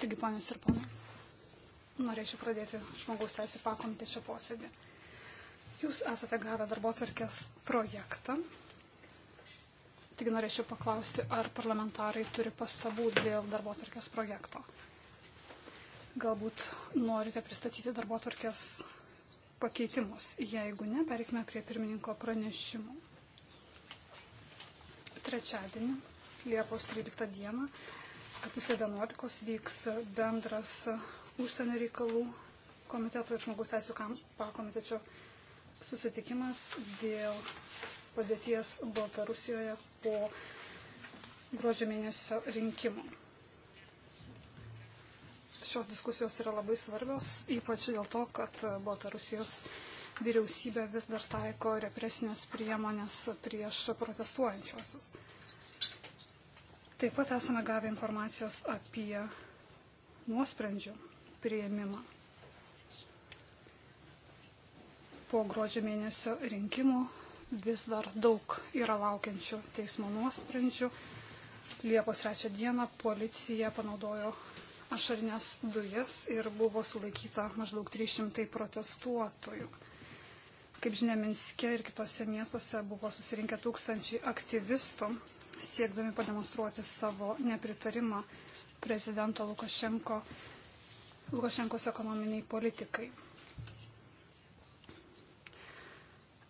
Taigi, ponios ir ponai, norėčiau pradėti žmogaus teisų pakomitečio posėdį. Jūs esate gavę darbo tvarkės projektą. Taigi norėčiau paklausti, ar parlamentarai turi pastabų dėl darbo tvarkės projekto. Galbūt norite pristatyti darbo tvarkės pakeitimus. Jeigu ne, pereikime prie pirmininko pranešimų. Trečiadienį, Liepos 13 dieną, pusė 11 vyks bendras užsienio reikalų komiteto ir žmogus teisų pakomitečio susitikimas dėl padėties Baltarusijoje po gruodžio mėnesio rinkimų. Šios diskusijos yra labai svarbios, ypač dėl to, kad Baltarusijos vyriausybė vis dar taiko represinės priemonės prieš protestuojančiosius. Taip pat esame gavę informacijos apie nuosprendžių prieimimą. Po gruodžio mėnesio rinkimų vis dar daug yra laukiančių teismo nuosprendžių. Liepos trečią dieną policija panaudojo ašarinės dujas ir buvo sulaikyta maždaug 300 protestuotojų. Kaip žinia, Minske ir kitose miestuose buvo susirinkę tūkstančiai aktyvistų siekdami pademonstruoti savo nepritarimą prezidento Lukašenko, Lukašenkos ekonominiai politikai.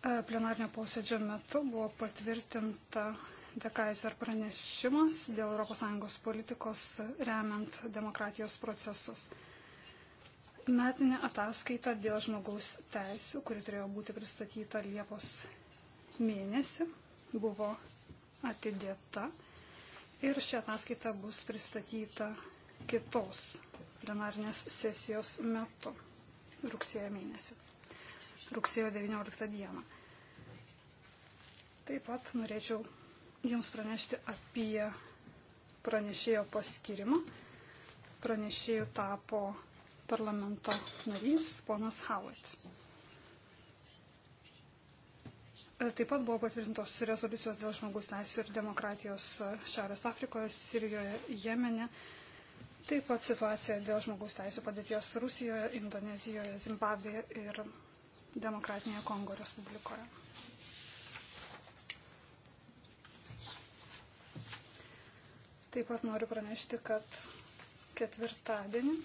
E, Plenarnio posėdžio metu buvo patvirtinta Dekaiser pranešimas dėl ES politikos remiant demokratijos procesus. Metinė ataskaita dėl žmogaus teisų, kuri turėjo būti pristatyta Liepos mėnesį, buvo atidėta ir ši ataskaita bus pristatyta kitos plenarnės sesijos metu rugsėjo mėnesį, rugsėjo 19 dieną. Taip pat norėčiau Jums pranešti apie pranešėjo paskirimą. Pranešėjų tapo parlamento narys ponas Howitt. Taip pat buvo patvirtintos rezoliucijos dėl žmogus teisų ir demokratijos Šiaurės Afrikoje, Sirijoje, Jemene. Taip pat situacija dėl žmogus teisų padėties Rusijoje, Indonezijoje, Zimbabvėje ir Demokratinėje Kongo Respublikoje. Taip pat noriu pranešti, kad ketvirtadienį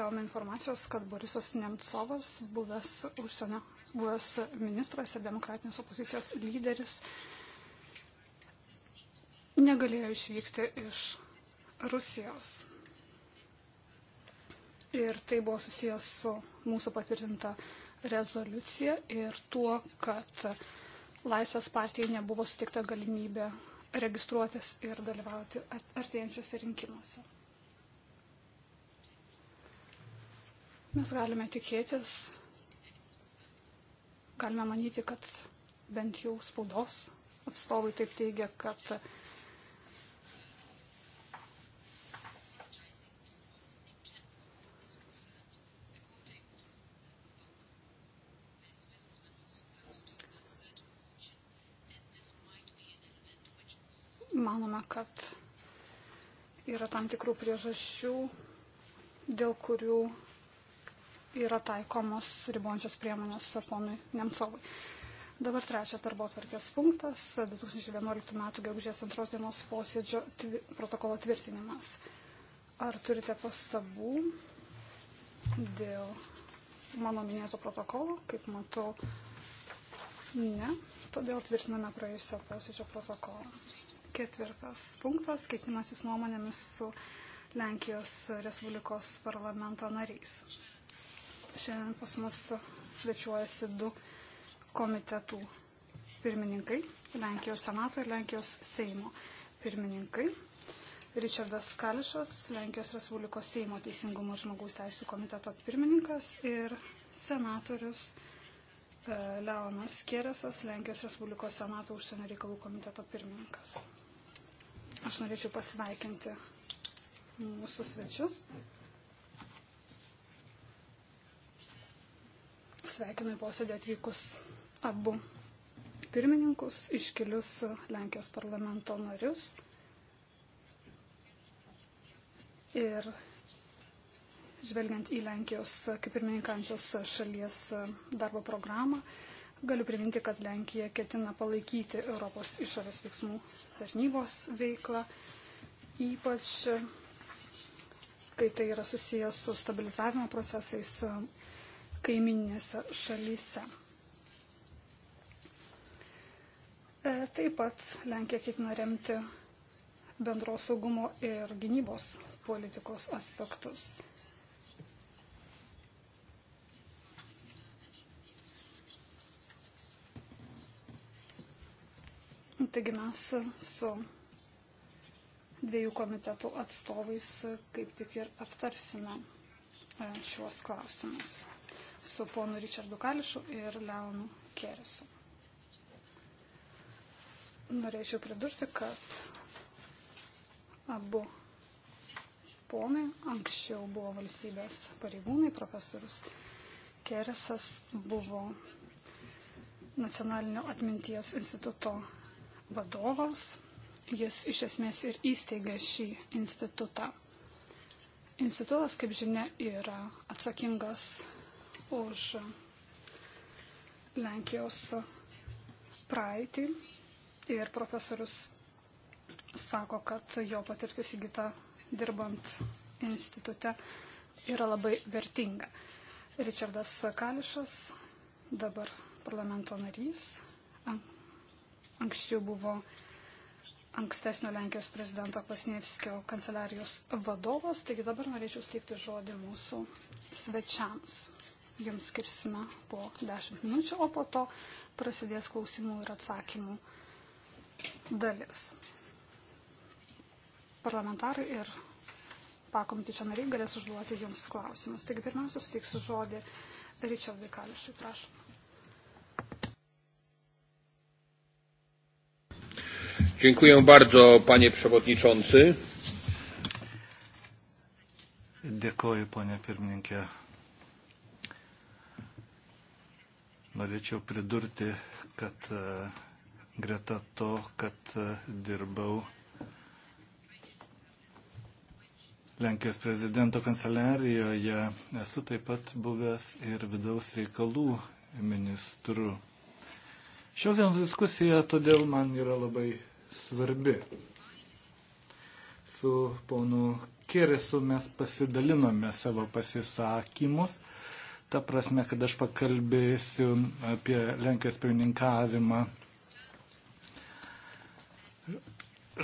gavome informacijos, kad Borisas Nemcovas, buvęs užsienio buvęs ministras ir demokratinės opozicijos lyderis negalėjo išvykti iš Rusijos. Ir tai buvo susijęs su mūsų patvirtinta rezoliucija ir tuo, kad Laisvės partijai nebuvo sutikta galimybė registruotis ir dalyvauti artėjančiuose rinkimuose. Mes galime tikėtis, Galime manyti, kad bent jau spaudos atstovai taip teigia, kad manome, kad yra tam tikrų priežasčių, dėl kurių yra taikomos ribojančios priemonės ponui Nemcovui. Dabar trečias darbo tvarkės punktas 2011 m. gegužės antros dienos posėdžio tvi, protokolo tvirtinimas. Ar turite pastabų dėl mano minėto protokolo? Kaip matau, ne. Todėl tvirtiname praėjusio posėdžio protokolą. Ketvirtas punktas keitimasis nuomonėmis su Lenkijos Respublikos parlamento nariais. Šiandien pas mus svečiuojasi du komitetų pirmininkai Lenkijos senato ir Lenkijos Seimo pirmininkai. Richardas Kališas, Lenkijos Respublikos Seimo teisingumo ir žmogaus teisų komiteto pirmininkas ir senatorius e, Leonas Kieresas, Lenkijos Respublikos Senato užsienio reikalų komiteto pirmininkas. Aš norėčiau pasveikinti mūsų svečius. Sveikinu į posėdį atvykus abu pirmininkus, iškilius Lenkijos parlamento narius. Ir žvelgiant į Lenkijos kaip pirmininkančios šalies darbo programą, galiu priminti, kad Lenkija ketina palaikyti Europos išorės veiksmų tarnybos veiklą, ypač kai tai yra susijęs su stabilizavimo procesais kaiminėse šalyse. E, taip pat Lenkija ketina remti bendros saugumo ir gynybos politikos aspektus. Taigi mes su dviejų komitetų atstovais kaip tik ir aptarsime e, šiuos klausimus su ponu Richardu Kališu ir Leonu Kerisu. Norėčiau pridurti, kad abu ponai anksčiau buvo valstybės pareigūnai, profesorius Keresas buvo nacionalinio atminties instituto vadovas. Jis iš esmės ir įsteigė šį institutą. Institutas, kaip žinia, yra atsakingas už Lenkijos praeitį ir profesorius sako, kad jo patirtis įgyta dirbant institute yra labai vertinga. Richardas Kališas, dabar parlamento narys, anksčiau buvo ankstesnio Lenkijos prezidento Pasnievskio kanceliarijos vadovas, taigi dabar norėčiau steigti žodį mūsų svečiams jums skirsime po 10 minučių, o po to prasidės klausimų ir atsakymų dalis. Parlamentarai ir pakomitečio nariai galės užduoti jums klausimus. Taigi pirmiausia, suteiksiu žodį Richardui Kališui, prašom. Dziękuję bardzo, panie przewodniczący. Dziękuję, panie pirmininkė. Norėčiau pridurti, kad e, greta to, kad e, dirbau Lenkijos prezidento kanceliarijoje, esu taip pat buvęs ir vidaus reikalų ministru. Šios dienos diskusija todėl man yra labai svarbi. Su ponu Keresu mes pasidalinome savo pasisakymus ta prasme, kad aš pakalbėsiu apie Lenkijos pirmininkavimą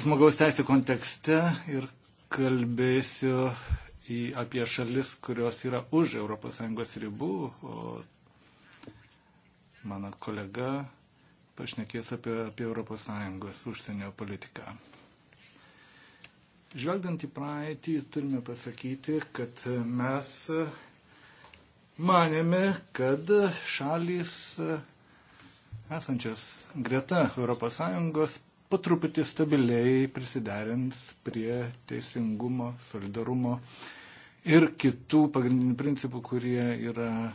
žmogaus teisų kontekste ir kalbėsiu į, apie šalis, kurios yra už ES ribų, o mano kolega pašnekės apie, apie ES užsienio politiką. Žvelgdant į praeitį, turime pasakyti, kad mes manėme, kad šalis e, esančias greta ES po truputį stabiliai prisiderins prie teisingumo, solidarumo ir kitų pagrindinių principų, kurie yra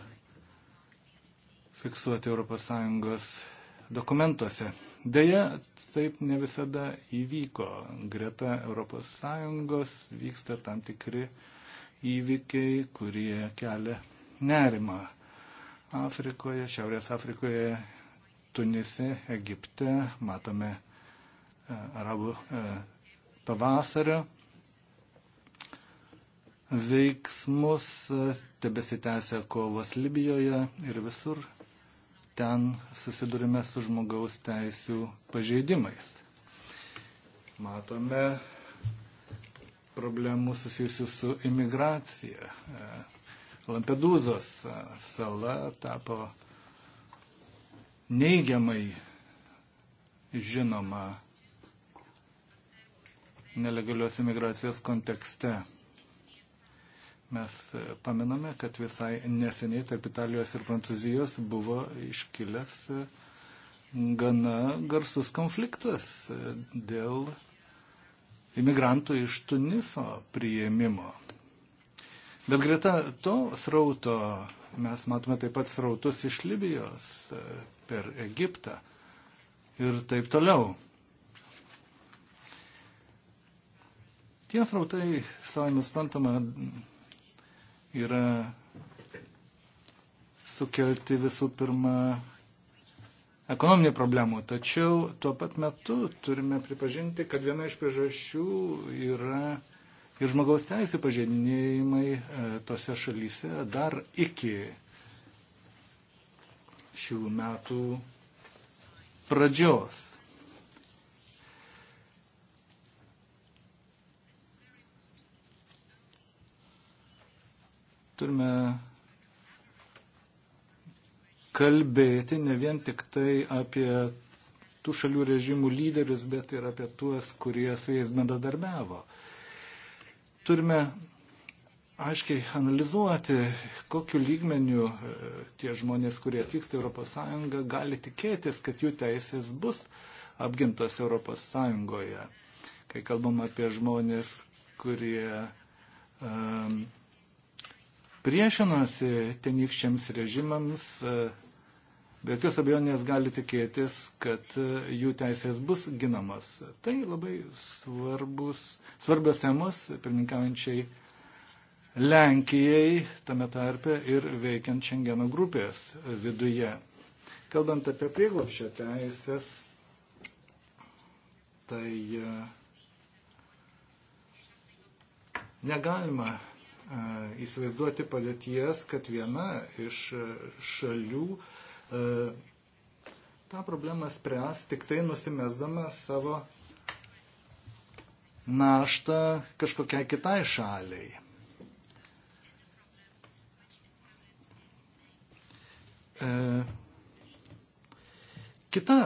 fiksuoti ES dokumentuose. Deja, taip ne visada įvyko. Greta ES vyksta tam tikri įvykiai, kurie kelia nerimą. Afrikoje, Šiaurės Afrikoje, Tunise, Egipte matome e, arabų e, pavasario veiksmus, e, tebesitęsia kovos Libijoje ir visur ten susidurime su žmogaus teisių pažeidimais. Matome problemų susijusių su imigracija. Lampedūzos e, sala tapo neigiamai žinoma nelegalios imigracijos kontekste. Mes e, paminame, kad visai neseniai tarp Italijos ir Prancūzijos buvo iškilęs e, gana garsus konfliktas dėl imigrantų iš Tuniso priėmimo. Bet greta to srauto mes matome taip pat srautus iš Libijos e, per Egiptą ir taip toliau. Tie srautai, savai nuspantama, yra sukelti visų pirma ekonominių problemų. Tačiau tuo pat metu turime pripažinti, kad viena iš priežasčių yra ir žmogaus teisų pažeidinėjimai e, tose šalyse dar iki šių metų pradžios. Turime kalbėti ne vien tik tai apie tų šalių režimų lyderius, bet ir apie tuos, kurie su jais bendradarbiavo. Turime aiškiai analizuoti, kokiu lygmeniu e, tie žmonės, kurie atvyksta Europos Sąjungą, gali tikėtis, kad jų teisės bus apgintos Europos Sąjungoje. Kai kalbam apie žmonės, kurie um, priešinosi tenykščiams režimams, e, be jokios abejonės gali tikėtis, kad jų teisės bus ginamas. Tai labai svarbus, svarbios temos pirmininkaujančiai Lenkijai, tame tarpe ir veikiant Šengeno grupės viduje. Kalbant apie prieglopšio teisės, tai e, negalima e, įsivaizduoti padėties, kad viena iš šalių E, tą problemą spręs tik tai nusimesdama savo naštą kažkokiai kitai šaliai. E, kita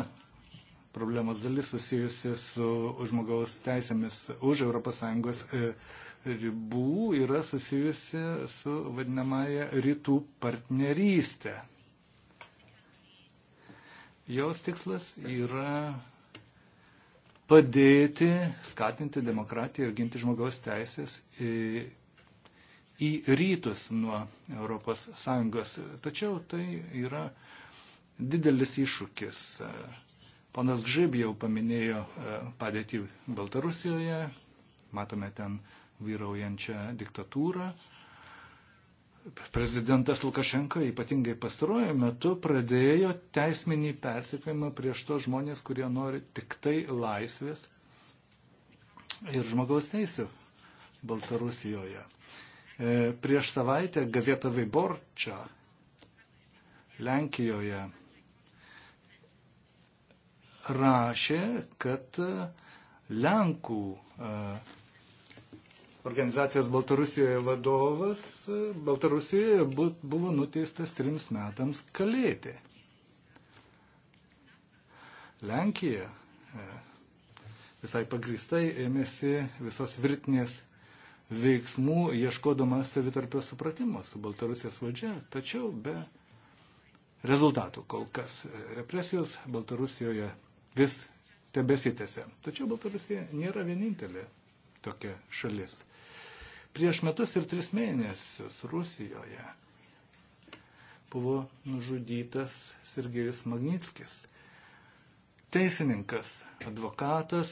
problemos dalis susijusi su žmogaus teisėmis už ES e, ribų yra susijusi su vadinamąją rytų partnerystę. Jos tikslas yra padėti, skatinti demokratiją ir ginti žmogaus teisės į, į rytus nuo Sąjungos. Tačiau tai yra didelis iššūkis. Ponas Gžib jau paminėjo e, padėtį Baltarusijoje, matome ten vyraujančią diktatūrą prezidentas Lukašenko ypatingai pastaruoju metu pradėjo teisminį persikėjimą prieš to žmonės, kurie nori tik tai laisvės ir žmogaus teisų Baltarusijoje. E, prieš savaitę gazeta Viborčia Lenkijoje rašė, kad Lenkų e, organizacijos Baltarusijoje vadovas e, Baltarusijoje buvo nuteistas trims metams kalėti. Lenkija e, visai pagristai ėmėsi visos virtinės veiksmų, ieškodama savitarpio supratimo su Baltarusijos valdžia, tačiau be rezultatų kol kas. E, represijos Baltarusijoje vis tebesitėse. Tačiau Baltarusija nėra vienintelė tokia šalis. Prieš metus ir tris mėnesius Rusijoje buvo nužudytas Sergejus Magnitskis, teisininkas, advokatas,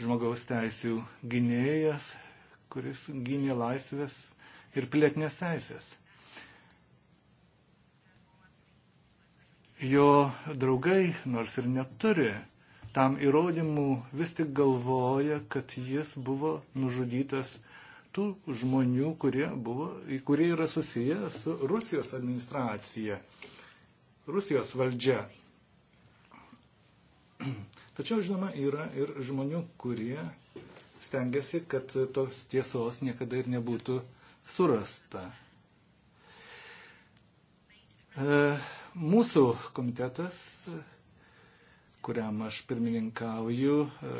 žmogaus teisių gynėjas, kuris gynė laisvės ir pilietinės teisės. Jo draugai, nors ir neturi tam įrodymų, vis tik galvoja, kad jis buvo nužudytas tų žmonių, kurie, buvo, kurie yra susiję su Rusijos administracija, Rusijos valdžia. Tačiau, žinoma, yra ir žmonių, kurie stengiasi, kad tos tiesos niekada ir nebūtų surasta. E, mūsų komitetas kuriam aš pirmininkauju, e,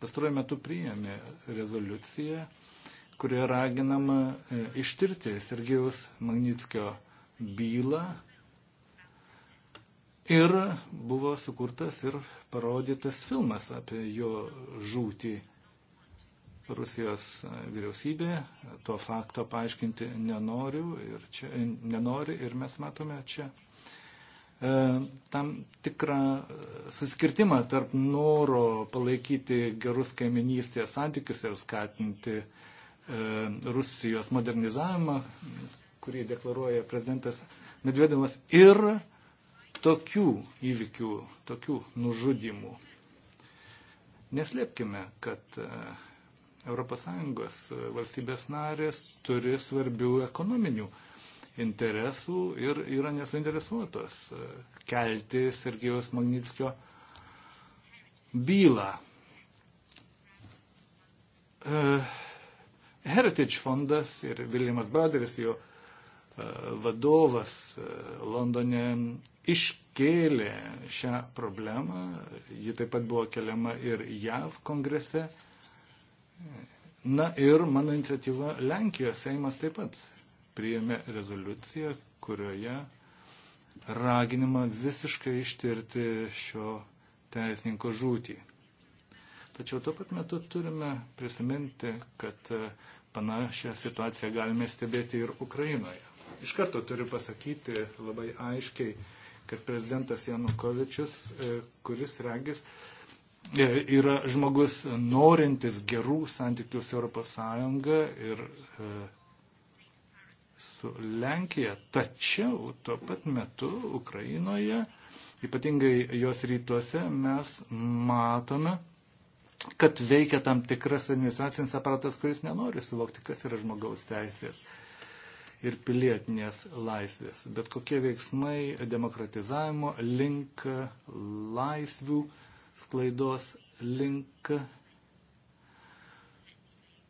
pastaruoju metu priėmė rezoliuciją, kurioje raginama e, ištirti Sergejaus Magnitskio bylą Ir buvo sukurtas ir parodytas filmas apie jo žūtį. Rusijos vyriausybė to fakto paaiškinti nenoriu ir čia, nenori ir mes matome čia E, tam tikrą e, suskirtimą tarp noro palaikyti gerus kaiminystės santykius ir skatinti e, Rusijos modernizavimą, kurį deklaruoja prezidentas Medvedevas, ir tokių įvykių, tokių nužudimų. Neslėpkime, kad ES valstybės narės turi svarbių ekonominių interesų ir yra nesuinteresuotos e, kelti Sergejos Magnitskio bylą. E, Heritage fondas ir Viljamas Braderis, jo e, vadovas Londone iškėlė šią problemą. Ji taip pat buvo keliama ir JAV kongrese. Na ir mano iniciatyva Lenkijos Seimas taip pat priėmė rezoliuciją, kurioje raginama visiškai ištirti šio teisininko žūtį. Tačiau tuo pat metu turime prisiminti, kad e, panašią situaciją galime stebėti ir Ukrainoje. Iš karto turiu pasakyti labai aiškiai, kad prezidentas Janukovičius, e, kuris regis, e, yra žmogus norintis gerų santykių su Europos Sąjunga ir su Lenkija, tačiau tuo pat metu Ukrainoje, ypatingai jos rytuose, mes matome, kad veikia tam tikras administracinis aparatas, kuris nenori suvokti, kas yra žmogaus teisės ir pilietinės laisvės. Bet kokie veiksmai demokratizavimo link laisvių sklaidos link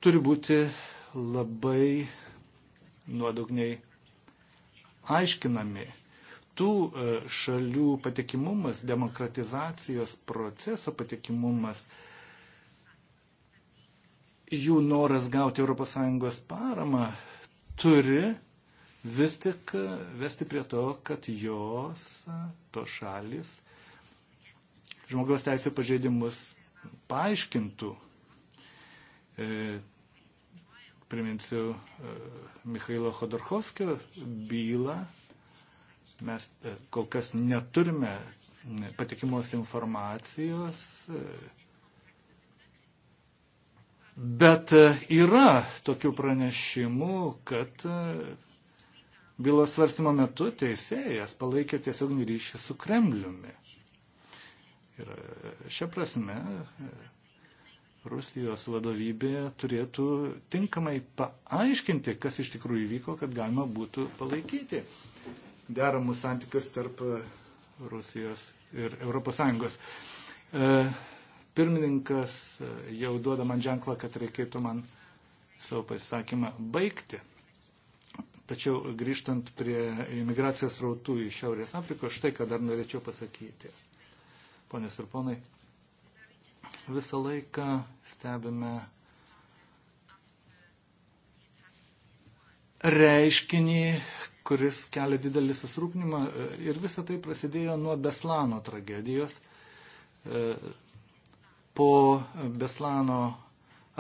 turi būti labai nuodugniai aiškinami. Tų e, šalių patikimumas, demokratizacijos proceso patikimumas, jų noras gauti ES paramą turi vis tik e, vesti prie to, kad jos, e, to šalis, žmogaus teisų pažeidimus paaiškintų. Priminsiu e, Michailo Khodorkovskio bylą. Mes e, kol kas neturime patikimos informacijos, e, bet yra tokių pranešimų, kad bylos svarstymo metu teisėjas palaikė tiesiog ryšį su Kremliumi. Ir šia prasme Rusijos vadovybė turėtų tinkamai paaiškinti, kas iš tikrųjų įvyko, kad galima būtų palaikyti deramus santykius tarp Rusijos ir ES. E, pirmininkas jau duoda man ženklą, kad reikėtų man savo pasisakymą baigti. Tačiau grįžtant prie imigracijos rautų į Šiaurės Afrikos, štai ką dar norėčiau pasakyti. Ponės ir ponai, visą laiką stebime reiškinį, kuris kelia didelį susirūpinimą ir visą tai prasidėjo nuo Beslano tragedijos. E, po Beslano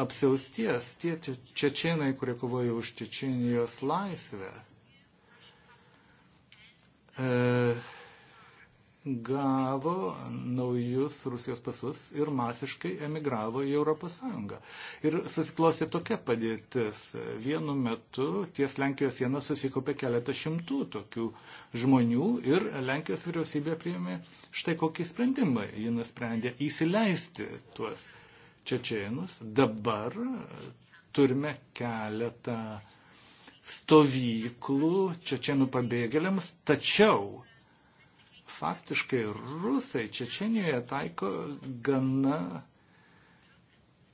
apsiausties tie čečienai, kurie kovojo už Čečenijos laisvę, e, gavo naujus Rusijos pasus ir masiškai emigravo į Europos Sąjungą. Ir susiklosė tokia padėtis. Vienu metu ties Lenkijos sieną susikopė keletą šimtų tokių žmonių ir Lenkijos vyriausybė priėmė štai kokį sprendimą. Ji nusprendė įsileisti tuos čečėnus. Dabar turime keletą stovyklų čečenų pabėgėliams, tačiau faktiškai rusai Čečenijoje taiko gana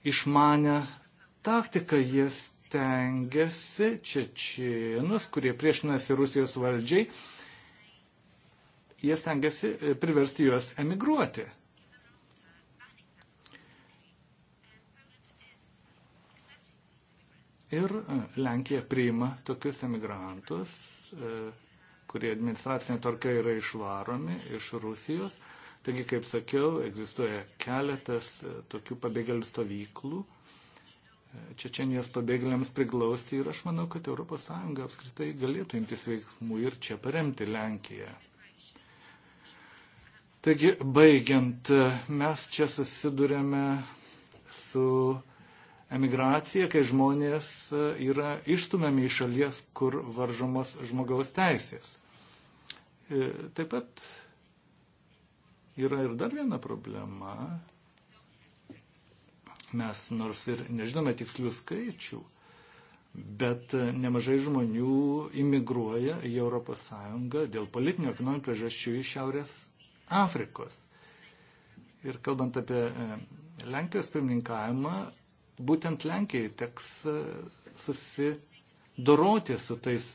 išmanę taktiką. Jie stengiasi čečienus, kurie priešinasi Rusijos valdžiai, jie stengiasi e, priversti juos emigruoti. Ir e, Lenkija priima tokius emigrantus, e, kurie administracinė tvarka yra išvaromi iš Rusijos. Taigi, kaip sakiau, egzistuoja keletas e, tokių pabėgėlių stovyklų. E, Čečenijos pabėgėliams priglausti ir aš manau, kad ES apskritai galėtų imtis veiksmų ir čia paremti Lenkiją. Taigi, baigiant, e, mes čia susidurėme su emigracija, kai žmonės yra išstumiami iš šalies, kur varžomos žmogaus teisės. E, taip pat yra ir dar viena problema. Mes nors ir nežinome tikslių skaičių, bet nemažai žmonių imigruoja į ES dėl politinio ekonominių priežasčių iš Šiaurės Afrikos. Ir kalbant apie e, Lenkijos pirmininkavimą, būtent Lenkijai teks e, susidoroti su tais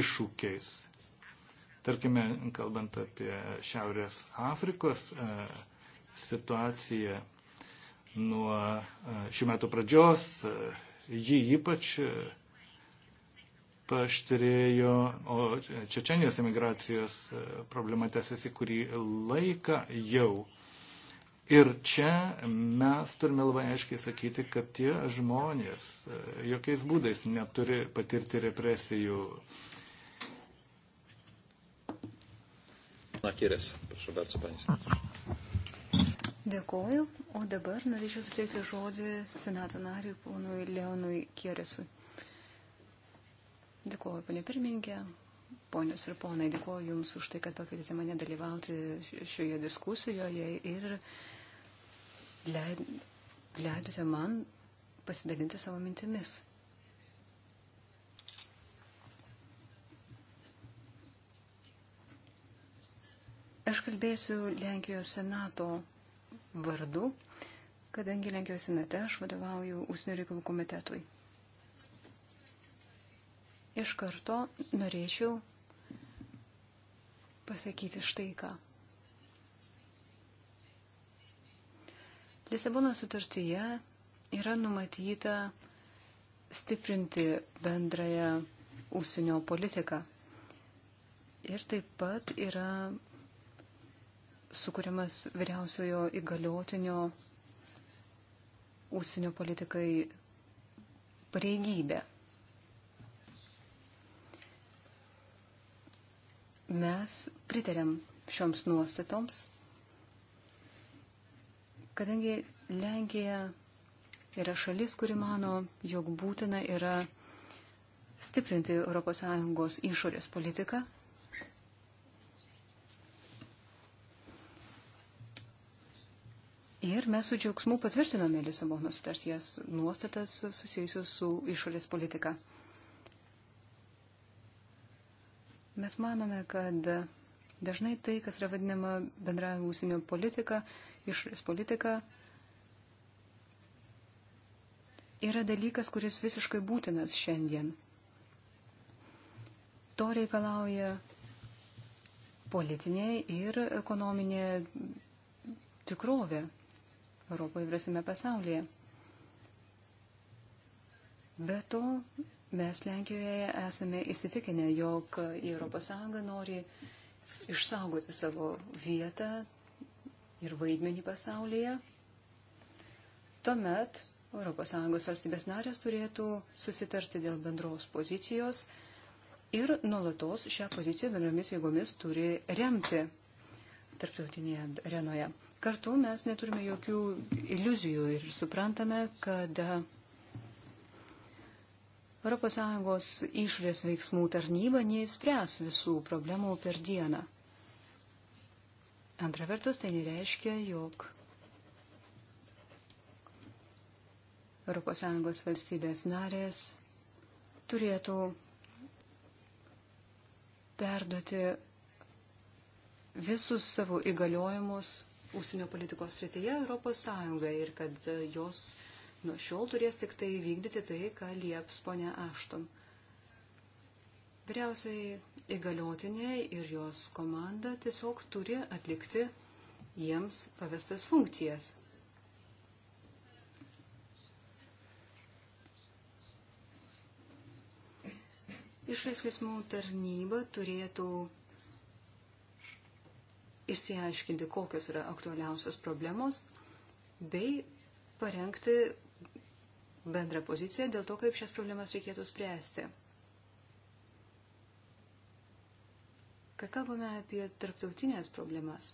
iššūkiais. Tarkime, kalbant apie Šiaurės Afrikos e, situaciją nuo e, šių metų pradžios, e, ji ypač paštrėjo, o Čečenijos emigracijos problema tęsiasi kurį laiką jau. Ir čia mes turime labai aiškiai sakyti, kad tie žmonės jokiais būdais neturi patirti represijų. Nakirės, prašau, Berco Panis. Dėkoju, o dabar norėčiau suteikti žodį senato nariui ponui Leonui Kieresui. Dėkoju, panė pirmininkė, ponios ir ponai, dėkoju Jums už tai, kad pakvietėte mane dalyvauti šioje diskusijoje ir leidote man pasidalinti savo mintimis. Aš kalbėsiu Lenkijos senato vardu, kadangi Lenkijos senate aš vadovauju Ūsnių reikalų komitetui. Iš karto norėčiau pasakyti štai ką. Lisabono sutartyje yra numatyta stiprinti bendrąją ūsinio politiką. Ir taip pat yra sukūrimas vyriausiojo įgaliotinio ūsinio politikai pareigybė. Mes pritarėm šioms nuostatoms, kadangi Lenkija yra šalis, kuri mano, jog būtina yra stiprinti ES išorės politiką Ir mes su džiaugsmu patvirtinome Lisabono sutarties nuostatas susijusius su išorės politika. Mes manome, kad dažnai tai, kas yra vadinama bendravimo ūsinio politika, išorės politika, yra dalykas, kuris visiškai būtinas šiandien. To reikalauja politinė ir ekonominė tikrovė. Europoje ir visame pasaulyje. Be to, mes Lenkijoje esame įsitikinę, jog ES nori išsaugoti savo vietą ir vaidmenį pasaulyje. Tuomet ES valstybės narės turėtų susitarti dėl bendros pozicijos ir nuolatos šią poziciją bendromis jėgomis turi remti tarptautinėje arenoje. Kartu mes neturime jokių iliuzijų ir suprantame, kad ES išvės veiksmų tarnyba neįspręs visų problemų per dieną. Antra vertus, tai nereiškia, jog ES valstybės narės turėtų perduoti visus savo įgaliojimus užsienio politikos srityje Europos Sąjunga ir kad jos nuo šiol turės tik tai vykdyti tai, ką lieps ponia Ašton. Vyriausiai įgaliotinė ir jos komanda tiesiog turi atlikti jiems pavestas funkcijas. Išraiskismų tarnyba turėtų išsiaiškinti, kokios yra aktualiausios problemos, bei parengti bendrą poziciją dėl to, kaip šias problemas reikėtų spręsti. Ką kalbame apie tarptautinės problemas,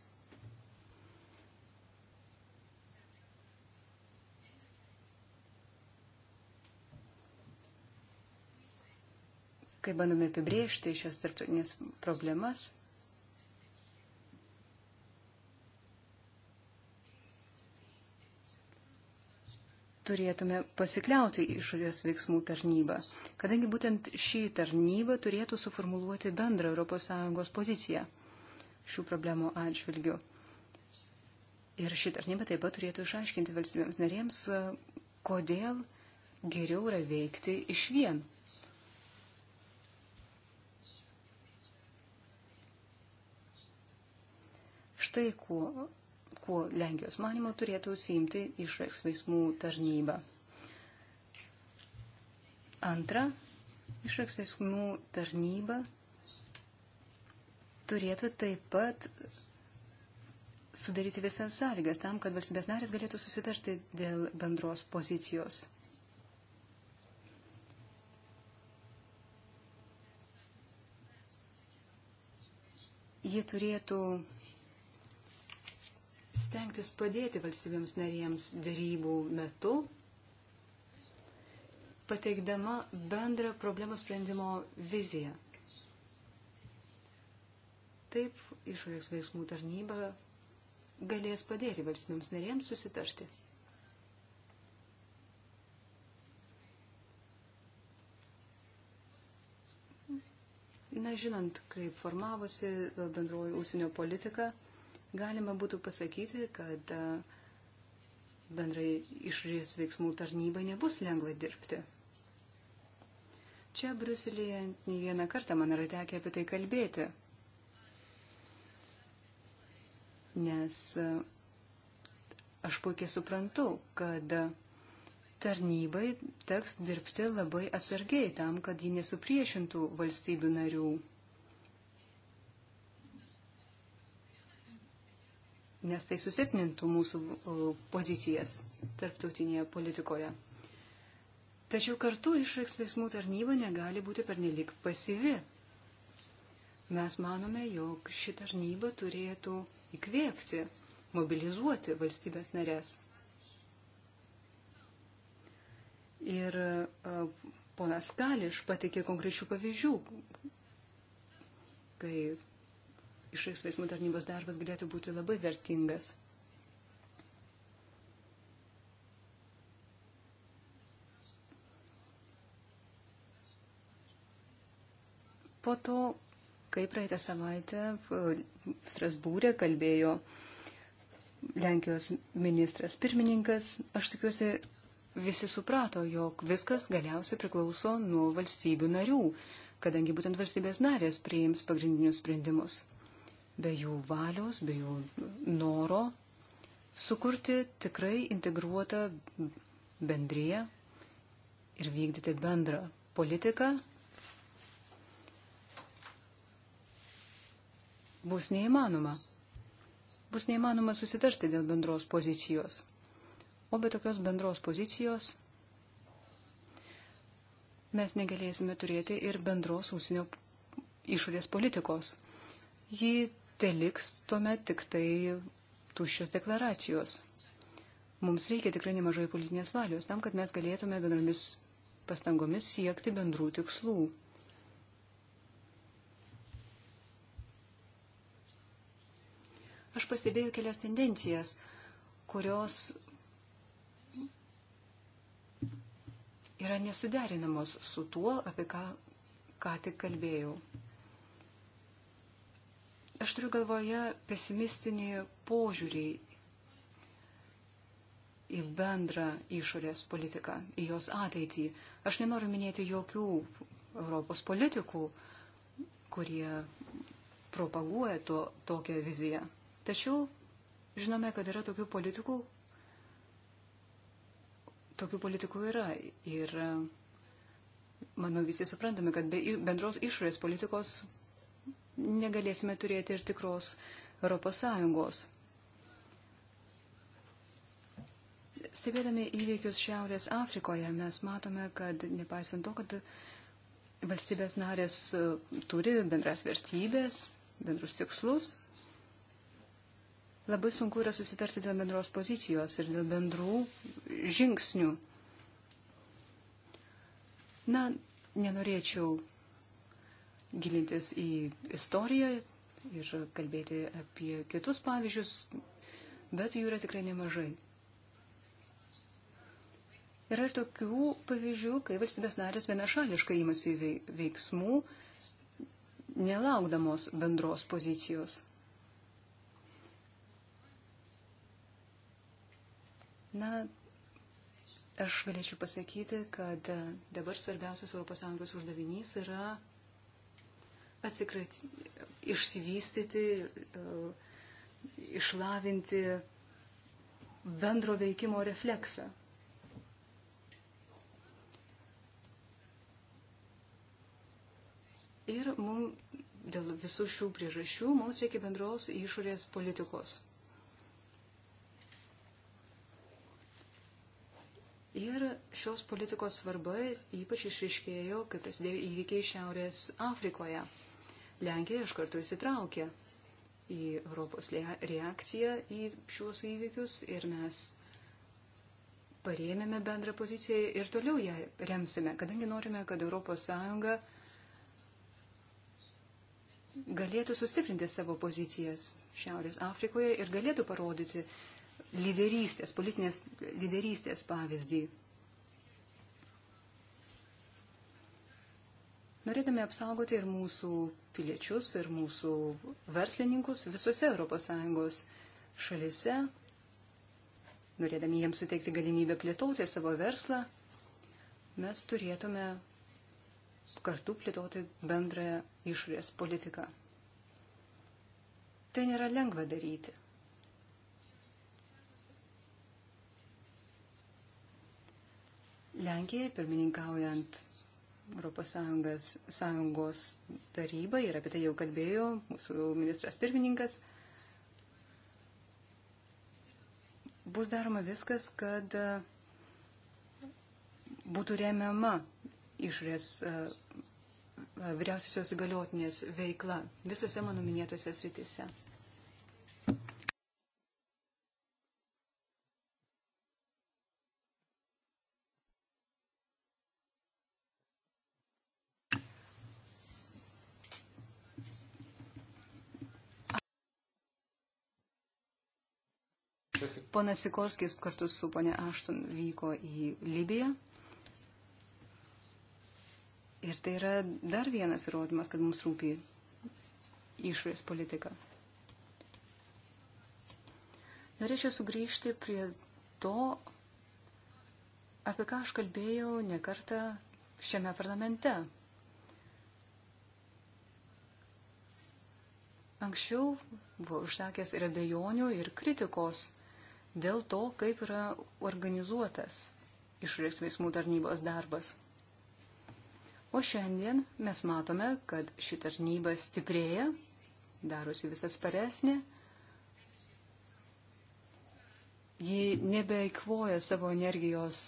kai bandome apibriežti šias tarptautinės problemas, turėtume pasikliauti išorės veiksmų tarnybą, kadangi būtent šį tarnybą turėtų suformuluoti bendrą ES poziciją šių problemų atžvilgių. Ir šį tarnybą taip pat turėtų išaiškinti valstybėms narėms, e, kodėl geriau yra veikti iš vien. Štai kuo kuo Lenkijos manimo turėtų siimti išreks veiksmų tarnybą. Antra, išreks veiksmų tarnyba turėtų taip pat sudaryti visas sąlygas tam, kad valstybės narės galėtų susitarti dėl bendros pozicijos. Jie turėtų stengtis padėti valstybėms narėms darybų metu, pateikdama bendrą problemų sprendimo viziją. Taip išorės veiksmų tarnyba galės padėti valstybėms narėms susitarti. Na, žinant, kaip formavosi bendroji ūsinio politika, galima būtų pasakyti, kad e, bendrai išorės veiksmų tarnybai nebus lengva dirbti. Čia Bruselėje ne vieną kartą man yra tekę apie tai kalbėti, nes e, aš puikiai suprantu, kad tarnybai teks dirbti labai atsargiai tam, kad ji nesupriešintų valstybių narių. nes tai susilpnintų mūsų pozicijas tarptautinėje politikoje. Tačiau kartu išraiks veiksmų tarnyba negali būti pernelik pasivi. Mes manome, jog ši tarnyba turėtų įkvėpti, mobilizuoti valstybės narės. Ir e, ponas Kališ patikė konkrečių pavyzdžių, kai išorės veiksmų tarnybos darbas galėtų būti labai vertingas. Po to, kai praeitą savaitę e, Strasbūrė kalbėjo Lenkijos ministras pirmininkas, aš tikiuosi, visi suprato, jog viskas galiausiai priklauso nuo valstybių narių, kadangi būtent valstybės narės priims pagrindinius sprendimus be jų valios, be jų noro sukurti tikrai integruotą bendryje ir vykdyti bendrą politiką bus neįmanoma. Bus neįmanoma susitarti dėl bendros pozicijos. O be tokios bendros pozicijos mes negalėsime turėti ir bendros ūsinio išorės politikos. Ji tai liks tuomet tik tai tuščios deklaracijos. Mums reikia tikrai nemažai politinės valios tam, kad mes galėtume bendromis pastangomis siekti bendrų tikslų. Aš pastebėjau kelias tendencijas, kurios yra nesuderinamos su tuo, apie ką ką tik kalbėjau. Aš turiu galvoje pesimistinį požiūrį į bendrą išorės politiką, į jos ateitį. Aš nenoriu minėti jokių Europos politikų, kurie propaguoja to, tokią viziją. Tačiau žinome, kad yra tokių politikų, tokių politikų yra. Ir manau, visi suprantame, kad be bendros išorės politikos negalėsime turėti ir tikros Europos Sąjungos. Stebėdami įvykius Šiaurės Afrikoje, mes matome, kad nepaisant to, kad valstybės narės e, turi bendras vertybės, bendrus tikslus, labai sunku yra susitarti dėl bendros pozicijos ir dėl bendrų žingsnių. Na, nenorėčiau gilintis į istoriją ir kalbėti apie kitus pavyzdžius, bet jų yra tikrai nemažai. Yra ir tokių pavyzdžių, kai valstybės narės vienašališkai imasi veiksmų, nelaukdamos bendros pozicijos. Na, aš galėčiau pasakyti, kad dabar svarbiausias ES uždavinys yra atsikratyti, išsivystyti, e, išlavinti bendro veikimo refleksą. Ir mums dėl visų šių priežasčių mums reikia bendros išorės politikos. Ir šios politikos svarba ypač išriškėjo, kai prasidėjo įvykiai Šiaurės Afrikoje. Lenkija iš karto įsitraukė į Europos reakciją į šiuos įvykius ir mes parėmėme bendrą poziciją ir toliau ją remsime, kadangi norime, kad ES galėtų sustiprinti savo pozicijas Šiaurės Afrikoje ir galėtų parodyti lyderystės, politinės lyderystės pavyzdį. norėdami apsaugoti ir mūsų piliečius, ir mūsų verslininkus visose ES šalise, norėdami jiems suteikti galimybę plėtoti savo verslą, mes turėtume kartu plėtoti bendrąją išorės politiką. Tai nėra lengva daryti. Lenkijai, pirmininkaujant Europos Sąjungos, Sąjungos taryba ir apie tai jau kalbėjo mūsų ministras pirmininkas. Bus daroma viskas, kad e, būtų remiama išrės e, vyriausiosios įgaliotinės veikla visose mano minėtose sritise. Ponas Sikorskis kartu su ponia Ašton vyko į Libiją. Ir tai yra dar vienas įrodymas, kad mums rūpi išorės politika. Norėčiau sugrįžti prie to, apie ką aš kalbėjau nekartą šiame parlamente. Anksčiau buvo užsakęs ir abejonių, ir kritikos dėl to, kaip yra organizuotas išorės veiksmų tarnybos darbas. O šiandien mes matome, kad ši tarnyba stiprėja, darosi visas paresnė, ji nebeikvoja savo energijos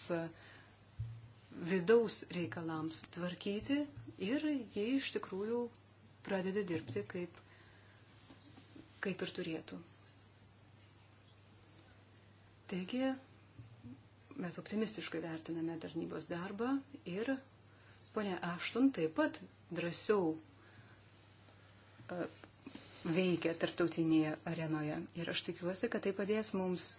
vidaus reikalams tvarkyti ir ji iš tikrųjų pradeda dirbti kaip, kaip ir turėtų. Taigi, mes optimistiškai vertiname tarnybos darbą ir ponia Aštun taip pat drąsiau e, veikia tarptautinėje arenoje. Ir aš tikiuosi, kad tai padės mums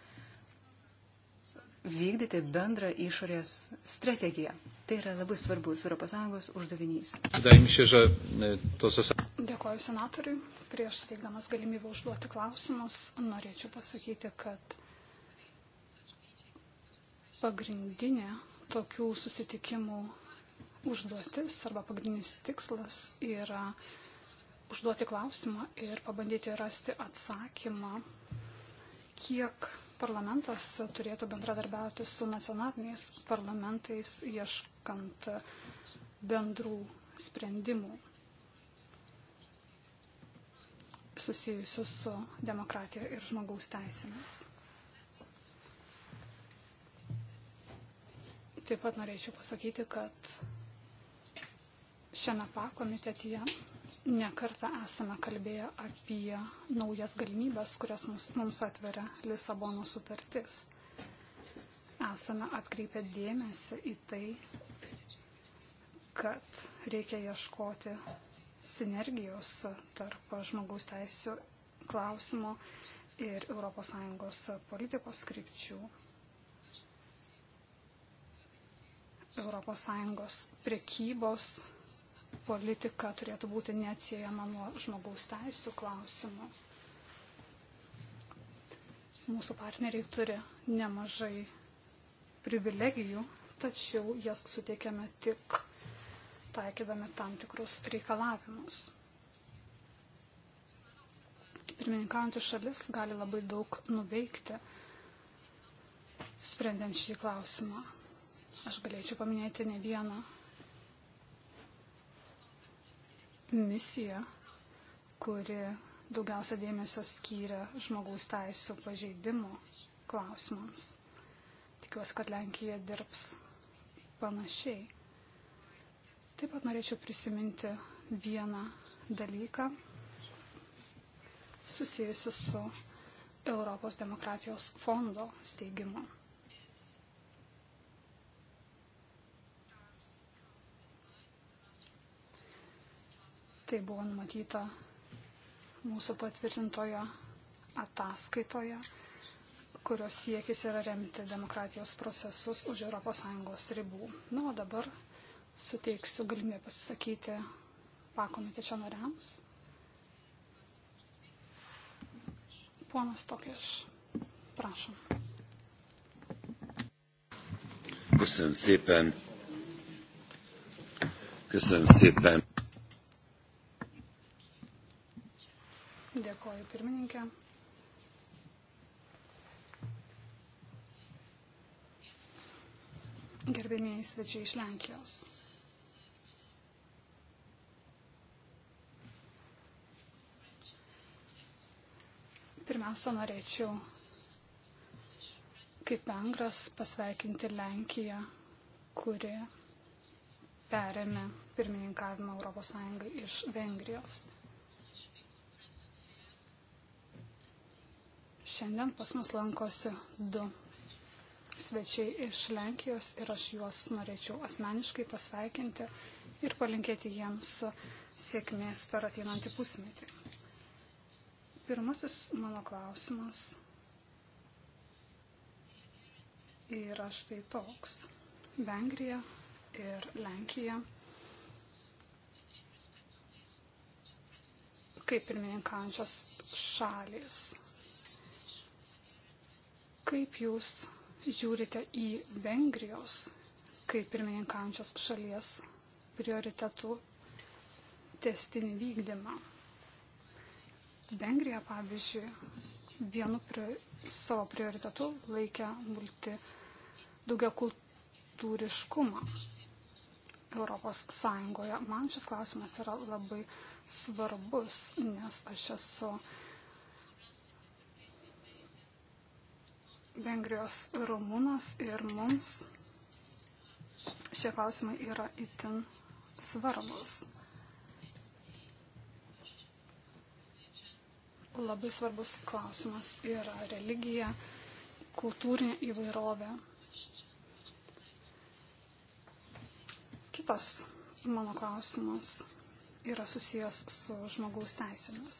vykdyti bendrą išorės strategiją. Tai yra labai svarbus Sąjungos uždavinys. E, Dėkuoju senatoriui. Prieš suteikdamas galimybę užduoti klausimus, norėčiau pasakyti, kad Pagrindinė tokių susitikimų užduotis arba pagrindinis tikslas yra užduoti klausimą ir pabandyti rasti atsakymą, kiek parlamentas turėtų bendradarbiauti su nacionaliniais parlamentais, ieškant bendrų sprendimų susijusių su demokratija ir žmogaus teisėmis. Taip pat norėčiau pasakyti, kad šiame pakomitetyje nekartą esame kalbėję apie naujas galimybės, kurias mums, mums atveria Lisabono sutartis. Esame atkreipę dėmesį į tai, kad reikia ieškoti sinergijos tarp žmogaus teisų klausimo ir ES politikos skripčių. ES prekybos politika turėtų būti neatsiejama nuo žmogaus teisų klausimų. Mūsų partneriai turi nemažai privilegijų, tačiau jas suteikiame tik taikydami tam tikrus reikalavimus. Pirmininkaujantys šalis gali labai daug nuveikti, sprendžiant šį klausimą. Aš galėčiau paminėti ne vieną misiją, kuri daugiausia dėmesio skyrė žmogaus taisų pažeidimo klausimams. Tikiuosi, kad Lenkija dirbs panašiai. Taip pat norėčiau prisiminti vieną dalyką susijusiu su Europos demokratijos fondo steigimu. Tai buvo numatyta mūsų patvirtintoje ataskaitoje, kurios siekis yra remti demokratijos procesus už ES ribų. Na, o dabar suteiksiu galimybę pasisakyti pakomitečio nariams. Ponas Tokieš, prašom. Köszönöm szépen. Köszönöm szépen. Dėkoju pirmininkė. Gerbėmėjai svečiai iš Lenkijos. Pirmiausia, norėčiau kaip vengras pasveikinti Lenkiją, kuri perėmė pirmininkavimą Europos Sąjungai iš Vengrijos. Šiandien pas mus lankosi du svečiai iš Lenkijos ir aš juos norėčiau asmeniškai pasveikinti ir palinkėti jiems sėkmės per ateinantį pusmetį. Pirmasis mano klausimas yra štai toks. Vengrija ir Lenkija kaip pirmininkančios šalis Kaip jūs žiūrite į Vengrijos, kaip pirmininkančios šalies, prioritetų testinį vykdymą? Vengrija, pavyzdžiui, vienu prio, savo prioritetu laikė multi daugia kultūriškumą Europos Sąjungoje. Man šis klausimas yra labai svarbus, nes aš esu uh, Vengrijos rumūnas ir mums šie klausimai yra itin svarbus. Labai svarbus klausimas yra religija, kultūrinė įvairovė. Kitas mano klausimas yra susijęs su žmogaus teisėmis.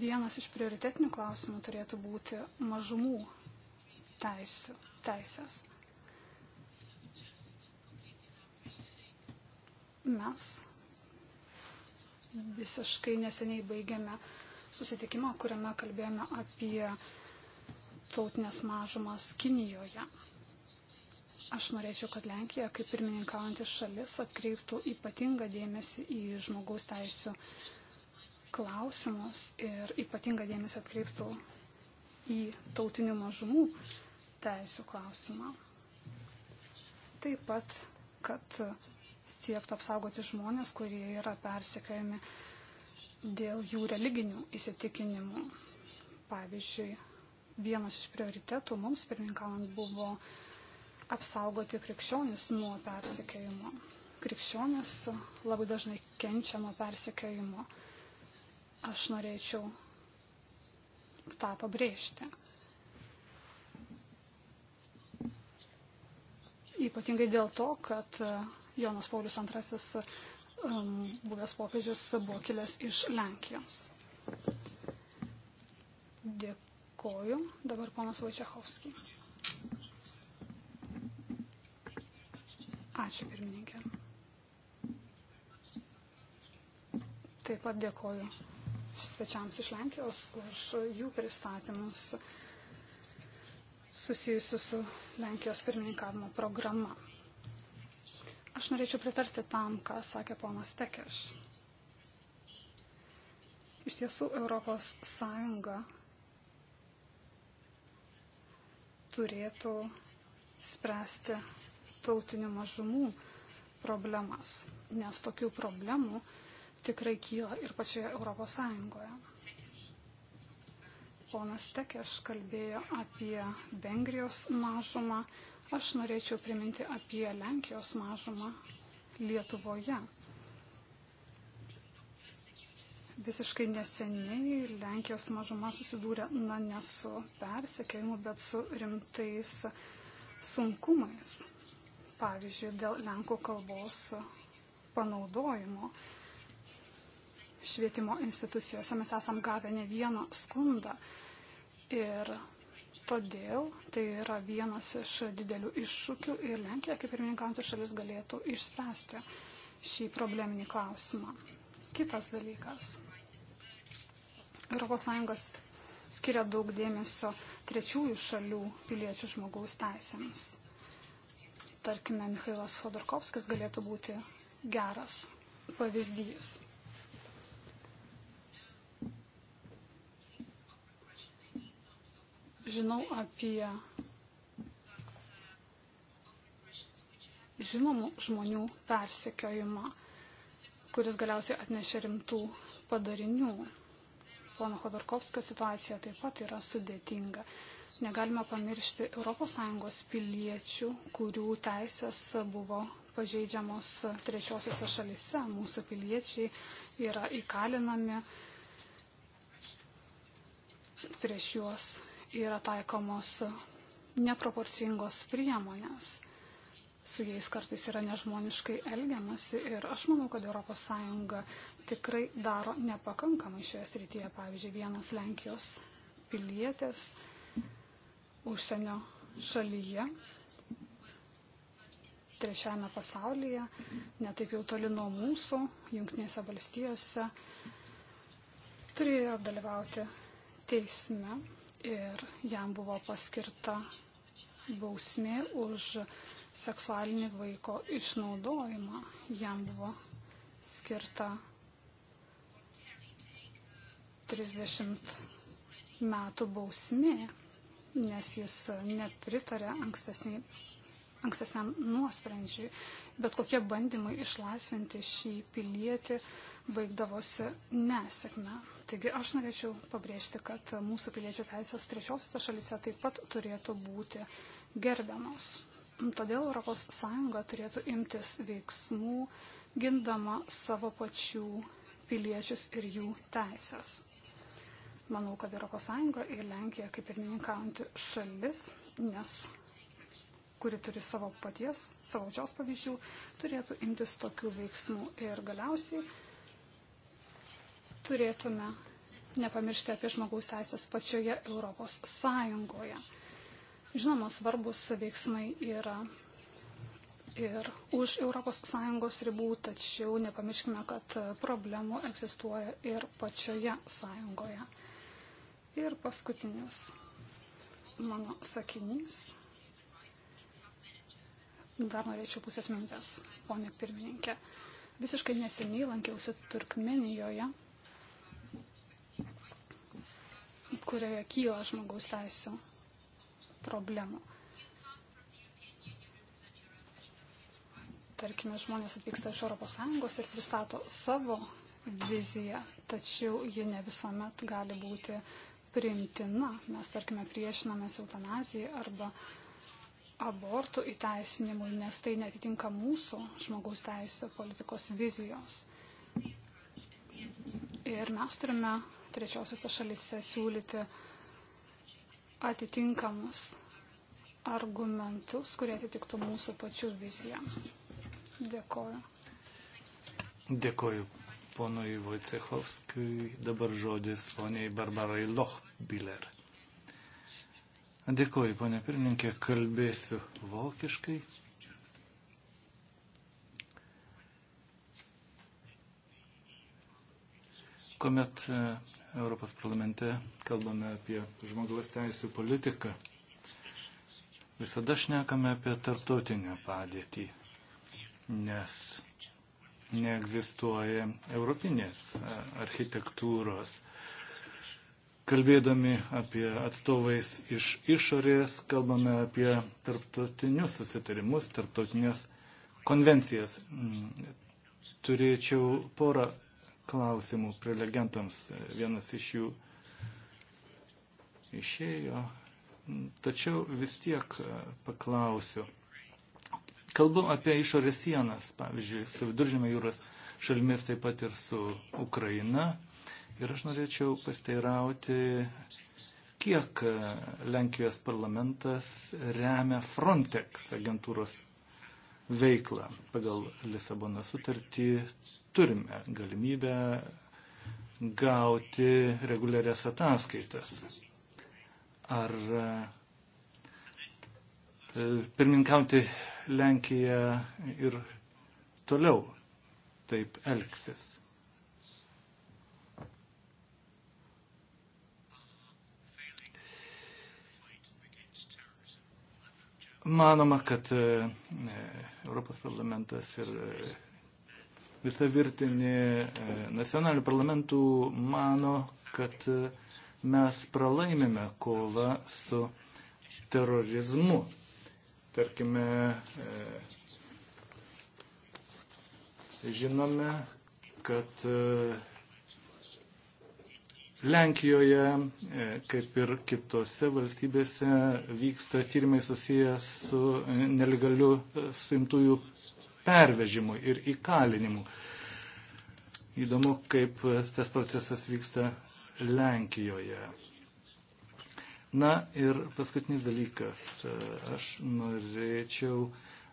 vienas iš prioritetinių klausimų turėtų būti mažumų teisų, teisės. Mes visiškai neseniai baigėme susitikimą, kuriame kalbėjome apie tautinės mažumas Kinijoje. Aš norėčiau, kad Lenkija, kaip pirmininkaujantis šalis, atkreiptų ypatingą dėmesį į žmogaus teisų klausimus ir ypatingą dėmesį atkreiptų į tautinių mažumų teisų klausimą. Taip pat, kad siektų apsaugoti žmonės, kurie yra persikėjami dėl jų religinių įsitikinimų. Pavyzdžiui, vienas iš prioritetų mums pirmininkaujant buvo apsaugoti krikščionis nuo persikėjimo. Krikščionis labai dažnai kenčia nuo persikėjimo. Aš norėčiau tą pabrėžti. Ypatingai dėl to, kad e, Jonas Paulius II buvęs popiežius buvo kilęs iš Lenkijos. Dėkoju. Dabar ponas Vaičiachovskis. Ačiū pirmininkė. Taip pat dėkoju svečiams iš Lenkijos už jų pristatymus susijusiu su Lenkijos pirmininkavimo programa. Aš norėčiau pritarti tam, ką sakė ponas Tekeš. Iš tiesų, Europos Sąjunga turėtų spręsti tautinių mažumų problemas, nes tokių problemų tikrai kyla ir pačioje Europos Sąjungoje. Ponas Tekeš kalbėjo apie Vengrijos mažumą, aš norėčiau priminti apie Lenkijos mažumą Lietuvoje. Visiškai neseniai Lenkijos mažuma susidūrė, na, ne su persekėjimu, bet su rimtais sunkumais. Pavyzdžiui, dėl Lenkų kalbos panaudojimo švietimo institucijose. Mes esam gavę ne vieną skundą ir todėl tai yra vienas iš didelių iššūkių ir Lenkija, kaip ir minkantų šalis, galėtų išspręsti šį probleminį klausimą. Kitas dalykas. ES skiria daug dėmesio trečiųjų šalių piliečių žmogaus teisėms. Tarkime, Mikhailas Hodorkovskis galėtų būti geras pavyzdys. женой Апия. žinomų žmonių persekiojimą, kuris galiausiai atnešė rimtų padarinių. Pono Khodorkovskio situacija taip pat yra sudėtinga. Negalima pamiršti ES piliečių, kurių teisės buvo pažeidžiamos trečiosiuose šalise. Mūsų piliečiai yra įkalinami, prieš juos yra taikomos neproporcingos priemonės. Su jais kartais yra nežmoniškai elgiamasi ir aš manau, kad ES tikrai daro nepakankamai šioje srityje. Pavyzdžiui, vienas Lenkijos pilietės užsienio šalyje, trečiajame pasaulyje, netaip jau toli nuo mūsų, jungtinėse valstijose, turėjo dalyvauti teisme ir jam buvo paskirta bausmė už seksualinį vaiko išnaudojimą. Jam buvo skirta 30 metų bausmė, nes jis nepritarė ankstesniam nuosprendžiui. Bet kokie bandymai išlaisvinti šį pilietį baigdavosi nesėkme. Taigi aš norėčiau pabrėžti, kad mūsų piliečių teisės trečiosiuose šalyse taip pat turėtų būti gerbiamos. Todėl ES turėtų imtis veiksmų, gindama savo pačių piliečius ir jų teisės. Manau, kad ES ir Lenkija kaip ir pirmininkaujanti šalis, nes kuri turi savo paties, savo pačios pavyzdžių, turėtų imtis tokių veiksmų. Ir galiausiai turėtume nepamiršti apie žmogaus teisės pačioje Europos Sąjungoje. Žinoma, svarbus veiksmai yra ir už Europos Sąjungos ribų, tačiau nepamirškime, kad problemų egzistuoja ir pačioje Sąjungoje. Ir paskutinis mano sakinys. Dar norėčiau pusės minutės, ponė pirmininkė. Visiškai neseniai lankiausi Turkmenijoje kurioje kyla žmogaus teisų problemų. Tarkime, žmonės atvyksta iš ES ir pristato savo viziją, tačiau ji ne visuomet gali būti priimtina. Mes, tarkime, priešinamės eutanazijai arba abortų įteisinimui, nes tai netitinka mūsų žmogaus teisų politikos vizijos. Ir mes turime trečiosiuose šalise siūlyti atitinkamus argumentus, kurie atitiktų mūsų pačių viziją. Dėkoju. Dėkoju ponui Vojcechovskui, dabar žodis poniai Barbarai Lochbiller. Dėkoju, ponė pirmininkė, kalbėsiu vokiškai. Komet Europos parlamente kalbame apie žmogaus teisų politiką, visada šnekame apie tarptautinę padėtį, nes neegzistuoja europinės architektūros. Kalbėdami apie atstovais iš išorės, kalbame apie tarptautinius susitarimus, tarptautinės konvencijas. Mm, turėčiau porą klausimų prelegentams. Vienas iš jų išėjo, tačiau vis tiek e, paklausiu. Kalbu apie išorės sienas, pavyzdžiui, su viduržėmio jūros šalimis, taip pat ir su Ukraina. Ir aš norėčiau pasteirauti, kiek e, Lenkijos parlamentas remia Frontex agentūros veiklą. Pagal Lisabono sutartį turime galimybę gauti reguliarias ataskaitas. Ar e, pirmininkauti Lenkiją ir toliau taip elgsis. Manoma, kad e, Europos parlamentas ir e, visą virtinį e, nacionalinių parlamentų mano, kad e, mes pralaimime kovą su terorizmu. Tarkime, e, žinome, kad Lenkijoje, kaip ir kitose valstybėse, vyksta tyrimai susijęs su nelegaliu suimtųjų pervežimui ir įkalinimu. Įdomu, kaip tas procesas vyksta Lenkijoje. Na ir paskutinis dalykas. Aš norėčiau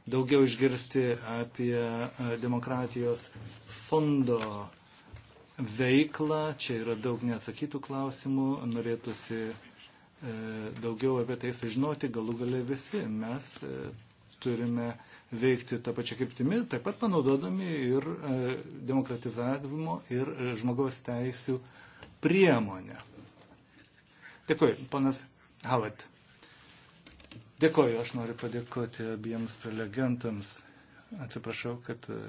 daugiau išgirsti apie e, demokratijos fondo veiklą. Čia yra daug neatsakytų klausimų. Norėtųsi e, daugiau apie tai sužinoti. Galų gale visi mes e, turime veikti tą pačią kryptimį, taip pat panaudodami ir e, demokratizavimo ir e, žmogaus teisų priemonę. Dėkui, ponas Havat. Dėkui, aš noriu padėkoti abiems prelegentams. Atsiprašau, kad e,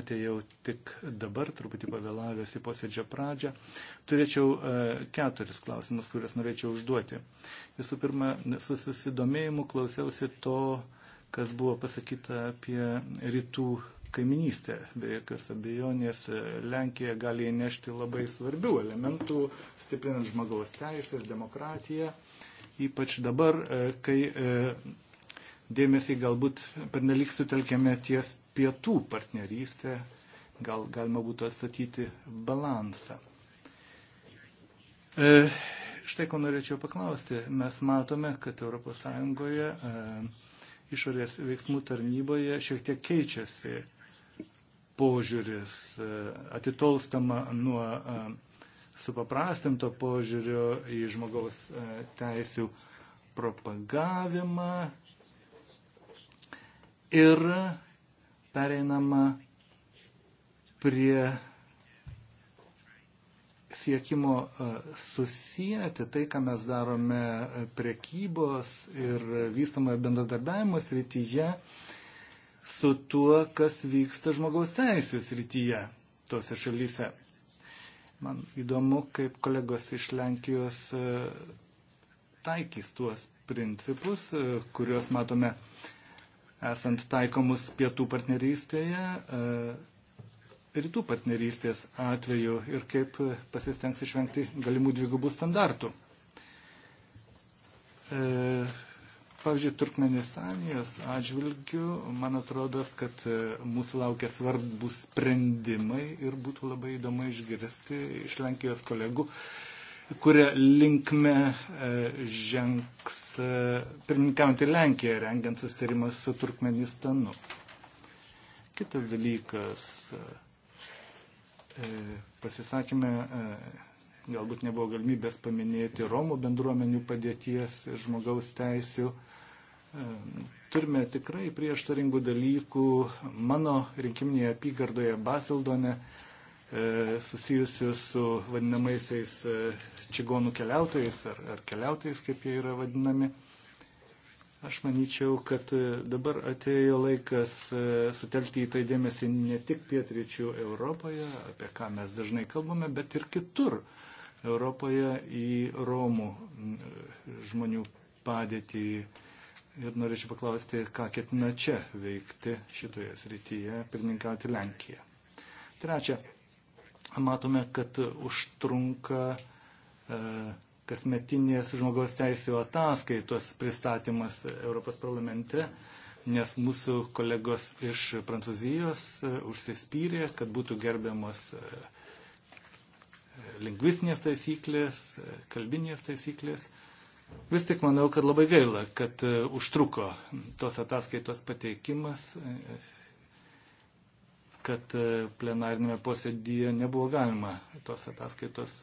atėjau tik dabar, truputį pavėlavęs į posėdžio pradžią. Turėčiau keturis klausimus, kuriuos norėčiau užduoti. Visų pirma, su susidomėjimu klausiausi to, e, kas buvo pasakyta apie rytų kaiminystę. Be jokios abejonės Lenkija gali įnešti labai svarbių elementų, stiprinant žmogaus teisės, demokratiją. Ypač dabar, e, kai e, dėmesį galbūt pernelik sutelkėme ties pietų partnerystę, gal galima būtų atstatyti balansą. E, štai ko norėčiau paklausti. Mes matome, kad ES išorės veiksmų tarnyboje šiek tiek keičiasi požiūris, e, atitolstama nuo e, supaprastinto požiūrio į žmogaus e, teisių propagavimą ir pereinama prie siekimo e, susijęti tai, ką mes darome e, priekybos ir vystamojo bendradarbiavimo srityje, su tuo, kas vyksta žmogaus teisės srityje tose šalyse. Man įdomu, kaip kolegos iš Lenkijos e, taikys tuos principus, kuriuos matome esant taikomus pietų partnerystėje, rytų partnerystės atveju ir kaip pasistengs išvengti galimų dvigubų standartų. E, pavyzdžiui, Turkmenistanijos atžvilgių, man atrodo, kad e, mūsų laukia svarbus sprendimai ir būtų labai įdomu išgirsti iš Lenkijos kolegų, kurie linkme e, žengs e, pirmininkaujantį Lenkiją, rengiant sustarimą su Turkmenistanu. Kitas dalykas. E, pasisakymę e, galbūt nebuvo galimybės paminėti Romų bendruomenių padėties ir žmogaus teisių. E, turime tikrai prieštaringų dalykų mano rinkiminėje apygardoje Basildone e, susijusiu su vadinamaisiais čigonų keliautojais ar, ar keliautojais, kaip jie yra vadinami. Aš manyčiau, kad dabar atėjo laikas e, sutelkti į tai dėmesį ne tik pietryčių Europoje, apie ką mes dažnai kalbame, bet ir kitur Europoje į Romų žmonių padėtį. Ir norėčiau paklausti, ką ketina čia veikti šitoje srityje, pirmininkauti Lenkiją. Trečia, matome, kad užtrunka e, kasmetinės žmogaus teisėjų ataskaitos pristatymas Europos parlamente, nes mūsų kolegos iš Prancūzijos e, užsispyrė, kad būtų gerbiamos e, lingvistinės taisyklės, e, kalbinės taisyklės. Vis tik manau, kad labai gaila, kad užtruko tos ataskaitos pateikimas, kad plenarinėme posėdyje nebuvo galima tos ataskaitos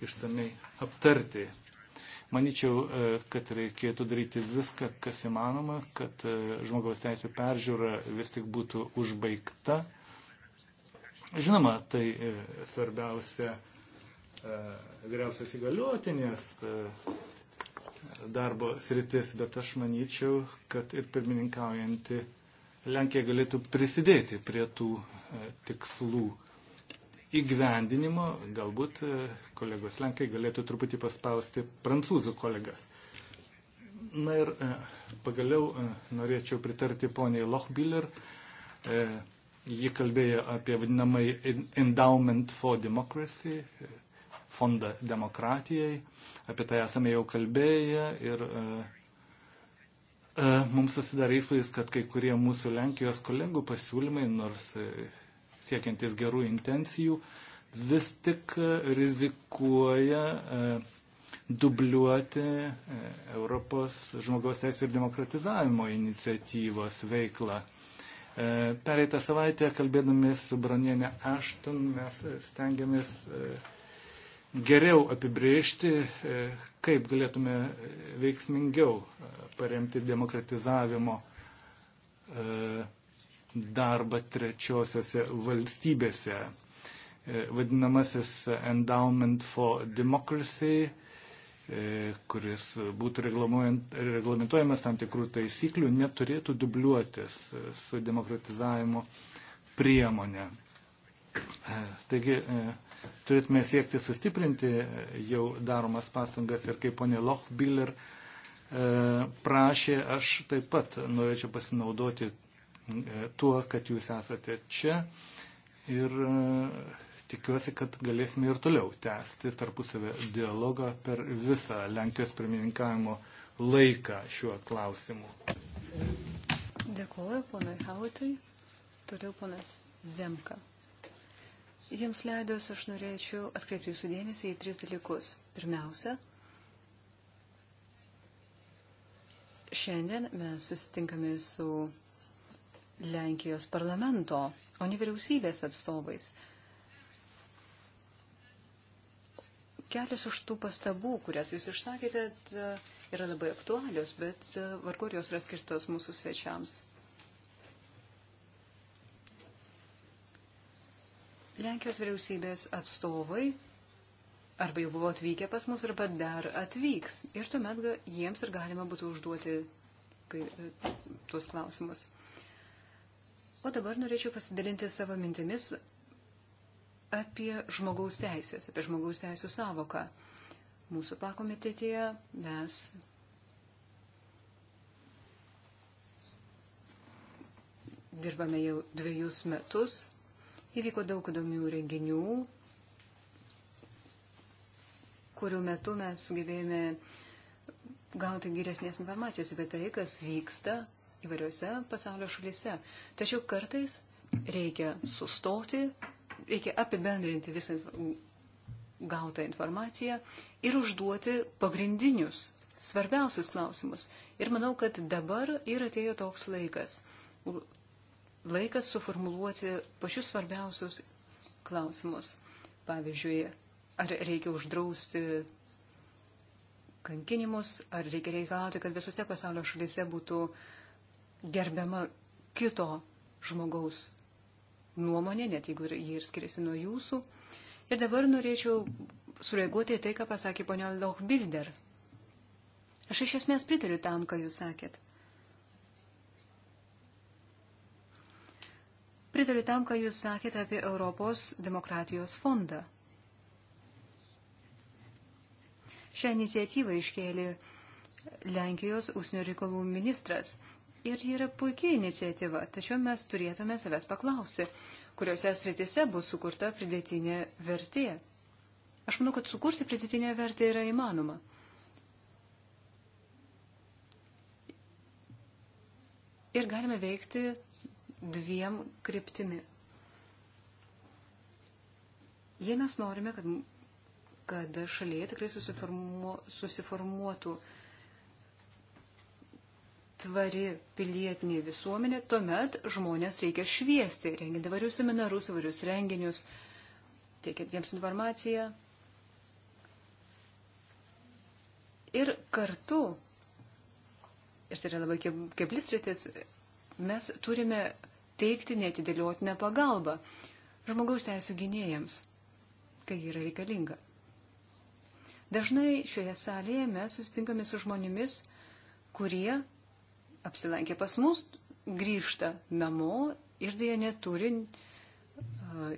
išsamei aptarti. Maničiau, e, kad reikėtų daryti viską, kas įmanoma, kad e, žmogaus teisų peržiūra vis tik būtų užbaigta. Žinoma, tai e, svarbiausia vyriausias įgaliotinės darbo sritis, bet aš manyčiau, kad ir pirmininkaujanti Lenkija galėtų prisidėti prie tų tikslų įgyvendinimo, galbūt e, kolegos Lenkai galėtų truputį paspausti prancūzų kolegas. Na ir e, pagaliau e, norėčiau pritarti poniai Lochbiller. Ji kalbėjo apie vadinamai Endowment for Democracy, fondą demokratijai. Apie tai esame jau kalbėję ir mums susidarė įspūdis, kad kai kurie mūsų Lenkijos kolegų pasiūlymai, nors siekiantis gerų intencijų, vis tik rizikuoja e, dubliuoti e, Europos žmogaus teisų ir demokratizavimo iniciatyvos veiklą. E, pereitą savaitę, kalbėdami su Branienė Ashton, mes stengiamės geriau apibrėžti, kaip galėtume veiksmingiau paremti demokratizavimo darbą trečiosiose valstybėse. E, vadinamasis Endowment for Democracy, e, kuris būtų reglamentuojamas tam tikrų taisyklių, neturėtų dubliuotis su demokratizavimo priemonė. E, taigi turėtume siekti sustiprinti jau daromas pastangas ir kaip ponė Lochbiller prašė, aš taip pat norėčiau pasinaudoti tuo, kad jūs esate čia ir e, tikiuosi, kad galėsime ir toliau tęsti tarpusavę dialogą per visą Lenkijos pirmininkavimo laiką šiuo klausimu. Dėkuoju ponai Hautai. toliau ponas Zemka. Jiems leidus aš norėčiau atkreipti jūsų dėmesį į tris dalykus. Pirmiausia, šiandien mes susitinkame su Lenkijos parlamento, o ne vyriausybės atstovais. Kelios už tų pastabų, kurias jūs išsakėte, yra labai aktualios, bet e, vargu ar jos yra skirtos mūsų svečiams. Lenkijos vyriausybės atstovai arba jau buvo atvykę pas mus, arba dar atvyks. Ir tuomet jiems ir galima būtų užduoti kai, e, tuos klausimus. O dabar norėčiau pasidalinti savo mintimis apie žmogaus teisės, apie žmogaus teisų savoką. Mūsų pakomitetėje mes dirbame jau dviejus metus. Įvyko daug įdomių renginių, kurių metu mes sugebėjome gauti geresnės informacijos apie tai, kas vyksta įvairiose pasaulio šalyse. Tačiau kartais reikia sustoti, reikia apibendrinti visą gautą informaciją ir užduoti pagrindinius, svarbiausius klausimus. Ir manau, kad dabar ir atėjo toks laikas. Laikas suformuluoti pačius svarbiausius klausimus. Pavyzdžiui, ar reikia uždrausti kankinimus, ar reikia reikalauti, kad visose pasaulio šalyse būtų uh, gerbiama kito žmogaus nuomonė, net jeigu jį ir skiriasi nuo jūsų. Ir dabar norėčiau sureaguoti į tai, ką pasakė ponia Lochbilder. Aš iš esmės pritariu tam, ką jūs sakėt. Pritariu tam, ką jūs sakėt apie Europos demokratijos fondą. Šią iniciatyvą iškėlė Lenkijos užsienio reikalų ministras. Ir ji yra puikiai iniciatyva, tačiau mes turėtume savęs paklausti, kuriuose sritise bus sukurta pridėtinė vertė. Aš manau, kad sukurti pridėtinę vertę yra įmanoma. Ir galime veikti dviem kryptimi. Jei mes norime, kad, kad šalyje tikrai susiformuo, susiformuotų tvari pilietinė visuomenė, tuomet žmonės reikia šviesti, rengiant varius seminarus, varius renginius, teikiant jiems informaciją. Ir kartu, ir tai yra labai keblis rytis, mes turime teikti netidėliotinę pagalbą žmogaus teisų gynėjams, kai yra reikalinga. Dažnai šioje salėje mes susitinkame su žmonėmis, kurie apsilankė pas mus, grįžta namo ir jie neturi, e,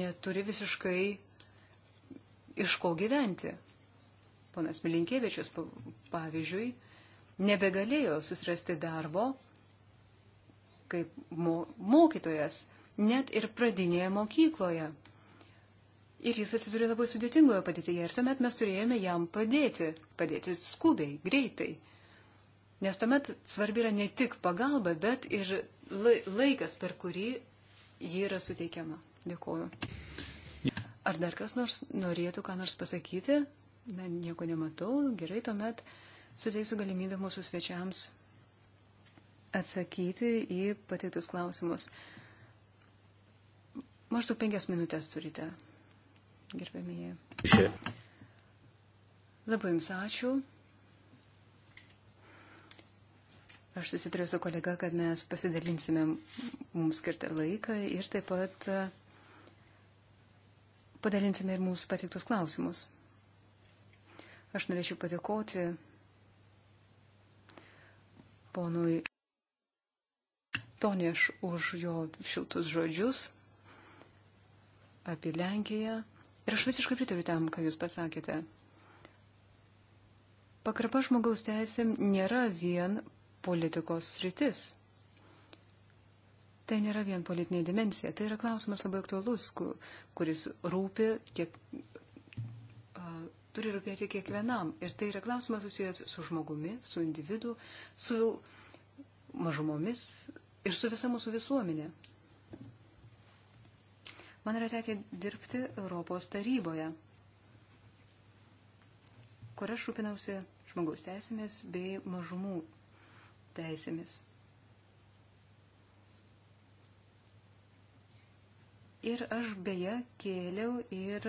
neturi visiškai iš ko gyventi. Ponas Milinkievičius, pavyzdžiui, nebegalėjo susirasti darbo kaip mokytojas, net ir pradinėje mokykloje. Ir jis atsidūrė labai sudėtingoje padėtyje ir tuomet mes turėjome jam padėti, padėti skubiai, greitai. Nes tuomet svarbi yra ne tik pagalba, bet ir laikas, per kurį ji yra suteikiama. Dėkuoju. Ar dar kas nors norėtų ką nors pasakyti? Na, nieko nematau. Gerai, tuomet suteiksiu galimybę mūsų svečiams atsakyti į pateiktus klausimus. Maždaug penkias minutės turite, gerbėmėje. Labai jums ačiū. Aš susitariu su kolega, kad mes pasidalinsime mums skirtą laiką ir taip pat e, padalinsime ir mums patiktus klausimus. Aš norėčiau padėkoti ponui Tonieš už jo šiltus žodžius apie Lenkiją. Ir aš visiškai pritariu tam, ką jūs pasakėte. Pakarpa žmogaus teisėm nėra vien politikos sritis. Tai nėra vien politinė dimensija, tai yra klausimas labai aktualus, kuris rūpi, kiek, a, turi rūpėti kiekvienam. Ir tai yra klausimas susijęs su žmogumi, su individu, su mažumomis ir su visa mūsų visuomenė. Man yra tekę dirbti Europos taryboje, kur aš rūpinausi žmogaus teisėmis bei mažumų teisėmis. Ir aš beje kėliau ir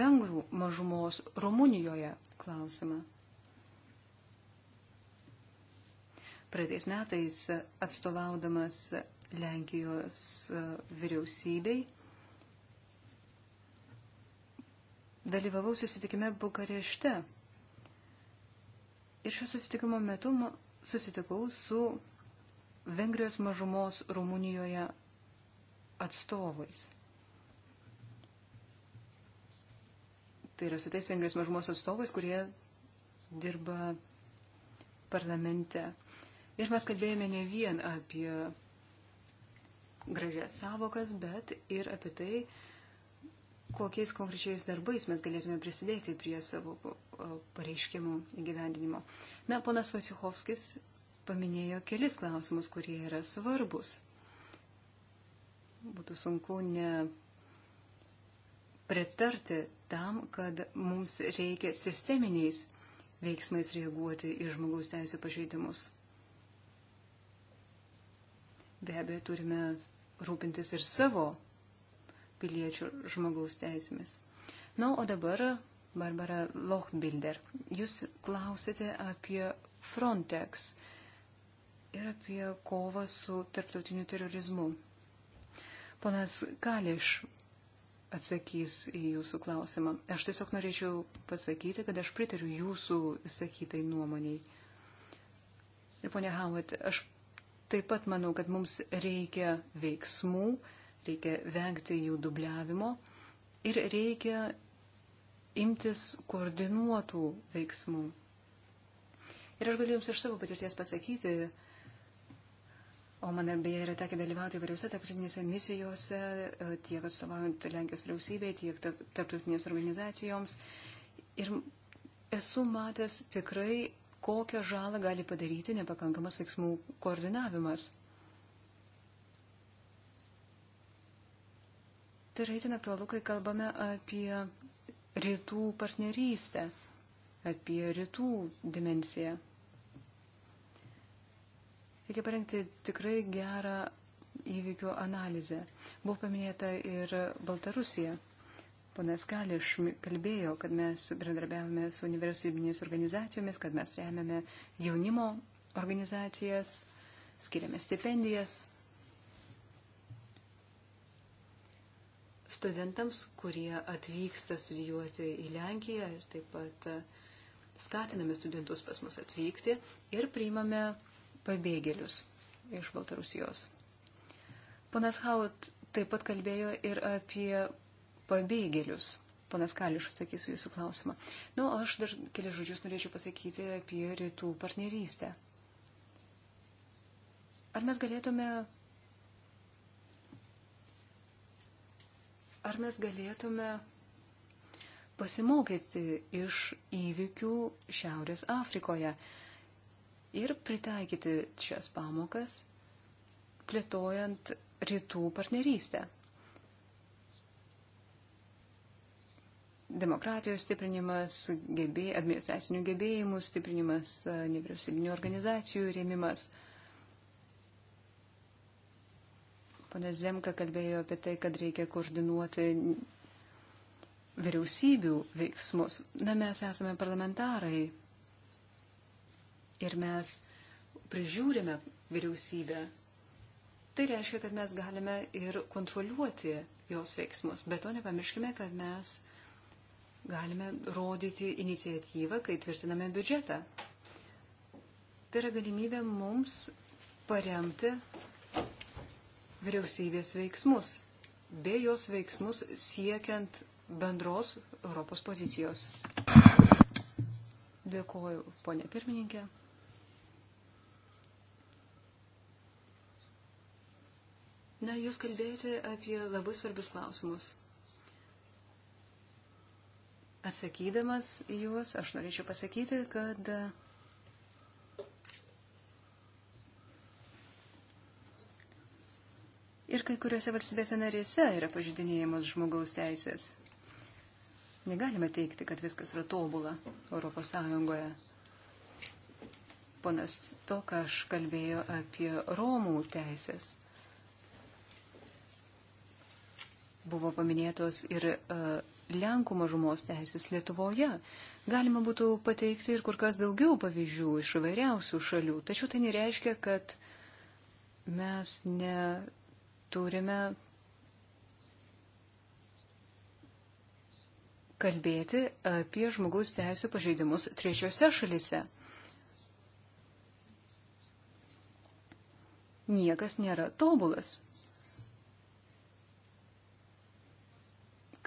vengrų mažumos Rumunijoje klausimą. Praeitais metais atstovaudamas Lenkijos e, vyriausybei dalyvavau susitikime Bukarešte. Ir šio susitikimo metu susitikau su Vengrijos mažumos Rumunijoje atstovais. Tai yra su tais Vengrijos mažumos atstovais, kurie dirba parlamente. Ir mes kalbėjome ne vien apie gražias savokas, bet ir apie tai, kokiais konkrečiais darbais mes galėtume prisidėti prie savo pareiškimų įgyvendinimo. Na, ponas Vasiuchovskis paminėjo kelis klausimus, kurie yra svarbus. Būtų sunku ne pritarti tam, kad mums reikia sisteminiais veiksmais reaguoti į žmogaus teisų pažeidimus. Be abejo, turime rūpintis ir savo piliečių žmogaus teisėmis. Na, o dabar Barbara Lochbilder. Jūs klausėte apie Frontex ir apie kovą su tarptautiniu terorizmu. Ponas Kališ atsakys į jūsų klausimą. Aš tiesiog norėčiau pasakyti, kad aš pritariu jūsų sakytai nuomoniai. Ir ponia Howard, aš taip pat manau, kad mums reikia veiksmų, reikia vengti jų dubliavimo ir reikia imtis koordinuotų veiksmų. Ir aš galiu Jums iš savo patirties pasakyti, o man ir beje yra tekę dalyvauti įvairiose tarptautinėse misijose, e, tiek atstovaujant Lenkijos vyriausybei, tiek tarptautinės organizacijoms. Ir esu matęs tikrai, kokią žalą gali padaryti nepakankamas veiksmų koordinavimas. Tai yra itin aktualu, kai kalbame apie rytų partnerystę, apie rytų dimenciją. Reikia parengti tikrai gerą įvykių analizę. Buvo paminėta ir Baltarusija. Ponas Kališ kalbėjo, kad mes bendradarbiavome su universitybinės organizacijomis, kad mes remiame jaunimo organizacijas, skiriame stipendijas. studentams, kurie atvyksta studijuoti į Lenkiją ir taip pat e, skatiname studentus pas mus atvykti ir priimame pabėgėlius iš Baltarusijos. Ponas Haut taip pat kalbėjo ir apie pabėgėlius. Ponas Kališ atsakysiu jūsų klausimą. Na, nu, aš dar keli žodžius norėčiau pasakyti apie rytų partnerystę. Ar mes galėtume ar mes galėtume pasimokyti iš įvykių Šiaurės Afrikoje ir pritaikyti šias pamokas, plėtojant rytų partnerystę. Demokratijos stiprinimas, gebė, administracinių gebėjimų stiprinimas, nevyriausybinių organizacijų rėmimas – Pane Zemka kalbėjo apie tai, kad reikia koordinuoti vyriausybių veiksmus. Na, mes esame parlamentarai ir mes prižiūrime vyriausybę. Tai reiškia, kad mes galime ir kontroliuoti jos veiksmus. Bet to nepamirškime, kad mes galime rodyti iniciatyvą, kai tvirtiname biudžetą. Tai yra galimybė mums paremti vyriausybės veiksmus, bei jos veiksmus siekiant bendros Europos pozicijos. Dėkuoju, ponė pirmininkė. Na, jūs kalbėjote apie labai svarbius klausimus. Atsakydamas juos, aš norėčiau pasakyti, kad ir kai kuriuose valstybėse narėse yra pažydinėjimas žmogaus teisės. Negalime teikti, kad viskas yra tobula Europos Sąjungoje. Ponas to, ką aš kalbėjo apie Romų teisės. Buvo paminėtos ir uh, Lenkų mažumos teisės Lietuvoje. Galima būtų pateikti ir kur kas daugiau pavyzdžių iš įvairiausių šalių, tačiau tai nereiškia, kad mes ne, turime kalbėti apie žmogaus teisų pažeidimus trečiose šalise. Niekas nėra tobulas.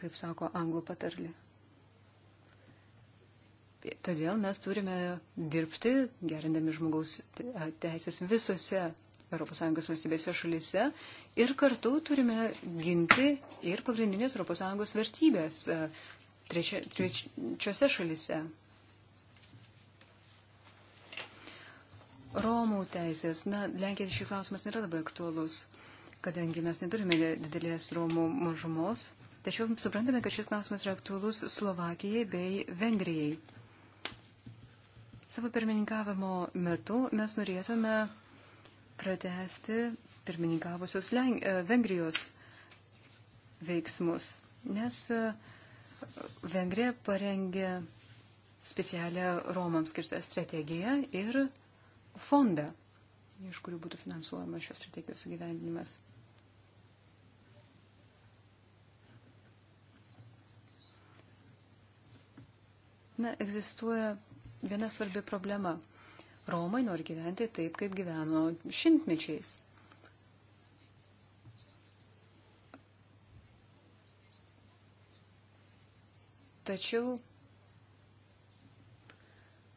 Kaip sako anglų patarlė. Todėl mes turime dirbti, gerindami žmogaus teisės visose ES valstybėse šalyse ir kartu turime ginti ir pagrindinės ES vertybės e, trečiose šalyse. Romų teisės. Na, Lenkijai šį klausimas nėra labai aktuolus, kadangi mes neturime didelės Romų mažumos. Tačiau suprantame, kad šis klausimas yra aktuolus Slovakijai bei Vengrijai. Savo pirmininkavimo metu mes norėtume pratesti pirmininkavusios e, Vengrijos veiksmus, nes e, Vengrija parengė specialią Romams skirtą strategiją ir fondą, iš kurių būtų finansuojama šios strategijos gyvenimas. Na, egzistuoja viena svarbi problema – Romai nori gyventi taip, kaip gyveno šimtmečiais. Tačiau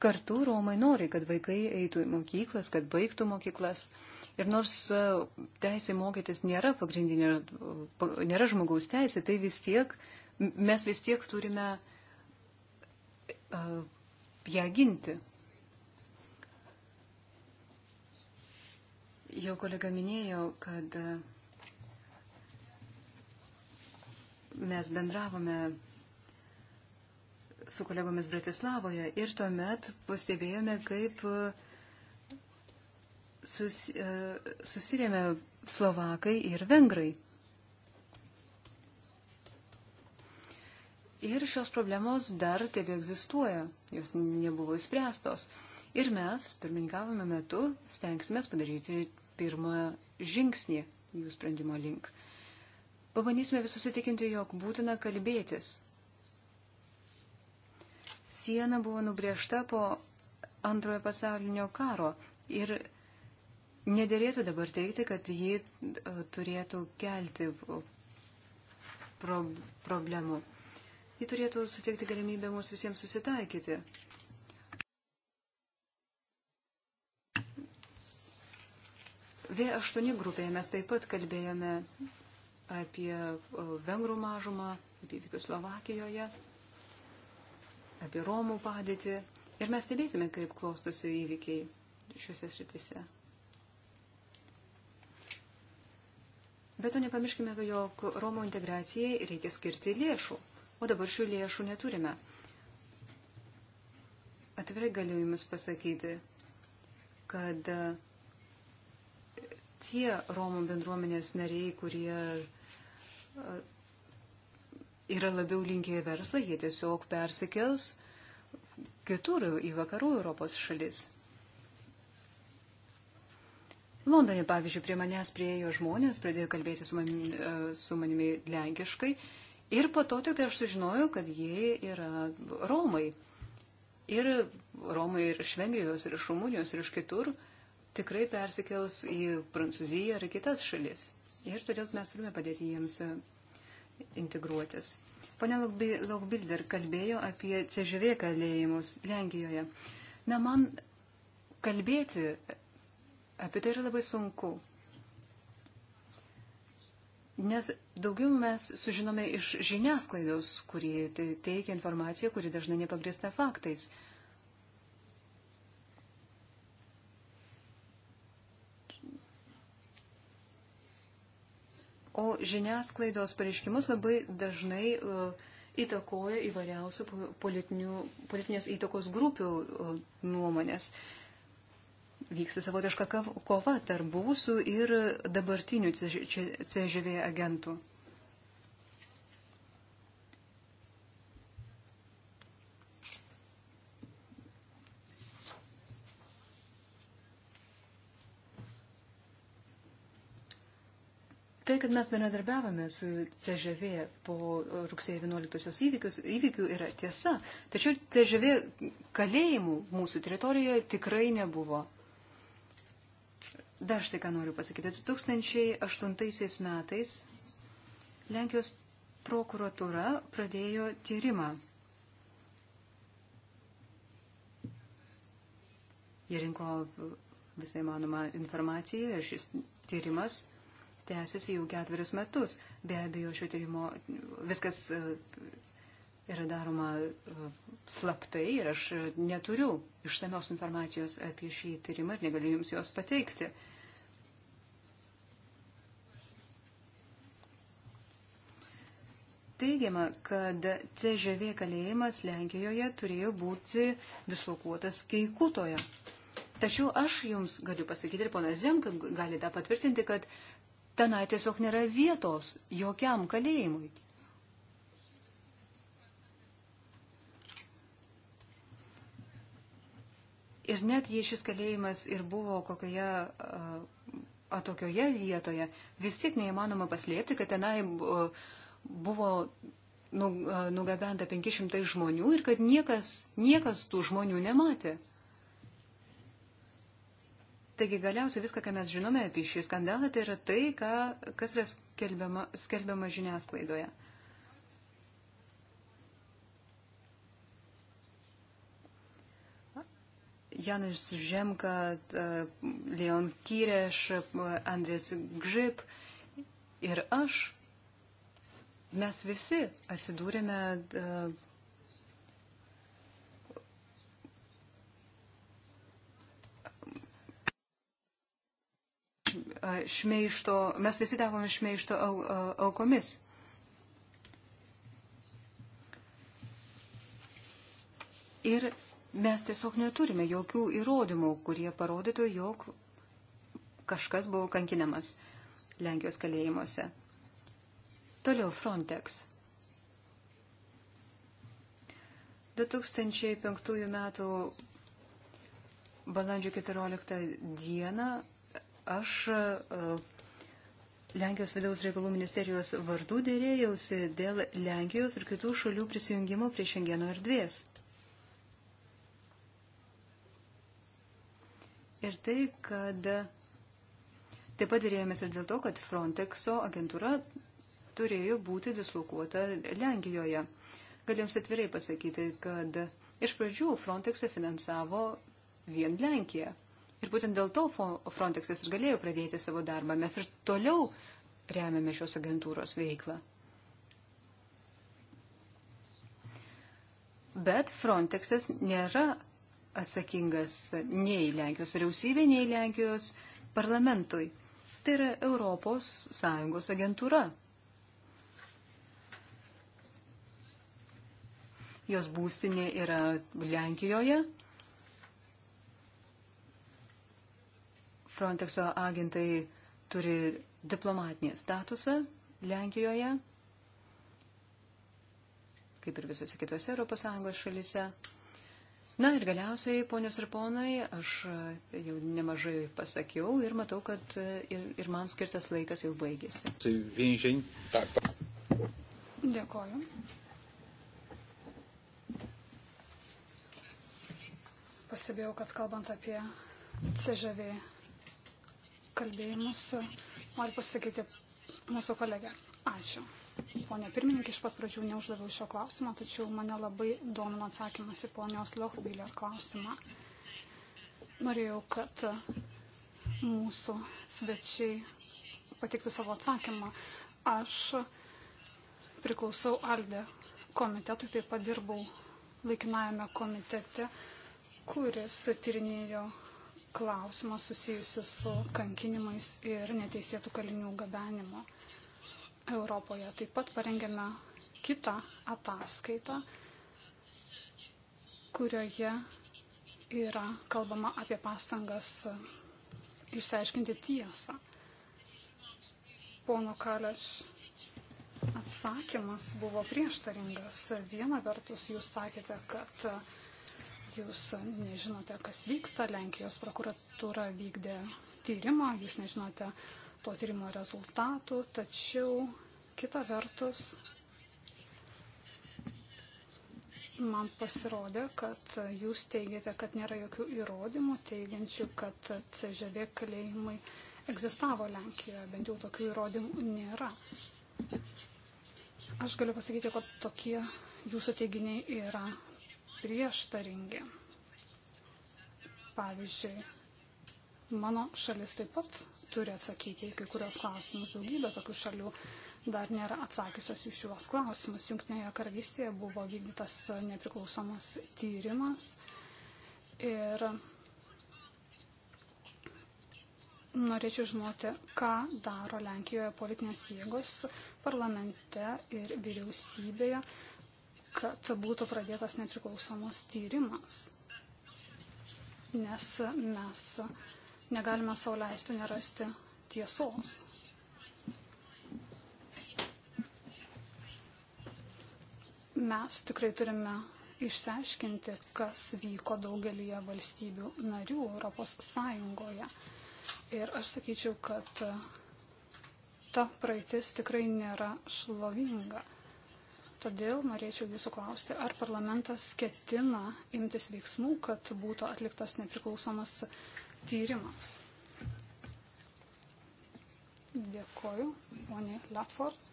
kartu Romai nori, kad vaikai eitų į mokyklas, kad baigtų mokyklas. Ir nors e, teisė mokytis nėra pagrindinė, nėra žmogaus teisė, tai vis tiek, mes vis tiek turime e, ją ginti. Jau kolega minėjo, kad mes bendravome su kolegomis Bratislavoje ir tuomet pastebėjome, kaip sus, e, susirėmė Slovakai ir Vengrai. Ir šios problemos dar tebe egzistuoja, jos nebuvo įspręstos. Ir mes, pirmininkavome metu, stengsime padaryti pirmą žingsnį jų sprendimo link. Pabandysime visus įtikinti, jog būtina kalbėtis. Siena buvo nubriežta po antrojo pasaulinio karo ir nedėlėtų dabar teikti, kad ji e, turėtų kelti problemų. Ji turėtų suteikti galimybę mūsų visiems susitaikyti. V8 grupėje mes taip pat kalbėjome apie vengrų mažumą, apie vykius Slovakijoje, apie Romų padėtį. Ir mes stebėsime, kaip klostosi įvykiai šiuose srityse. Bet to nepamirškime, jog Romų integracijai reikia skirti lėšų, o dabar šių lėšų neturime. Atvirai galiu Jums pasakyti, kad tie Romų bendruomenės nariai, kurie e, yra labiau linkę į verslą, jie tiesiog persikels kitur į vakarų Europos šalis. Londonė, pavyzdžiui, prie manęs priejo žmonės, pradėjo kalbėti su manimi, e, su manimi lenkiškai ir po to tik tai aš sužinojau, kad jie yra Romai. Ir Romai ir iš Vengrijos, ir iš Rumunijos, ir iš kitur tikrai persikels į Prancūziją ar kitas šalis. Ir todėl mes turime padėti jiems e, integruotis. Pane Laukbilder kalbėjo apie CŽV kalėjimus Lenkijoje. Na, man kalbėti apie tai yra labai sunku. Nes daugiau mes sužinome iš žiniasklaidos, kurie teikia informaciją, kuri dažnai nepagrįsta faktais. o žiniasklaidos pareiškimus labai dažnai e, įtakoja įvairiausių politinės įtakos grupių e, nuomonės. Vyksta savotiška kova tarp buvusių ir dabartinių CŽV agentų. Tai, kad mes bendradarbiavome su CŽV po rugsėjo 11 įvykius, įvykių yra tiesa, tačiau CŽV kalėjimų mūsų teritorijoje tikrai nebuvo. Dar štai ką noriu pasakyti. 2008 metais Lenkijos prokuratura pradėjo tyrimą. Jie rinko visai manoma informaciją ir šis tyrimas tęsiasi jau ketverius metus. Be abejo, šio tyrimo viskas e, yra daroma e, slaptai ir aš neturiu išsamios informacijos apie šį tyrimą ir negaliu jums jos pateikti. Teigiama, kad CŽV kalėjimas Lenkijoje turėjo būti dislokuotas Keikutoje. Tačiau aš jums galiu pasakyti ir ponas Zemka gali tą patvirtinti, kad tenai tiesiog nėra vietos jokiam kalėjimui. Ir net jei šis kalėjimas ir buvo kokioje atokioje vietoje, vis tiek neįmanoma paslėpti, kad tenai buvo nugabenta 500 žmonių ir kad niekas, niekas tų žmonių nematė. Taigi galiausiai viską, ką mes žinome apie šį skandalą, tai yra tai, ką, kas yra skelbiama, skelbiama žiniasklaidoje. Janis Žemka, Leon Kyrėš, Andrės Gžip ir aš, mes visi atsidūrėme uh, E, šmeišto, mes visi tapome šmeišto e, aukomis. Ir mes tiesiog neturime jokių įrodymų, kurie parodytų, jog kažkas buvo kankinamas Lenkijos kalėjimuose. Toliau Frontex. 2005 m. balandžio 14 dieną aš e, Lenkijos vidaus reikalų ministerijos vardų dėrėjausi dėl Lenkijos ir kitų šalių prisijungimo prie šiandieno erdvės. Ir tai, kad taip pat dėrėjomės ir dėl to, kad Frontexo agentūra turėjo būti dislokuota Lenkijoje. Galėjom atvirai pasakyti, kad iš pradžių Frontexą finansavo vien Lenkiją. Ir būtent dėl to Frontexas ir galėjo pradėti savo darbą. Mes ir toliau remiame šios agentūros veiklą. Bet Frontexas nėra atsakingas nei Lenkijos vyriausybė, nei Lenkijos parlamentui. Tai yra Europos Sąjungos agentūra. Jos būstinė yra Lenkijoje Frontexo agentai turi diplomatinį statusą Lenkijoje, kaip ir visose kitose ES šalyse. Na ir galiausiai, ponios ir ponai, aš jau nemažai pasakiau ir matau, kad ir, ir man skirtas laikas jau baigėsi. Dėkoju. Pastebėjau, kad kalbant apie CŽV kalbėjimus noriu pasakyti mūsų kolegė. Ačiū. Pone pirmininkė, iš pat pradžių neuždaviau šio klausimo, tačiau mane labai domino atsakymas į ponios Lochbilio klausimą. Norėjau, kad mūsų svečiai patiktų savo atsakymą. Aš priklausau Alde komitetui, taip pat dirbau laikinajame komitete, kuris tyrinėjo klausimą susijusi su kankinimais ir neteisėtų kalinių gabenimu Europoje. Taip pat parengėme kitą ataskaitą, kurioje yra kalbama apie pastangas išsiaiškinti tiesą. Pono Kalėš atsakymas buvo prieštaringas. Viena vertus jūs sakėte, kad jūs nežinote, kas vyksta. Lenkijos prokuratūra vykdė tyrimą, jūs nežinote to tyrimo rezultatų, tačiau kita vertus man pasirodė, kad jūs teigiate, kad nėra jokių įrodymų teigiančių, kad CŽV kalėjimai egzistavo Lenkijoje, bent jau tokių įrodymų nėra. Aš galiu pasakyti, kad tokie jūsų teiginiai yra prieštaringi. Pavyzdžiui, mano šalis taip pat turi atsakyti į kai kurios klausimus. Daugybė tokių šalių dar nėra atsakiusios į šiuos klausimus. Junktinėje karalystėje buvo vykdytas nepriklausomas tyrimas ir norėčiau žinoti, ką daro Lenkijoje politinės jėgos parlamente ir vyriausybėje kad būtų pradėtas nepriklausomas tyrimas. Nes mes negalime sauliaisti nerasti tiesos. Mes tikrai turime išsiaiškinti, kas vyko daugelį valstybių narių Europos Sąjungoje. Ir aš sakyčiau, kad ta praeitis tikrai nėra šlovinga. Todėl norėčiau jūsų klausti, ar parlamentas ketina imtis veiksmų, kad būtų atliktas nepriklausomas tyrimas. Dėkoju, poniai Latford.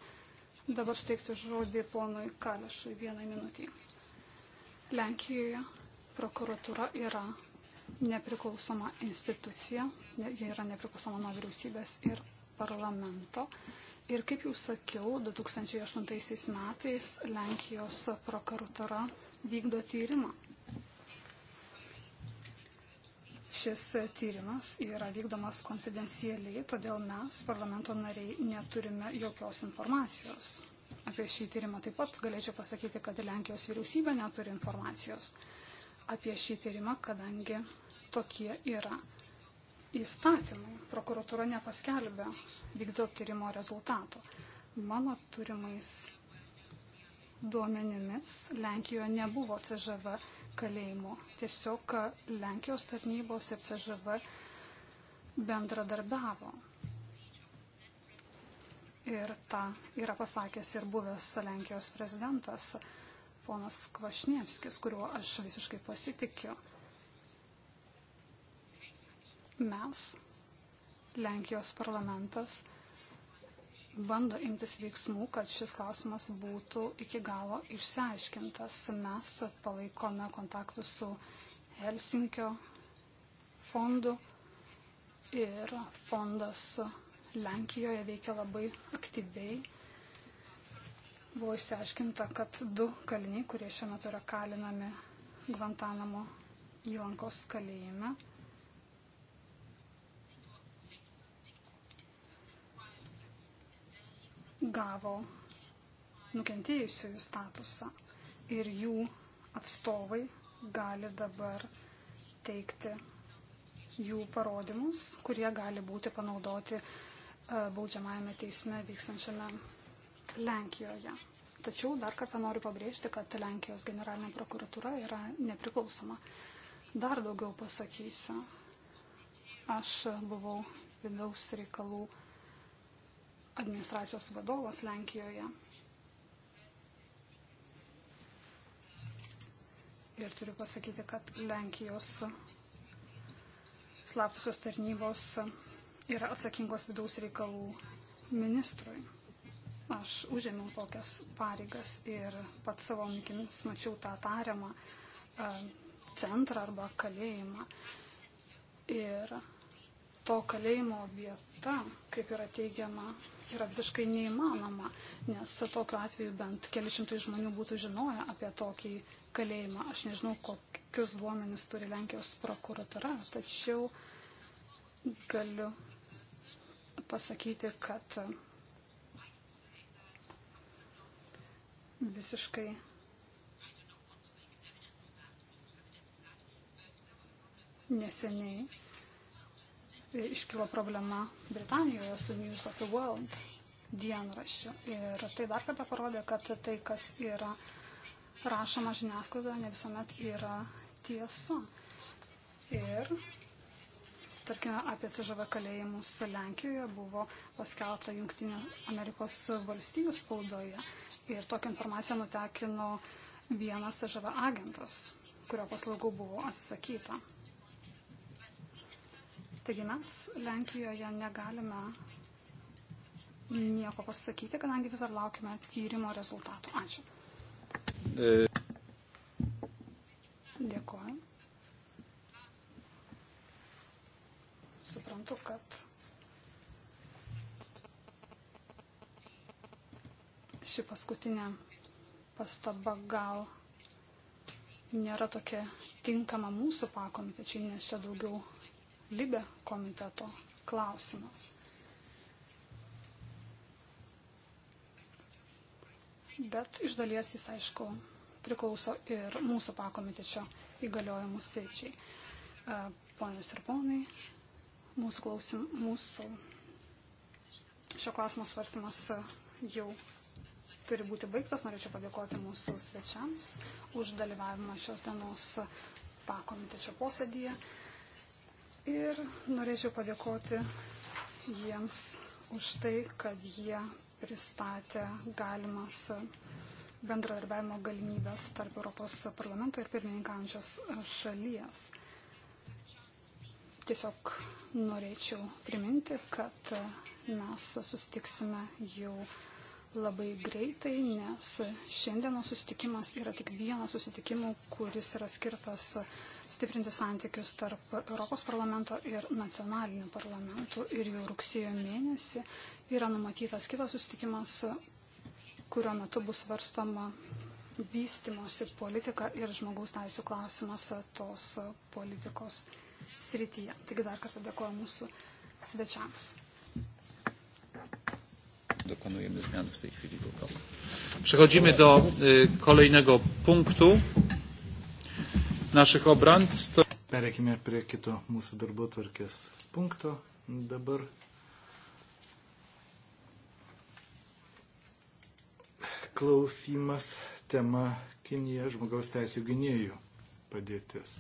Dabar steikti žodį ponui Kalešui vieną minutį. Lenkijoje prokuratura yra nepriklausoma institucija, jie yra nepriklausoma nuo vyriausybės ir parlamento. Ir kaip jau sakiau, 2008 metais Lenkijos prokuratura vykdo tyrimą. Šis tyrimas yra vykdomas konfidencialiai, todėl mes, parlamento nariai, neturime jokios informacijos. Apie šį tyrimą taip pat galėčiau pasakyti, kad Lenkijos vyriausybė neturi informacijos apie šį tyrimą, kadangi tokie yra įstatymai. Prokuratūra nepaskelbė vykdo tyrimo rezultatų. Mano turimais duomenimis Lenkijoje nebuvo CŽV kalėjimo. Tiesiog Lenkijos tarnybos ir CŽV bendradarbiavo. Ir tą yra pasakęs ir buvęs Lenkijos prezidentas ponas Kvašnievskis, kuriuo aš visiškai pasitikiu. Mes Lenkijos parlamentas bando imtis veiksmų, kad šis klausimas būtų iki galo išsiaiškintas. Mes palaikome kontaktus su Helsinkio fondu ir fondas Lenkijoje veikia labai aktyviai. Buvo išsiaiškinta, kad du kaliniai, kurie šiuo metu yra kalinami Gvantanamo įlankos kalėjime, gavo nukentėjusiųjų statusą ir jų atstovai gali dabar teikti jų parodymus, kurie gali būti panaudoti e, baudžiamajame teisme vykstančiame Lenkijoje. Tačiau dar kartą noriu pabrėžti, kad Lenkijos generalinė prokuratūra yra nepriklausoma. Dar daugiau pasakysiu. Aš buvau vidaus reikalų administracijos vadovas Lenkijoje. Ir turiu pasakyti, kad Lenkijos slaptusios tarnybos yra atsakingos vidaus reikalų ministrui. Aš užėmiau tokias pareigas ir pat savo mintimis mačiau tą tariamą e, centrą arba kalėjimą. Ir to kalėjimo vieta, kaip yra teigiama yra visiškai neįmanoma, nes tokiu atveju bent keli šimtai žmonių būtų žinoję apie tokį kalėjimą. Aš nežinau, kokius duomenys turi Lenkijos prokuratura, tačiau galiu pasakyti, kad visiškai neseniai iškilo problema Britanijoje su News of the World dienraščiu. Ir tai dar kartą parodė, kad tai, kas yra rašoma žiniasklaidoje, ne visuomet yra tiesa. Ir, tarkime, apie CŽV kalėjimus Lenkijoje buvo paskelbta Junktinio Amerikos valstybių spaudoje. Ir tokią informaciją nutekino vienas CŽV agentas, kurio paslaugų buvo atsisakyta. Taigi mes Lenkijoje negalime nieko pasakyti, kadangi vis dar laukime tyrimo rezultatų. Ačiū. E. Dėkuoju. Suprantu, kad ši paskutinė pastaba gal nėra tokia tinkama mūsų pakomitečiai, nes čia daugiau Libe komiteto klausimas. Bet iš dalies jis, aišku, priklauso ir mūsų pakomitečio įgaliojimų sėčiai. E, ponios ir ponai, mūsų, klausim, mūsų šio klausimo svarstymas jau turi būti baigtas. Norėčiau padėkoti mūsų svečiams už dalyvavimą šios dienos pakomitečio posėdyje. Ir norėčiau padėkoti jiems už tai, kad jie pristatė galimas bendradarbiavimo galimybės tarp Europos parlamento ir pirmininkaujančios šalies. Tiesiog norėčiau priminti, kad mes susitiksime jau labai greitai, nes šiandienos susitikimas yra tik vienas susitikimų, kuris yra skirtas stiprinti santykius tarp Europos parlamento ir nacionalinių parlamentų. Ir jau rugsėjo mėnesį yra numatytas kitas susitikimas, kurio metu bus svarstama vystimosi politika ir žmogaus teisų klausimas tos politikos srityje. Taigi dar kartą dėkoju mūsų svečiams. Dokonujemy zmian w tej chwili. Przechodzimy do y, kolejnego punktu naszych obrad. To... Pereikime prie kito mūsų darbo tvarkės punkto dabar. Klausimas tema Kinija žmogaus teisų gynėjų padėtis.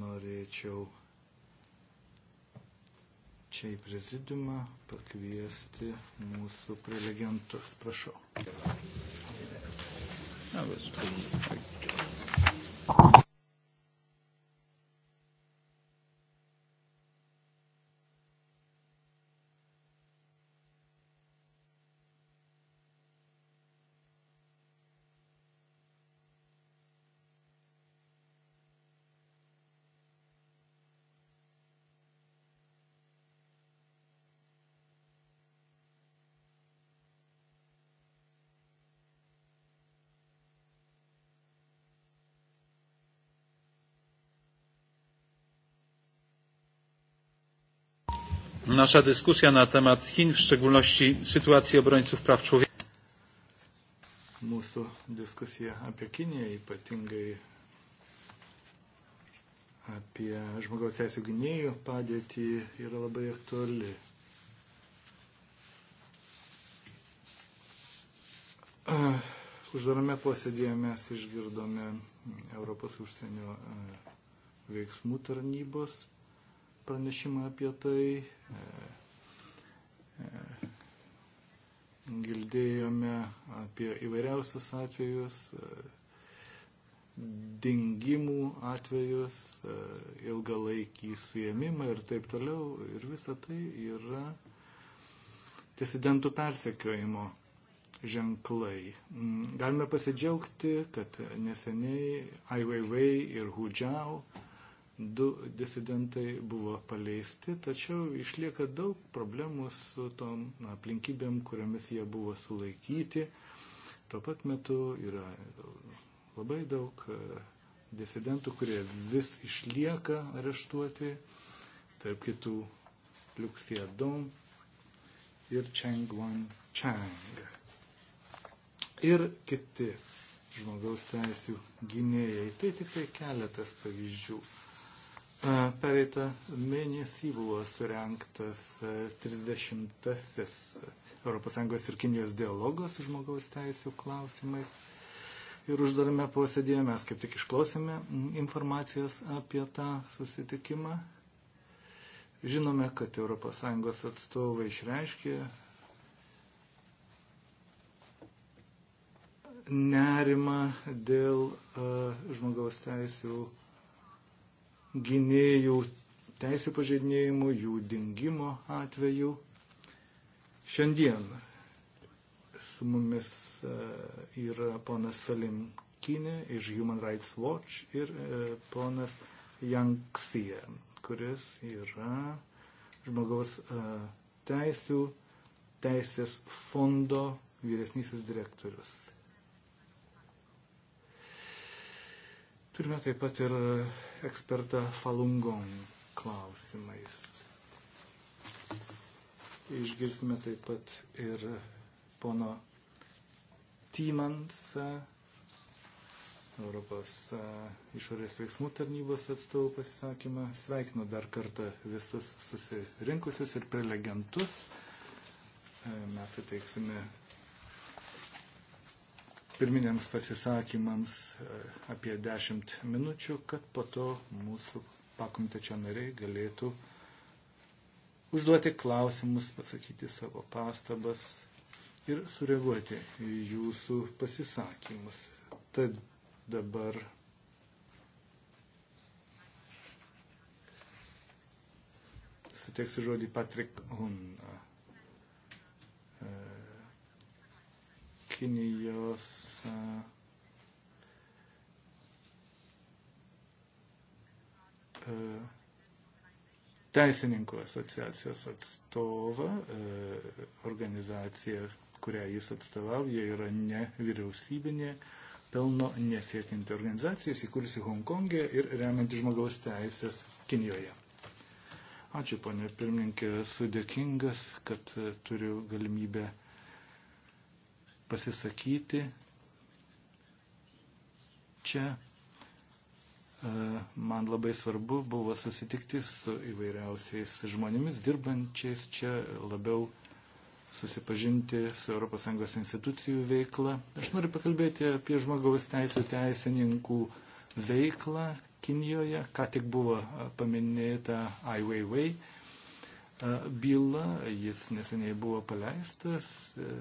Norėčiau čia į prezidiumą pakviesti mūsų prelegentus. Prašau. No, nasza dyskusja na temat Chin, w szczególności sytuacji obrońców praw człowieka. Mūsų diskusija apie Kiniją, ypatingai apie žmogaus teisų gynėjų padėtį, yra labai aktuali. Uždarame posėdėje mes išgirdome Europos užsienio e, veiksmų tarnybos pranešimą apie tai. Eh, eh, Girdėjome apie įvairiausius atvejus, eh, dingimų atvejus, ilgalaikį suėmimą ir taip toliau. Ir visa tai yra disidentų persekiojimo ženklai. Galime mm, pasidžiaugti, prostě kad neseniai Ai Weiwei ir Hu Jiao du disidentai buvo paleisti, tačiau išlieka daug problemų su tom aplinkybėm, kuriamis jie buvo sulaikyti. Tuo pat metu yra labai daug e, disidentų, kurie vis išlieka areštuoti, tarp kitų Liuxia Dom ir Cheng Wan Chang. Ir kiti žmogaus teisų gynėjai. Tai tik tai keletas pavyzdžių pereitą mėnesį buvo surenktas 30-asis ES ir Kinijos dialogas žmogaus teisų klausimais. Ir uždarame posėdėje mes kaip tik išklausėme informacijos apie tą susitikimą. Žinome, kad ES atstovai išreiškė nerimą dėl žmogaus teisų gynėjų teisų pažeidinėjimų, jų dingimo atveju. Šiandien su mumis e, yra ponas Felimkinė iš Human Rights Watch ir e, ponas Janksija, kuris yra žmogaus e, teisų teisės fondo vyresnysis direktorius. Turime taip pat ir ekspertą Gong klausimais. Išgirsime taip pat ir pono Tymans, Europos e, išorės veiksmų tarnybos atstovų pasisakymą. Sveikinu dar kartą visus susirinkusius ir prelegentus. E, mes suteiksime pirminiams pasisakymams e, apie 10 minučių, kad po to mūsų pakomitečio nariai galėtų užduoti klausimus, pasakyti savo pastabas ir sureaguoti į jūsų pasisakymus. Tad dabar suteiksiu žodį Patrik Hunna. Kinios. Eh, Teisininkų asociacijos atstovą, eh, organizacija, kurią jis atstovauja, yra ne vyriausybinė, pelno nesiekinti organizacijos, įkūrusi Hongkongė ir remianti žmogaus teisės Kinijoje. Ačiū, ponė pirmininkė, esu dėkingas, kad turiu galimybę pasisakyti. Čia e, man labai svarbu buvo susitikti su įvairiausiais žmonėmis dirbančiais čia, labiau susipažinti su ES institucijų veikla. Aš noriu pakalbėti apie žmogaus teisų teisininkų veiklą Kinijoje, ką tik buvo paminėta Ai Weiwei e, byla, jis neseniai buvo paleistas e,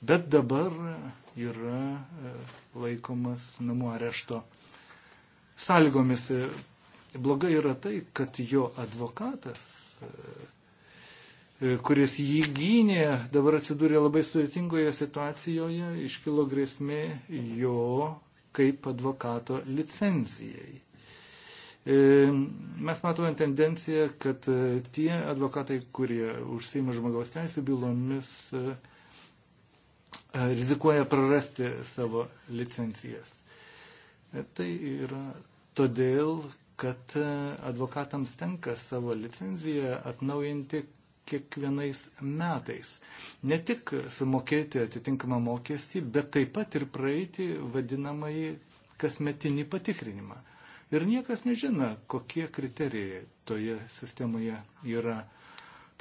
bet dabar yra e, laikomas namų arešto sąlygomis. E, blogai yra tai, kad jo advokatas, e, kuris jį gynė, dabar atsidūrė labai sudėtingoje situacijoje, iškilo grėsmė jo kaip advokato licencijai. Mes matome tendenciją, kad tie advokatai, kurie užsima žmogaus teisų bylomis, E, rizikuoja prarasti savo licencijas. E, tai yra todėl, kad e, advokatams tenka savo licenciją atnaujinti kiekvienais metais. Ne tik sumokėti atitinkamą mokestį, bet taip pat ir praeiti vadinamąjį kasmetinį patikrinimą. Ir niekas nežino, kokie kriterijai toje sistemoje yra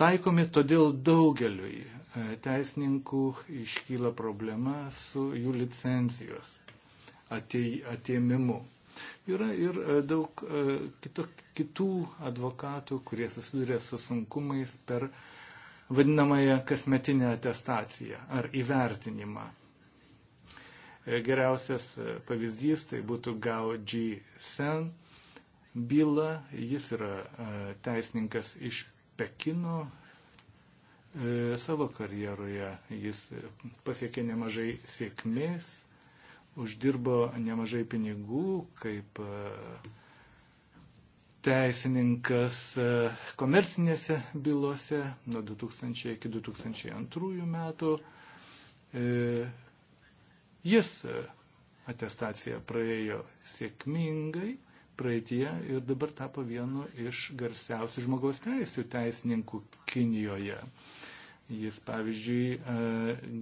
taikomi, todėl daugeliui E, teisininkų iškyla problema su jų licencijos atėmimu. Yra ir e, daug e, kitų advokatų, kurie susiduria su sunkumais per vadinamąją kasmetinę atestaciją ar įvertinimą. Geriausias pavyzdys tai būtų Gao G. Sen byla. Jis yra teisininkas iš Pekino, E, savo karjeroje. Jis pasiekė nemažai sėkmės, uždirbo nemažai pinigų kaip e, teisininkas e, komercinėse bylose nuo 2000 iki 2002 metų. Jis atestaciją praėjo sėkmingai praeitie ir dabar tapo vienu iš garsiausių žmogaus teisų teisininkų Kinijoje. Jis, pavyzdžiui, e,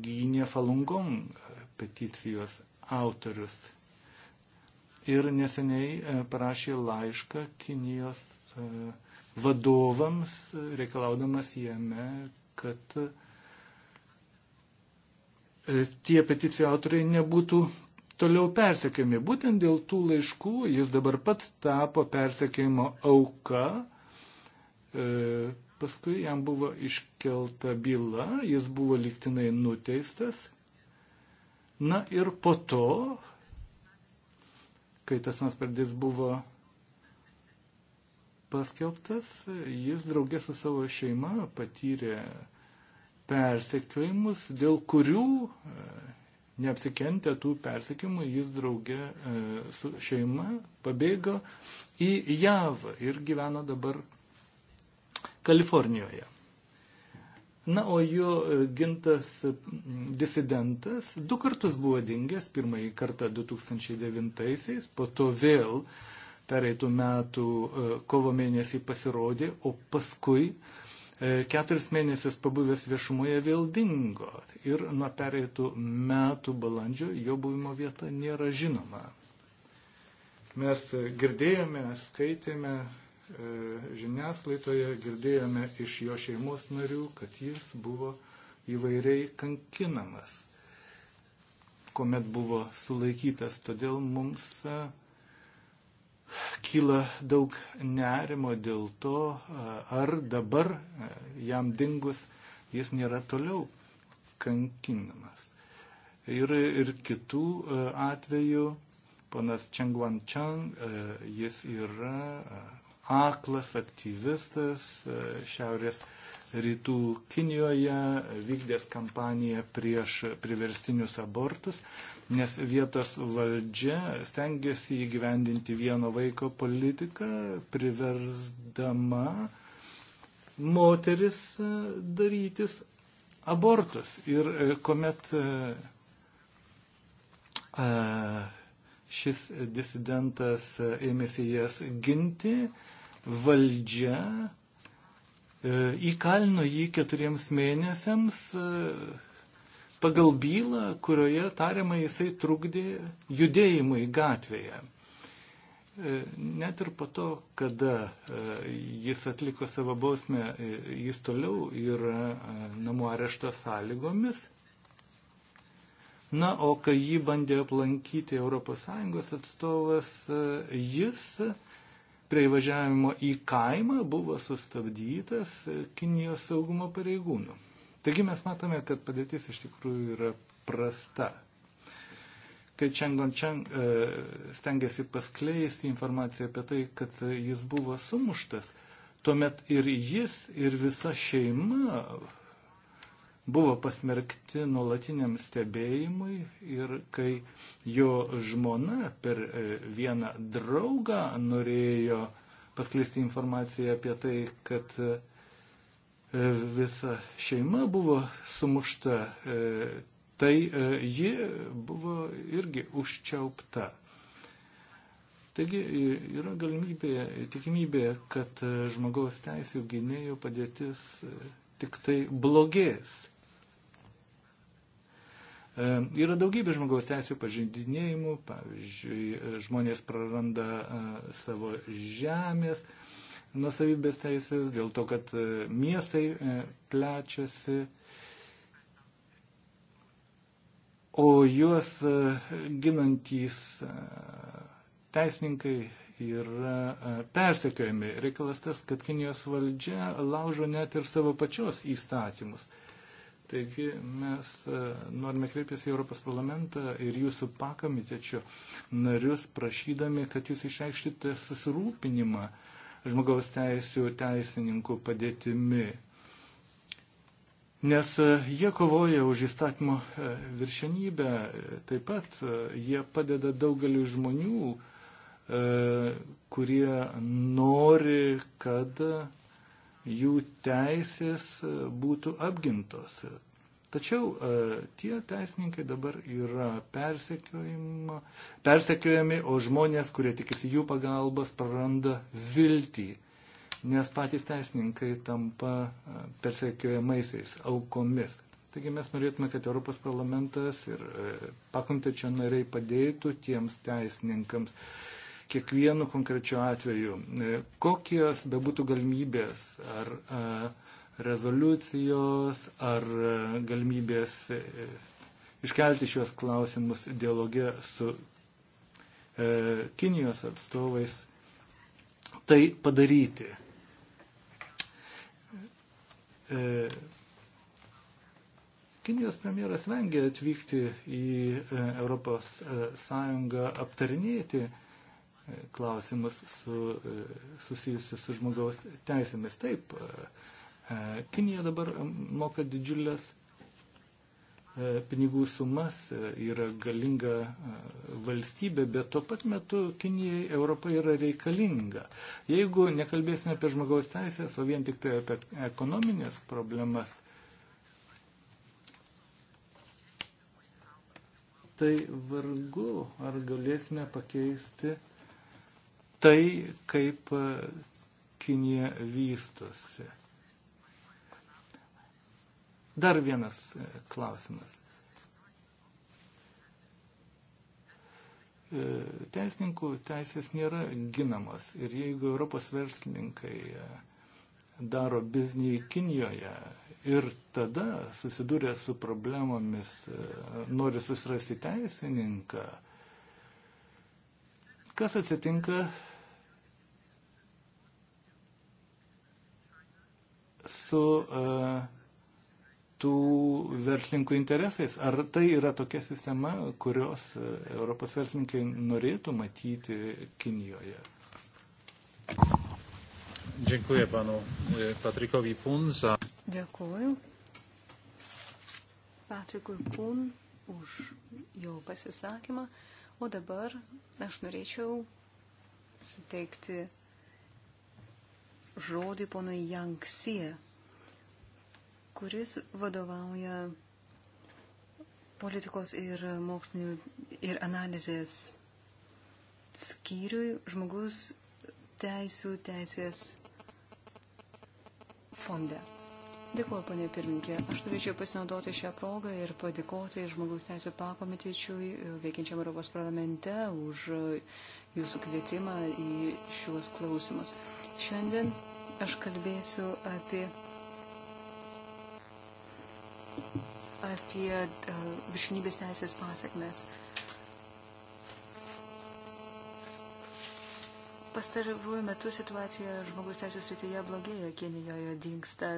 gynė Falungong peticijos autorius ir neseniai e, parašė laišką Kinijos e, vadovams, reikalaudamas jame, kad tie peticijų autoriai nebūtų toliau persekiami. Būtent dėl tų laiškų jis dabar pats tapo persekiojimo auka. E, paskui jam buvo iškelta byla, jis buvo liktinai nuteistas. Na ir po to, kai tas nuosprendis buvo paskelbtas, jis draugė su savo šeima patyrė persekiojimus, dėl kurių e, neapsikentė tų persekimų, jis draugė e, su šeima pabėgo į JAV ir gyvena dabar Kalifornijoje. Na, o jo e, gintas disidentas du kartus buvo dingęs, pirmąjį kartą 2009-aisiais, po to vėl pereitų metų e, kovo mėnesį pasirodė, o paskui E, keturis mėnesius pabuvęs viešumoje vėl dingo ir nuo pereitų metų balandžio jo buvimo vieta nėra žinoma. Mes girdėjome, skaitėme e, žiniasklaidoje, girdėjome iš jo šeimos narių, kad jis buvo įvairiai kankinamas, kuomet buvo sulaikytas. Todėl mums kyla daug nerimo dėl to, ar dabar e, jam dingus jis nėra toliau kankinamas. Ir, ir kitų e, atvejų, ponas Čengvan Čang, e, jis yra aklas aktyvistas Šiaurės rytų Kinijoje vykdęs kampaniją prieš priverstinius abortus, nes vietos valdžia stengiasi įgyvendinti vieno vaiko politiką, priversdama moteris darytis abortus. Ir e, kuomet e, e, šis disidentas ėmėsi jas ginti, valdžia įkalino jį keturiems mėnesiams e, pagal bylą, kurioje tariamai jisai trukdė judėjimui gatvėje. E, net ir po to, kada e, jis atliko savo bausmę, jis toliau yra namų arešto sąlygomis. Na, o kai jį bandė aplankyti ES atstovas, jis prie įvažiavimo į kaimą buvo sustabdytas Kinijos saugumo pareigūnų. Taigi mes matome, kad padėtis iš tikrųjų yra prasta. Kai Čengon Čeng e, stengiasi paskleisti informaciją apie tai, kad jis buvo sumuštas, tuomet ir jis, ir visa šeima buvo pasmerkti nuolatiniam stebėjimui ir kai jo žmona per e, vieną draugą norėjo paskleisti informaciją apie tai, kad e, visa šeima buvo sumušta, e, tai ji buvo irgi užčiaupta. Taigi yra galimybė, tikimybė, kad žmogaus teisų gynėjų padėtis tik tai blogės. Ehm, yra daugybė žmogaus teisų pažeidinėjimų, pavyzdžiui, e, žmonės praranda e, savo žemės nusavybės teisės dėl to, kad e, miestai plečiasi. O juos ginantys teisininkai yra persekiojami. Reikalas tas, kad Kinijos valdžia laužo net ir savo pačios įstatymus. Taigi mes e, norime kreiptis į Europos parlamentą ir jūsų pakamitečio narius prašydami, kad jūs išreikštite susirūpinimą žmogaus teisų teisininkų padėtimi. Nes e, jie kovoja už įstatymo e, viršenybę, taip pat jie padeda daugeliu žmonių, kurie nori, kad jų teisės e, būtų apgintos. Tačiau e, tie teisininkai dabar yra persekiojami, o žmonės, kurie tikisi jų pagalbos, praranda viltį, nes patys teisininkai tampa e, persekiojamaisiais aukomis. Taigi mes norėtume, kad Europos parlamentas ir pakomitečio nariai padėtų tiems teisininkams kiekvienu konkrečiu atveju. E, kokios bebūtų galimybės ar e, rezoliucijos, ar e, galimybės iškelti šios klausimus dialogė su Kinijos atstovais, tai padaryti. Kinijos premjeras vengia atvykti į Europos Sąjungą aptarinėti klausimas su, susijusius su žmogaus teisėmis. Taip, e, Kinija dabar moka didžiulės e, pinigų sumas, e, yra galinga valstybė, bet tuo pat metu Kinijai Europa yra reikalinga. Jeigu nekalbėsime apie žmogaus teisės, o vien tik tai apie ekonominės problemas, tai vargu ar galėsime pakeisti tai, kaip e, Kinija vystosi. Dar vienas e, klausimas. E, teisininkų teisės nėra ginamos ir jeigu Europos verslininkai daro biznį Kinijoje ir tada susidūrė su problemomis, nori susirasti teisininką, kas atsitinka su e, tų verslininkų interesais. Ar tai yra tokia sistema, kurios e, Europos verslininkai norėtų matyti Kinijoje? Dziękuję panu e, Patrykowi Pun za. Dziękuję. Patrykowi Pun už jo pasisakymą. O dabar aš norėčiau suteikti žodį ponui Janksy, kuris vadovauja politikos ir mokslinių ir analizės skyriui žmogus teisų teisės fonde. Dėkuoju, ponė pirminkė. Aš turėčiau pasinaudoti šią progą ir padėkoti Žmogaus teisų pakomitečiui veikiančiam Europos parlamente už jūsų kvietimą į šiuos klausimus. Šiandien aš kalbėsiu apie, apie e, viršinybės teisės pasiekmes. Pastaruoju metu situacija žmogaus teisų srityje blogėja. Kenijoje dinksta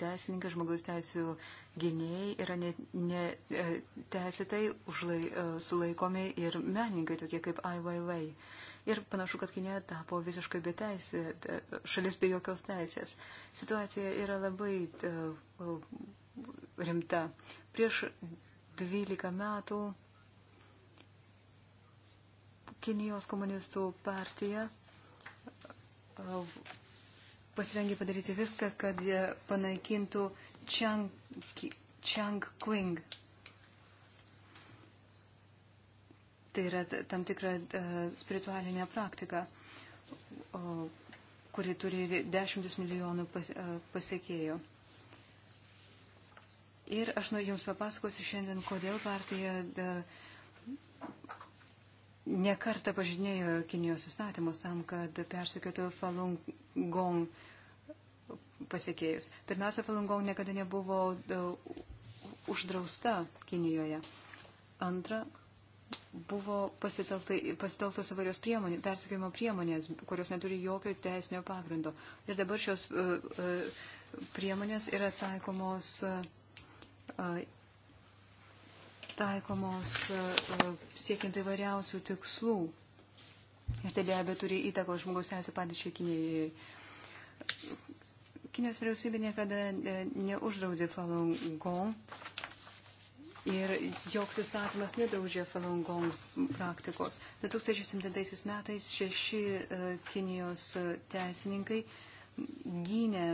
teisininkai, žmogaus teisų gynėjai yra neteisėtai ne, ne, teisėtai užlai, e, sulaikomi ir meninkai tokie kaip Ai Weiwei. Wei ir panašu, kad Kinė tapo visiškai be teisė, e, šalis be jokios teisės. Situacija yra labai e, e, rimta. Prieš 12 metų Kinijos komunistų partija pasirengė padaryti viską, kad panaikintų Chang, Chang Tai yra tam tikra eh, spiritualinė praktika, kuri turi dešimtis milijonų eh, pasiekėjų. Ir aš nu, jums papasakosiu šiandien, kodėl partija eh, nekarta pažinėjo Kinijos įstatymus tam, kad persikėtų Falun Gong pasiekėjus. Pirmiausia, Falun Gong niekada nebuvo uždrausta Kinijoje. Antra, buvo pasitelktos įvairios priemonės, persikėjimo priemonės, kurios neturi jokio teisinio pagrindo. Ir dabar šios e, e, priemonės yra taikomos, e, taikomos siekiant įvairiausių tikslų. Ir tai be abejo turi įtako žmogaus teisė padėčiai Kinijai. Kinijos vyriausybė niekada neuždraudė Falun Gong ir joks įstatymas nedraudžia Falun Gong praktikos. 2007 metais šeši e, Kinijos e, teisininkai gynė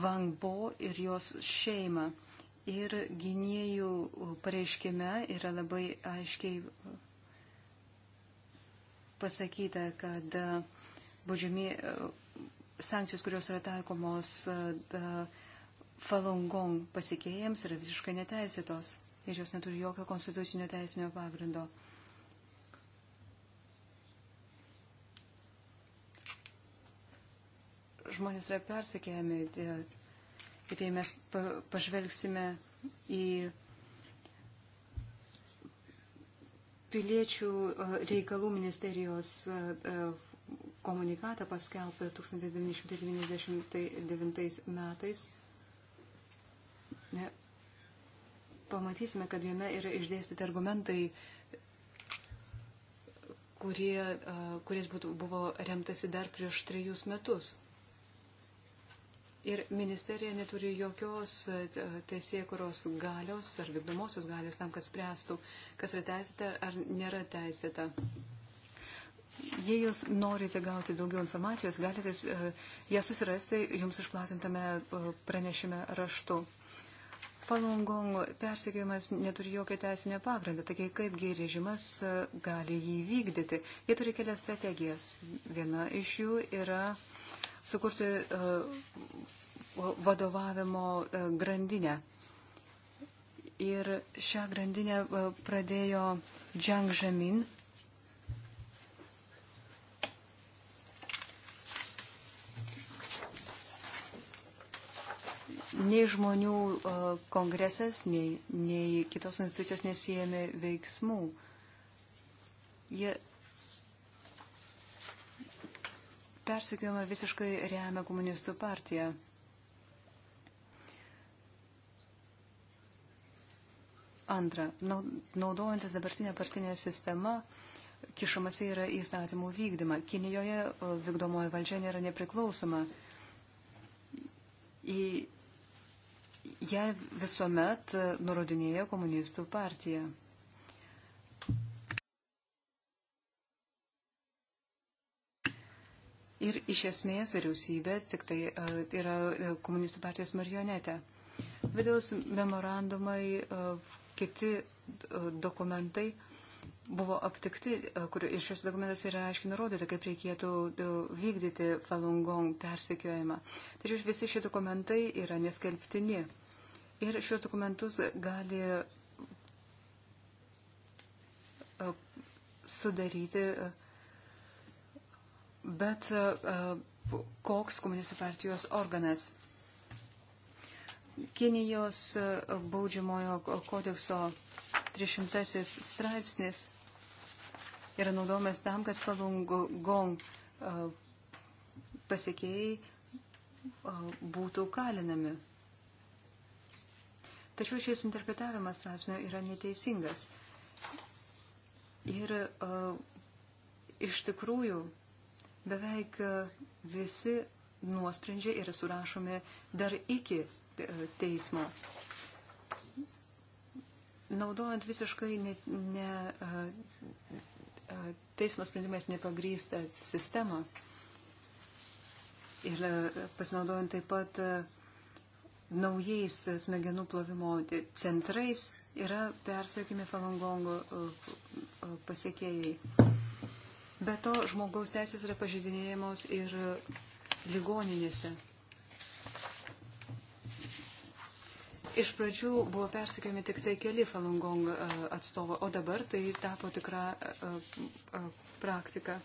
Wang Bo ir jos šeimą. Ir gynėjų pareiškime yra labai aiškiai pasakyta, kad e, baudžiami sankcijos, kurios yra taikomos Falun Gong pasikėjams, yra visiškai neteisėtos ir jos neturi jokio konstitucinio teisinio pagrindo. Žmonės yra persikėjami, ir tai mes pažvelgsime į piliečių reikalų ministerijos komunikatą paskelbtą 1999 metais pamatysime, kad jame yra išdėstyti argumentai, kurie, kuris būtų, buvo remtasi dar prieš trejus metus. Ir ministerija neturi jokios teisėkuros galios ar vykdomosios galios tam, kad spręstų, kas yra teisėta ar nėra teisėta. Jei jūs norite gauti daugiau informacijos, galite ją susirasti jums išplatintame pranešime raštu. Falun Gong persekiojimas neturi jokio teisinio pagrindo, taigi kaipgi režimas e, gali jį vykdyti. Jie turi kelias strategijas. Viena iš jų yra sukurti e, vadovavimo e, grandinę. Ir šią grandinę pradėjo Džang Žemin, nei žmonių e, kongresas, nei, nei kitos institucijos nesijėmė veiksmų. Jie persekiojama visiškai remia komunistų partiją. Antra, naudojantis dabartinę partinę sistemą, kišamas yra įstatymų vykdymą. Kinijoje e, vykdomoje valdžia nėra nepriklausoma ją visuomet nurodinėjo komunistų partiją. Ir iš esmės vyriausybė tik tai e, yra e, komunistų partijos marionetė. Vidaus memorandumai, e, kiti dokumentai buvo aptikti, e, kur iš šios dokumentas yra aiškiai nurodyta, kaip reikėtų e, vykdyti Falun Gong persekiojimą. Tačiau visi šie dokumentai yra neskelbtini. Ir šios dokumentus gali e, sudaryti bet koks komunistų partijos organas. Kinijos baudžiamojo kodekso 300 straipsnis yra naudojamas tam, kad Falun Gong e, pasiekėjai e, būtų kalinami. Tačiau šis interpretavimas straipsnio yra neteisingas. Ir uh, iš tikrųjų beveik visi nuosprendžiai yra surašomi dar iki teismo. Naudojant visiškai ne, ne, teismo sprendimais nepagrįsta sistema. ir pasinaudojant taip pat naujais smegenų plovimo centrais yra persiekimi falangongo pasiekėjai. Be to, žmogaus teisės yra pažydinėjamos ir ligoninėse. Iš pradžių buvo persikėjami tik tai keli Falun Gong e, atstovai, o dabar tai tapo tikra e, e, praktika.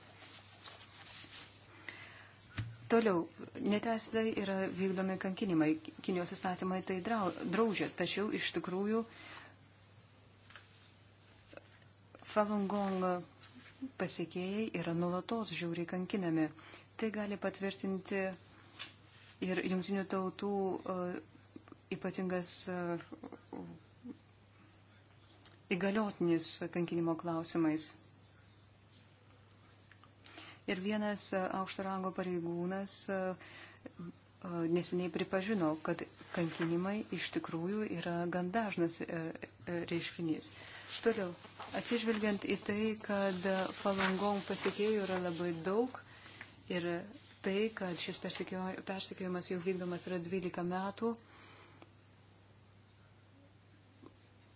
Toliau, neteisėtai yra vykdomi kankinimai. Kinijos įstatymai tai draudžia, tačiau iš tikrųjų Falun Gong pasiekėjai yra nulatos žiauriai kankinami. Tai gali patvirtinti ir jungtinių tautų uh, ypatingas e, įgaliotinis kankinimo klausimais. Ir vienas aukšto rango pareigūnas e, e, neseniai pripažino, kad kankinimai iš tikrųjų yra gan dažnas reiškinys. Toliau, atsižvelgiant į tai, kad falangom pasiekėjų yra labai daug ir tai, kad šis persikėjimas jau vykdomas yra 12 metų,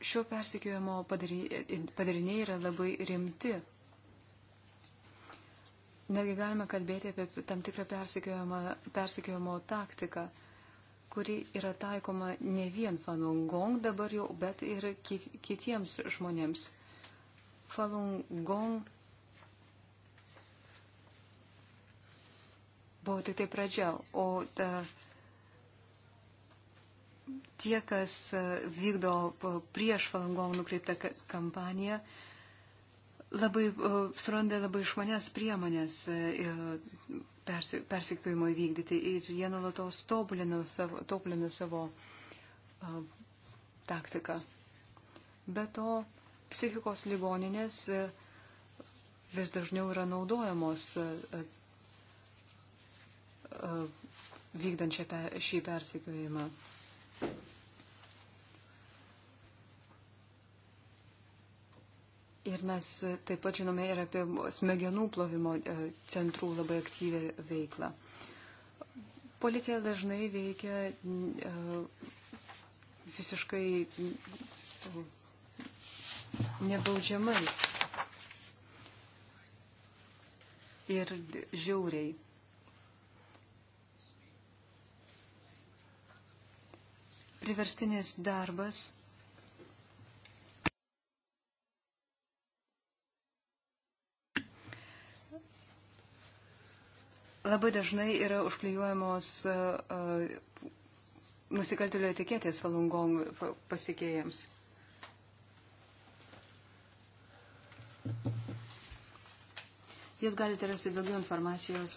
šio persikėjimo padariniai yra labai rimti. Netgi galime kalbėti apie tam tikrą persikėjimo taktiką, kuri yra taikoma ne vien Falun Gong dabar jau, bet ir kitiems žmonėms. Falun Gong buvo tik tai pradžia, o ta, tie, kas e, vykdo prieš falangom nukreiptą kampaniją, labai e, suranda labai išmanės priemonės e, persikėjimo įvykdyti ir jie nulatos tobulina savo, savo taktiką. Be to, psichikos ligoninės vis dažniau yra naudojamos vykdančią šį persikėjimą. Ir mes taip pat žinome ir apie smegenų plovimo e, centrų labai aktyvę veiklą. Policija dažnai veikia e, visiškai mm, nebaudžiamai ir žiauriai. priverstinis darbas. Labai dažnai yra užklijuojamos uh, e, e, nusikaltėlio etiketės valungong pasikėjams. Thank you. Jūs galite rasti daugiau informacijos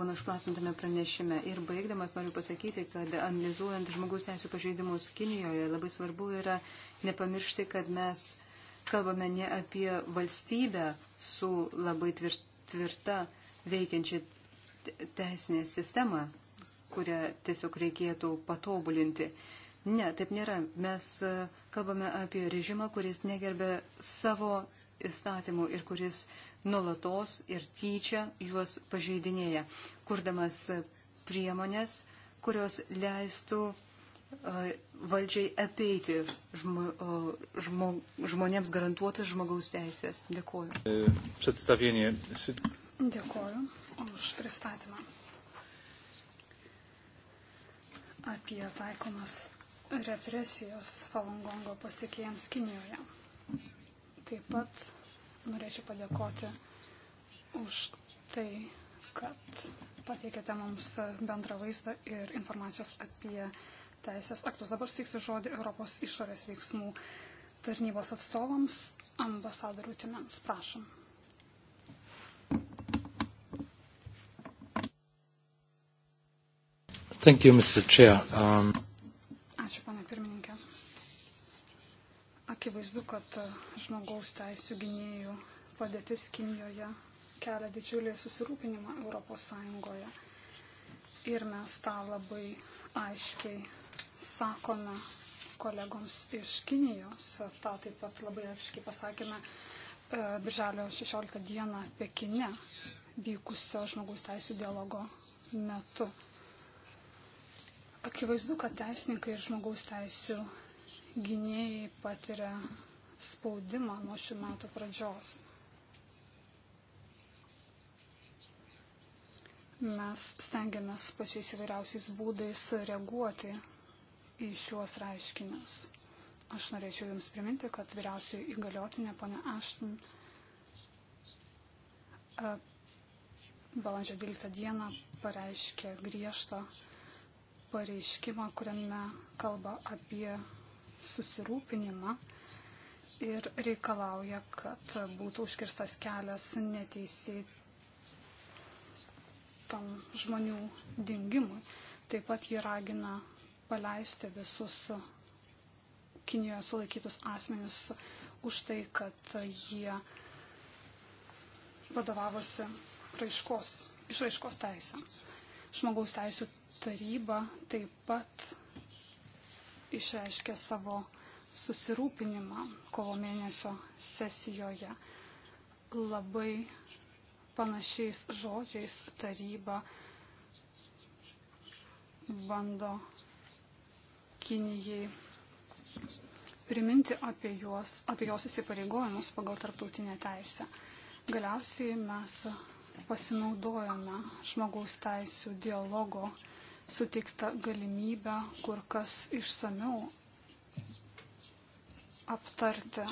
mano išplatintame pranešime. Ir baigdamas noriu pasakyti, kad analizuojant žmogus teisų pažeidimus Kinijoje labai svarbu yra nepamiršti, kad mes kalbame ne apie valstybę su labai tvirta veikiančia teisinė sistema, kurią tiesiog reikėtų patobulinti. Ne, taip nėra. Mes e, kalbame apie režimą, kuris negerbė savo įstatymų ir kuris nulatos ir tyčia juos pažeidinėja, kurdamas priemonės, kurios leistų e, valdžiai apeiti žmo, žmo, žmonėms garantuotas žmogaus teisės. Dėkuoju. E, przedstawienie. Dėkuoju už pristatymą. Apie taikomas represijos Falungongo pasikėjams Kinijoje. Taip pat norėčiau padėkoti už tai, kad pateikėte mums bendrą vaizdą ir informacijos apie teisės aktus. Dabar suteiksiu žodį Europos išorės veiksmų tarnybos atstovams, ambasadorių Timens. Prašom. Thank you, Mr. Chair. Um... Akivaizdu, kad e, žmogaus teisų gynėjų padėtis Kinijoje kelia didžiulį susirūpinimą Europos Sąjungoje. Ir mes tą labai aiškiai sakome kolegoms iš Kinijos. Ta taip pat labai aiškiai pasakėme e, Birželio 16 dieną Pekine vykusio žmogaus teisų dialogo metu. Akivaizdu, kad teisininkai ir žmogaus teisų gynėjai patiria spaudimą nuo šių metų pradžios. Mes stengiamės pačiais įvairiausiais būdais reaguoti į šiuos reiškinius. Aš norėčiau Jums priminti, kad vyriausiai įgaliotinė ponė Ashton e, balandžio 12 dieną pareiškė griežtą pareiškimą, kuriame kalba apie susirūpinimą ir reikalauja, kad būtų užkirstas kelias neteisėjai tam žmonių dingimui. Taip pat jį ragina paleisti visus Kinijoje sulaikytus asmenis už tai, kad jie vadovavosi išraiškos teisę. Žmogaus teisų taryba taip pat išreiškė savo susirūpinimą kovo mėnesio sesijoje. Labai panašiais žodžiais taryba bando Kinijai priminti apie, juos, apie jos įsipareigojimus pagal tarptautinę teisę. Galiausiai mes pasinaudojame žmogaus teisų dialogo suteikta galimybė kur kas išsamiau aptarti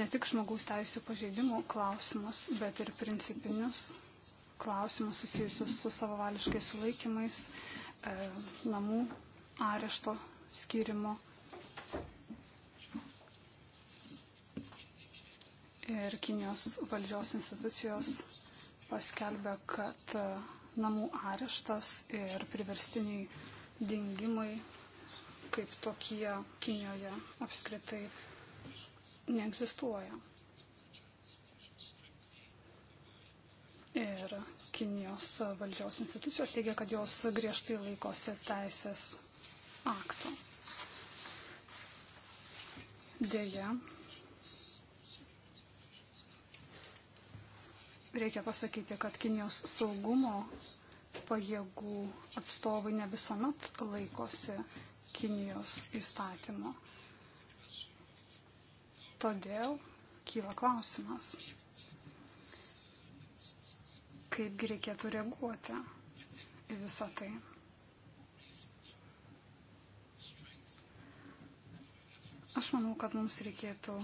ne tik žmogaus teisų pažeidimų klausimus, bet ir principinius klausimus susijusius su savavališkais sulaikymais, e, namų arešto skirimo. Ir Kinijos valdžios institucijos paskelbė, kad e, namų areštas ir priverstiniai dingimai, kaip tokie Kinijoje apskritai neegzistuoja. Ir Kinijos valdžios institucijos teigia, kad jos griežtai laikosi teisės akto. Dėja, Reikia pasakyti, kad Kinijos saugumo pajėgų atstovai ne visuomet laikosi Kinijos įstatymo. Todėl kyla klausimas, kaipgi reikėtų reaguoti į visą tai. Aš manau, kad mums reikėtų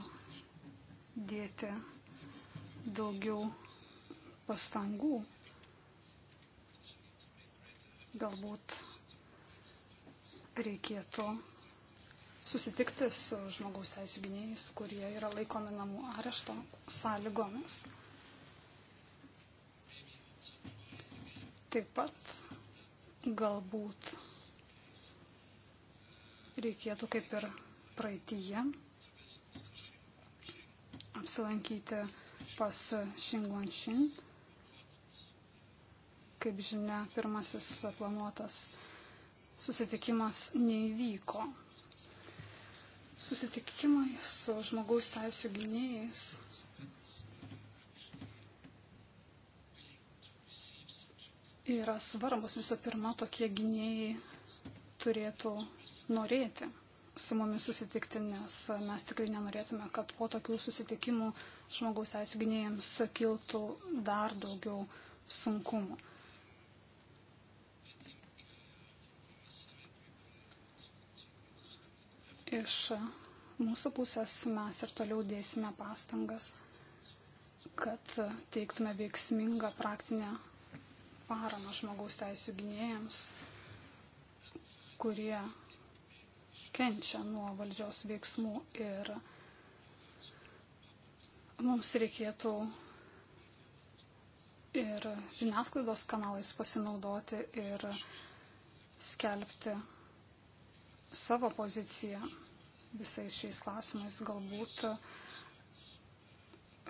dėti daugiau pastangų. Galbūt reikėtų susitikti su žmogaus teisų gynėjais, kurie yra laikomi namų arešto sąlygomis. Taip pat galbūt reikėtų kaip ir praeitįje apsilankyti pas Šinguanšin. Xin Kaip žinia, pirmasis planuotas susitikimas neįvyko. Susitikimai su žmogaus teisų gynėjais yra svarbus. Visų pirma, tokie gynėjai turėtų norėti su mumis susitikti, nes mes tikrai nenorėtume, kad po tokių susitikimų žmogaus teisų gynėjams kiltų dar daugiau sunkumų. Iš mūsų pusės mes ir toliau dėsime pastangas, kad teiktume veiksmingą praktinę paramą žmogaus teisų gynėjams, kurie kenčia nuo valdžios veiksmų ir mums reikėtų ir žiniasklaidos kanalais pasinaudoti ir skelbti savo poziciją visais šiais klausimais. Galbūt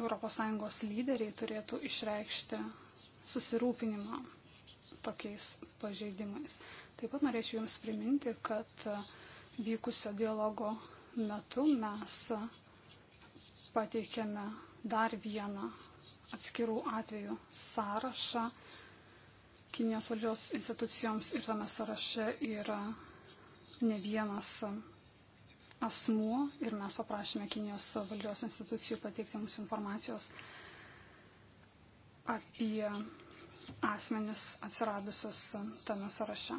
ES lyderiai turėtų išreikšti susirūpinimą tokiais pažeidimais. Taip pat norėčiau Jums priminti, kad vykusio dialogo metu mes pateikėme dar vieną atskirų atvejų sąrašą. Kinijos valdžios institucijoms ir tame sąraše yra ne vienas asmuo ir mes paprašėme Kinijos valdžios institucijų pateikti mums informacijos apie asmenis atsiradusius tame sąraše.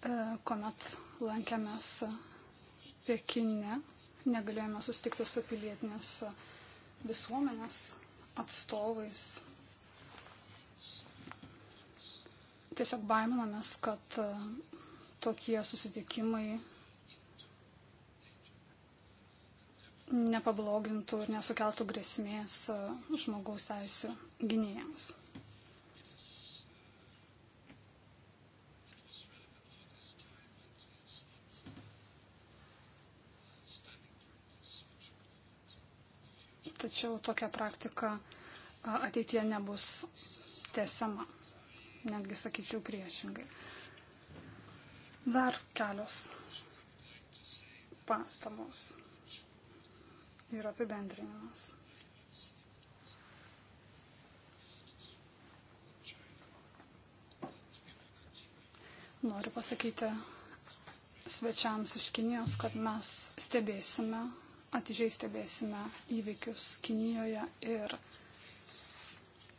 E, Komet lankėmės Pekinė, negalėjome susitikti su pilietinės visuomenės atstovais, Tiesiog baiminamės, kad e, tokie susitikimai nepablogintų ir nesukeltų grėsmės e, žmogaus teisų gynėjams. Tačiau tokia praktika e, ateityje nebus tesama netgi sakyčiau priešingai. Dar kelios pastabos ir apibendrinimas. Noriu pasakyti svečiams iš Kinijos, kad mes stebėsime, atidžiai stebėsime įvykius Kinijoje ir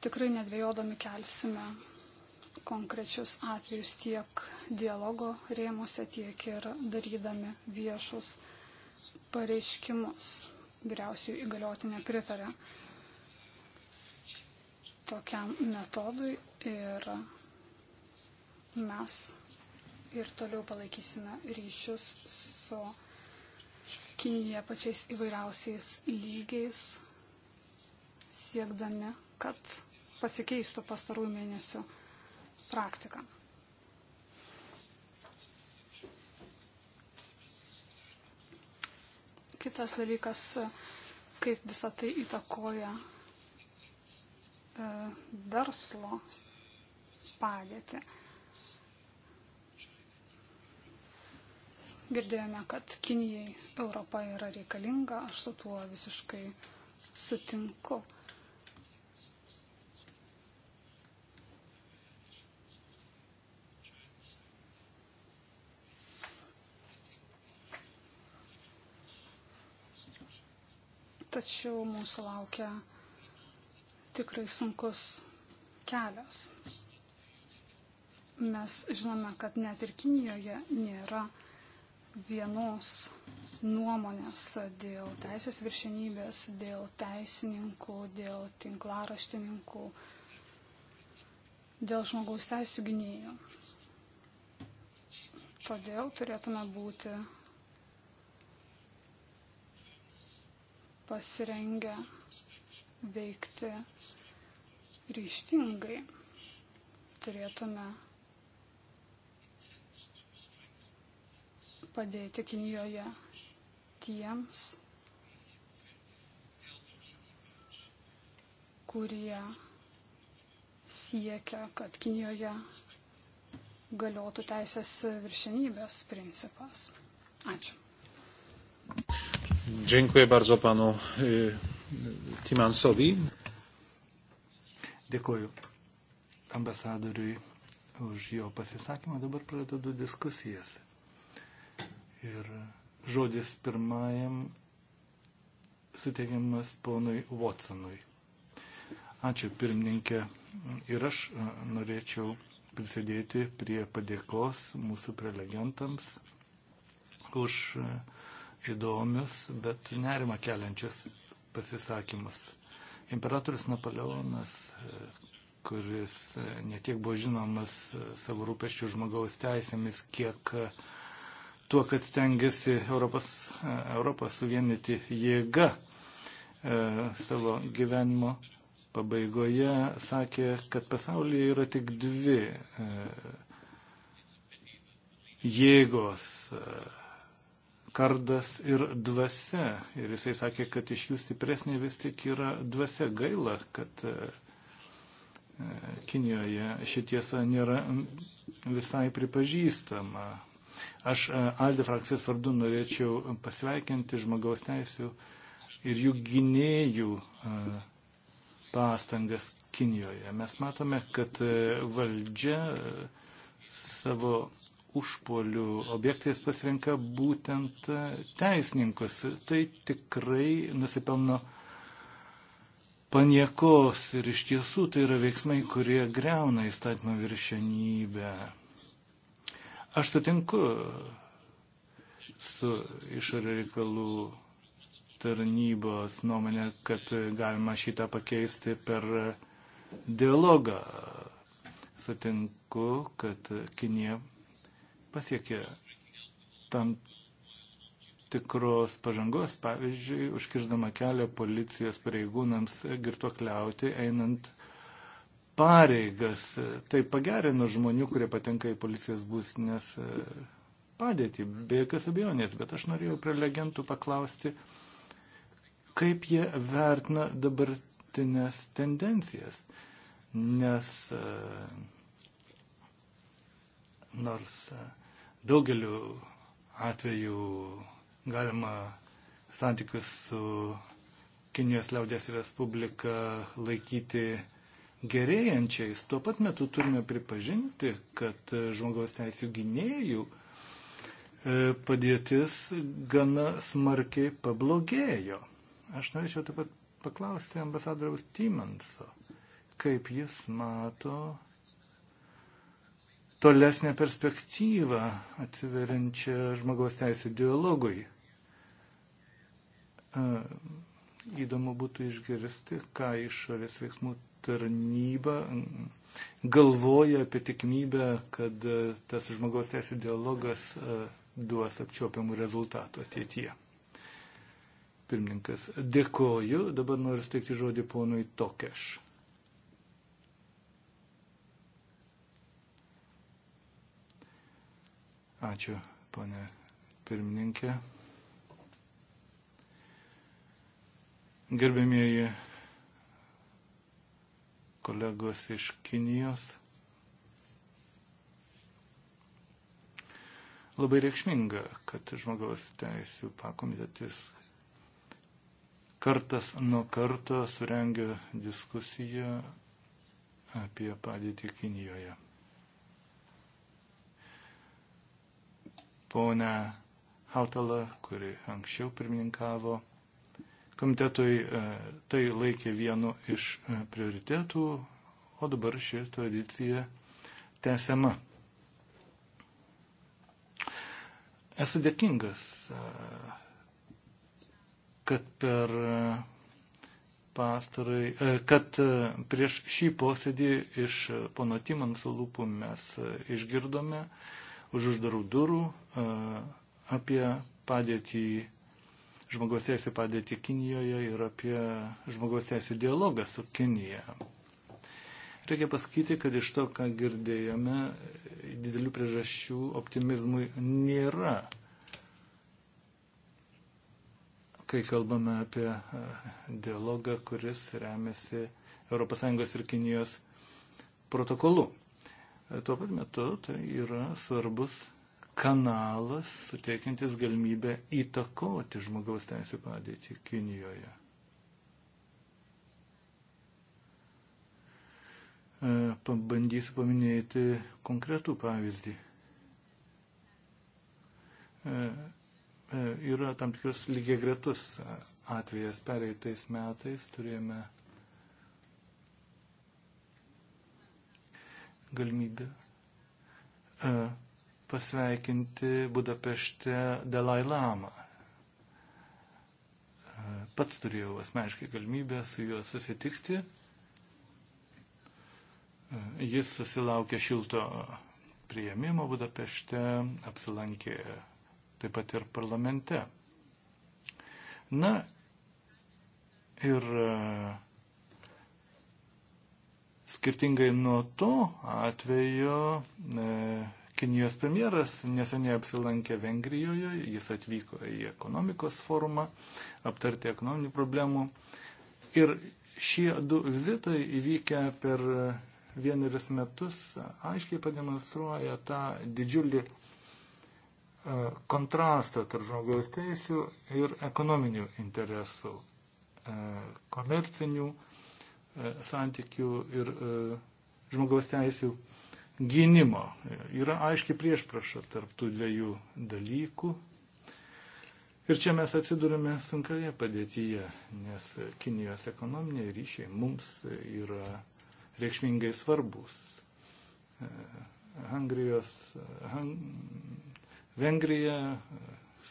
tikrai nedvėjodami kelsime konkrečius atvejus tiek dialogo rėmose, tiek ir darydami viešus pareiškimus. Vyriausių įgaliotinė pritarė tokiam metodui ir mes ir toliau palaikysime ryšius su Kinija pačiais įvairiausiais lygiais, siekdami, kad pasikeistų pastarųjų mėnesių практика. Kitas dalykas, kaip visą tai įtakoja e, verslo padėti. Girdėjome, kad Kinijai Europa yra reikalinga, aš su tuo visiškai sutinku. tačiau mūsų laukia tikrai sunkus kelias. Mes žinome, kad net ir Kinijoje nėra vienos nuomonės dėl teisės viršenybės, dėl teisininkų, dėl tinklaraštininkų, dėl žmogaus teisų gynėjų. Todėl turėtume būti pasirengę veikti ryštingai. Turėtume padėti Kinijoje tiems, kurie siekia, kad Kinijoje galiotų teisės viršenybės principas. Ačiū. Dziękuję bardzo panu y, Timansovi. Dėkuoju ambasadoriui už jo pasisakymą. Dabar pradedu diskusijas. Ir žodis pirmajam suteikiamas ponui Watsonui. Ačiū pirmininkė. Ir aš e, norėčiau prisidėti prie padėkos mūsų prelegentams už uh, įdomius, bet nerima keliančius pasisakymus. Imperatorius Napoleonas, kuris tiek buvo žinomas savo rūpeščių žmogaus teisėmis, kiek tuo, kad stengiasi Europos, Europą suvienyti jėga e, savo gyvenimo pabaigoje sakė, kad pasaulyje yra tik dvi e, jėgos e, kardas ir dvasia. Ir jisai sakė, kad iš jų stipresnė vis tik yra dvasia gaila, kad e, Kinijoje ši tiesa nėra visai pripažįstama. Aš e, Aldi frakcijos vardu norėčiau pasveikinti žmogaus teisų ir jų gynėjų e, pastangas Kinijoje. Mes matome, kad valdžia savo užpolių objektais pasirenka būtent teisininkus. Tai tikrai nusipelno paniekos ir iš tiesų tai yra veiksmai, kurie greuna įstatymą viršenybę. Aš sutinku su išorė reikalų tarnybos nuomonė, kad galima šitą pakeisti per dialogą. Sutinku, kad Kinė pasiekė tam tikros pažangos, pavyzdžiui, užkirždama kelią policijos pareigūnams girtuokliauti einant pareigas. Tai pagerino žmonių, kurie patenka į policijos būsines e, padėtį, be jokios abejonės, bet aš norėjau prie legendų paklausti, kaip jie vertina dabartinės tendencijas. Nes e, nors e, daugeliu atveju galima santykius su Kinijos liaudės Respublika laikyti gerėjančiais. Tuo pat metu turime pripažinti, kad žmogaus teisų gynėjų e, padėtis gana smarkiai pablogėjo. Aš norėčiau taip pat paklausti ambasadoriaus Timanso, kaip jis mato tolesnę perspektyvą atsiverinčią žmogaus teisų dialogui. E, įdomu būtų išgirsti, ką išorės veiksmų tarnyba galvoja apie tikimybę, kad e, tas žmogaus teisų dialogas e, duos apčiopiamų rezultatų ateityje. Pirmininkas, dėkoju, dabar noriu steikti žodį ponui Tokeš. Ačiū, ponė pirmininkė. Gerbėmėji kolegos iš Kinijos. Labai reikšminga, kad žmogaus teisų pakomitetis kartas nuo karto surengia diskusiją apie padėtį Kinijoje. ponę Hautalą, kuri anksčiau pirmininkavo komitetui, e, tai laikė vienu iš e, prioritetų, o dabar ši tradicija tęsiama. Esu dėkingas, e, kad per pastarai, kad prieš šį posėdį iš pono Timans lūpų mes išgirdome, už uždarų durų apie padėtį, žmogaus teisė padėti Kinijoje ir apie žmogaus teisė dialogą su Kinija. Reikia pasakyti, kad iš to, ką girdėjome, didelių priežasčių optimizmui nėra. Kai kalbame apie dialogą, kuris remiasi ES ir Kinijos protokolu. Tuo pat metu tai yra svarbus kanalas, suteikiantis galimybę įtakoti žmogaus teisų padėtį Kinijoje. E, pabandysiu paminėti konkretų pavyzdį. E, e, yra tam tikras lygiai gretus atvejas pereitais metais turėjome galimybę e, pasveikinti Budapešte Dalai Lama. E, pats turėjau asmeniškai galimybę su juo susitikti. E, jis susilaukė šilto prieimimo Budapešte, apsilankė taip pat ir parlamente. Na ir uh, Skirtingai nuo to atveju e, Kinijos premjeras neseniai apsilankė Vengrijoje, jis atvyko į ekonomikos forumą aptarti ekonominių problemų. Ir šie du vizitai įvykę per vienerius metus aiškiai pademonstruoja tą didžiulį e, kontrastą tarp žmogaus teisų ir ekonominių interesų, e, komercinių E, santykių ir e, žmogaus teisų gynimo. Yra aiški priešpraša tarptų dviejų dalykų. Ir čia mes atsidurime sunkioje padėtyje, nes Kinijos ekonominiai ryšiai mums yra reikšmingai svarbus. E, Hangrijos, hang, Vengrija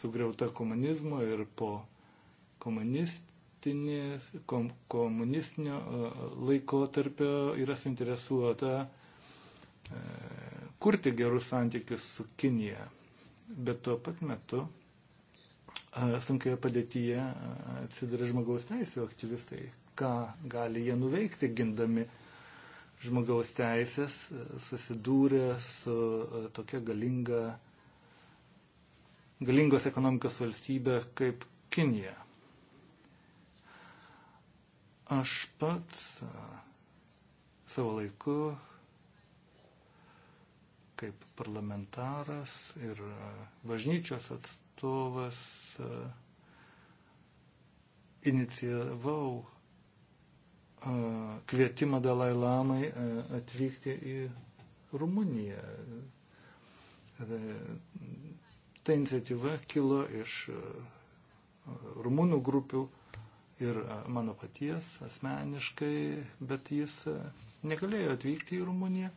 sugriauta komunizmo ir po komunist, dabartinės kom, komunistinio e, laikotarpio yra suinteresuota e, kurti gerus santykius su Kinija. Bet tuo pat metu e, sunkioje padėtyje atsiduria žmogaus teisų aktyvistai. Ką gali jie nuveikti gindami žmogaus teisės, susidūrė su tokia galinga, galingos ekonomikos valstybė kaip Kinija. Aš pats savo laiku kaip parlamentaras ir važnyčios atstovas inicijavau kvietimą Dalai Lamai atvykti į Rumuniją. Ta iniciatyva kilo iš rumunų grupių ir e, mano paties asmeniškai, bet jis e, negalėjo atvykti į Rumuniją.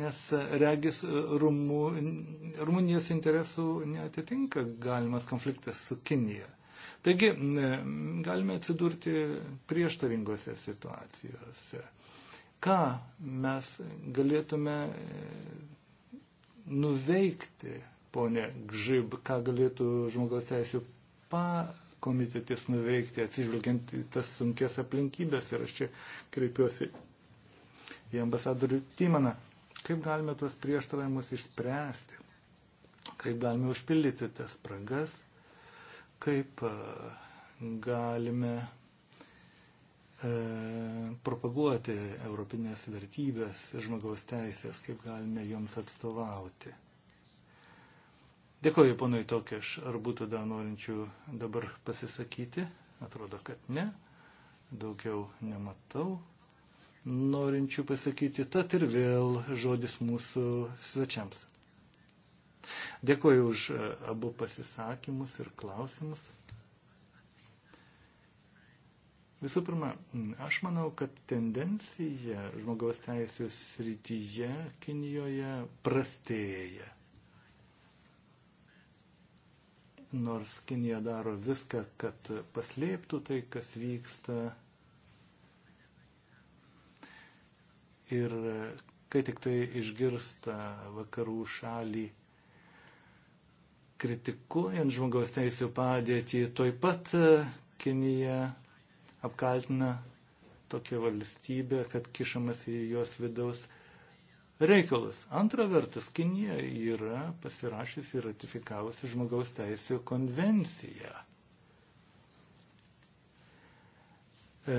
Nes e, regis Rumu, Rumunijos interesų netitinka galimas konfliktas su Kinija. Taigi galime atsidurti prieštaringose situacijose. Ką mes galėtume nuveikti, ponė Gžib, ką galėtų žmogaus teisų komitetės nuveikti, atsižvelgiant į tas sunkės aplinkybės. Ir aš čia kreipiuosi į ambasadorių Timaną. Kaip galime tuos prieštaravimus išspręsti? Kaip galime užpildyti tas spragas? Kaip galime E, propaguoti europinės vertybės ir žmogaus teisės, kaip galime joms atstovauti. Dėkoju ponui aš ar būtų dar norinčių dabar pasisakyti? Atrodo, kad ne. Daugiau nematau norinčių pasakyti. Tad ir vėl žodis mūsų svečiams. Dėkoju už e, abu pasisakymus ir klausimus. Visų pirma, aš manau, kad tendencija žmogaus teisų srityje Kinijoje prastėja. Nors Kinija daro viską, kad paslėptų tai, kas vyksta. Ir kai tik tai išgirsta vakarų šalį kritikuojant žmogaus teisų padėtį, toj pat Kinija apkaltina tokia valstybė, kad kišamas į jos vidaus reikalus. Antra vertus, Kinija yra pasirašysi ir ratifikavusi žmogaus teisų konvenciją. E,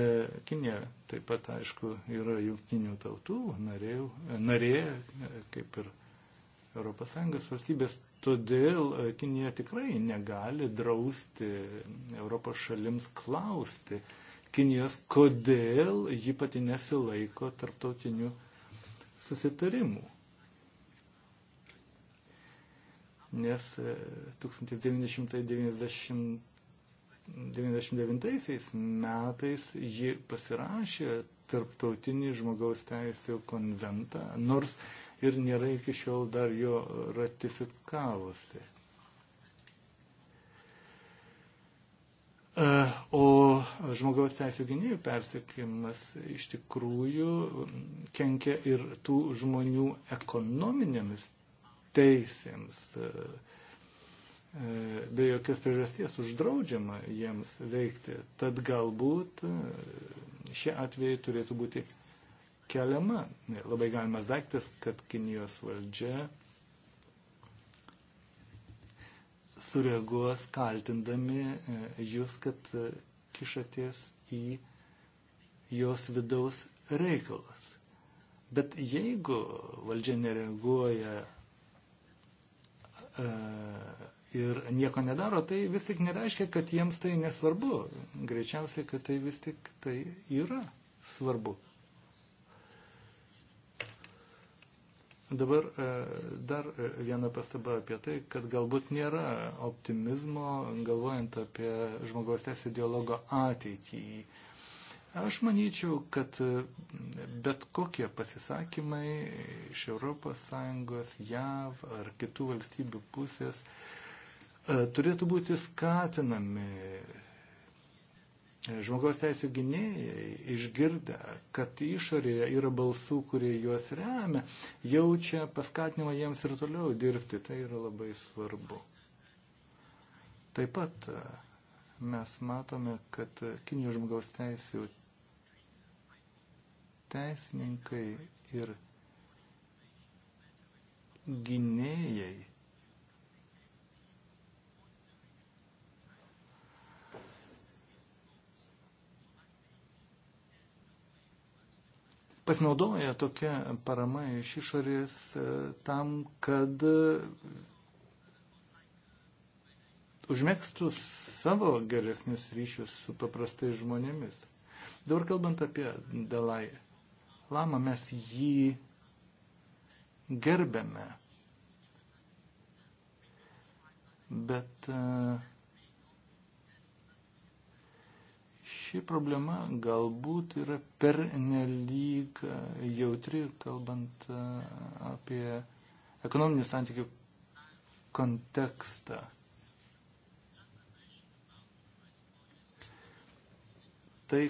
Kinija taip pat, aišku, yra jungtinių tautų narė, narė e, kaip ir ES valstybės, todėl e, Kinija tikrai negali drausti Europos šalims klausti, Kinijos, kodėl ji pati nesilaiko tarptautinių susitarimų. Nes 1999 e, metais ji pasirašė tarptautinį žmogaus teisų konventą, nors ir nėra iki šiol dar jo ratifikavusi. O žmogaus teisų gynėjų persekimas iš tikrųjų kenkia ir tų žmonių ekonominėmis teisėms. Be jokios priežasties uždraudžiama jiems veikti. Tad galbūt šie atvejai turėtų būti keliama. Labai galimas daiktas, kad Kinijos valdžia sureaguos kaltindami e, jūs, kad e, kišaties į jos vidaus reikalus. Bet jeigu valdžia nereaguoja e, ir nieko nedaro, tai vis tik nereiškia, kad jiems tai nesvarbu. Greičiausiai, kad tai vis tik tai yra svarbu. Dabar e, dar e, viena pastaba apie tai, kad galbūt nėra optimizmo, galvojant apie žmogaus teisę dialogo ateitį. Aš manyčiau, kad e, bet kokie pasisakymai iš ES, JAV ar kitų valstybių pusės turėtų būti skatinami žmogaus teisų gynėjai išgirdę, kad išorėje yra balsų, kurie juos remia, jaučia paskatinimą jiems ir toliau dirbti. Tai yra labai svarbu. Taip pat e, mes matome, kad Kinijos žmogaus teisų teisininkai ir gynėjai pasinaudoja tokia parama iš išorės e, tam, kad užmėgstų savo geresnius ryšius su paprastai žmonėmis. Dabar kalbant apie Dalai Lama, mes jį gerbėme. Bet uh, ši problema galbūt yra pernelyg e, jautri, kalbant e, apie ekonominį santykių kontekstą. Tai,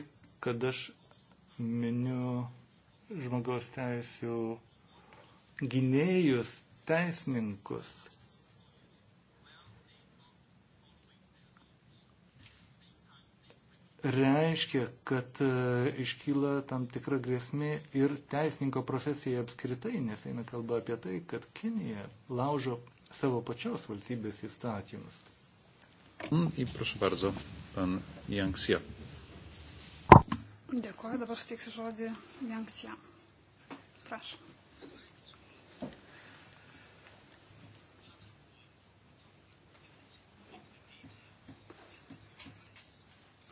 kad aš miniu žmogaus teisų gynėjus, teisininkus, reiškia, kad e, iškyla tam tikra grėsmė ir teisininko profesija apskritai, nes eina kalba apie tai, kad Kinija laužo savo pačios valstybės įstatymus. Mm, I proszę bardzo, pan Janksija. Dėkuoju, dabar suteiksiu žodį Janksija. Prašau.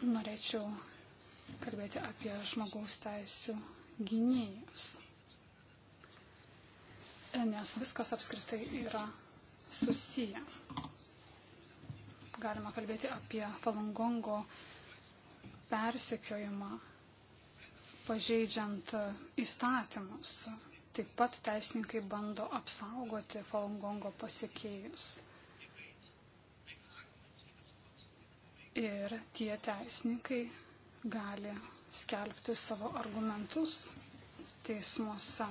norėčiau kalbėti apie žmogaus teisų gynėjus. Nes viskas apskritai yra susiję. Galima kalbėti apie Falungongo persekiojimą, pažeidžiant įstatymus. Taip pat teisininkai bando apsaugoti Falungongo pasiekėjus. ir tie teisininkai gali skelbti savo argumentus teismuose.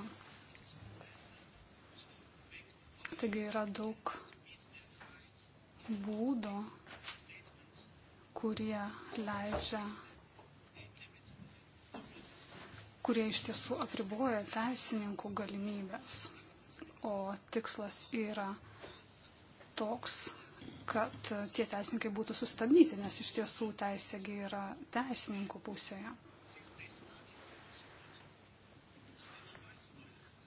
Taigi yra daug būdų, kurie leidžia, kurie iš tiesų apriboja teisininkų galimybės. O tikslas yra toks, kad tie teisininkai būtų sustabdyti, nes iš tiesų teisėgi yra teisininkų pusėje.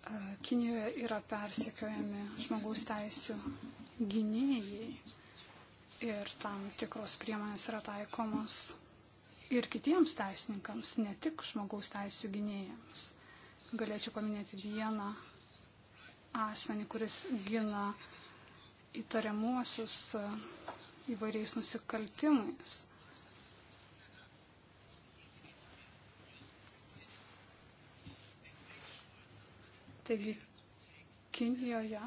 E, Kinijoje yra persikiojami žmogaus teisų gynėjai ir tam tikros priemonės yra taikomos ir kitiems teisininkams, ne tik žmogaus teisų gynėjams. Galėčiau paminėti vieną asmenį, kuris gina uh, įtariamuosius e, įvairiais nusikaltimais. Taigi Kinijoje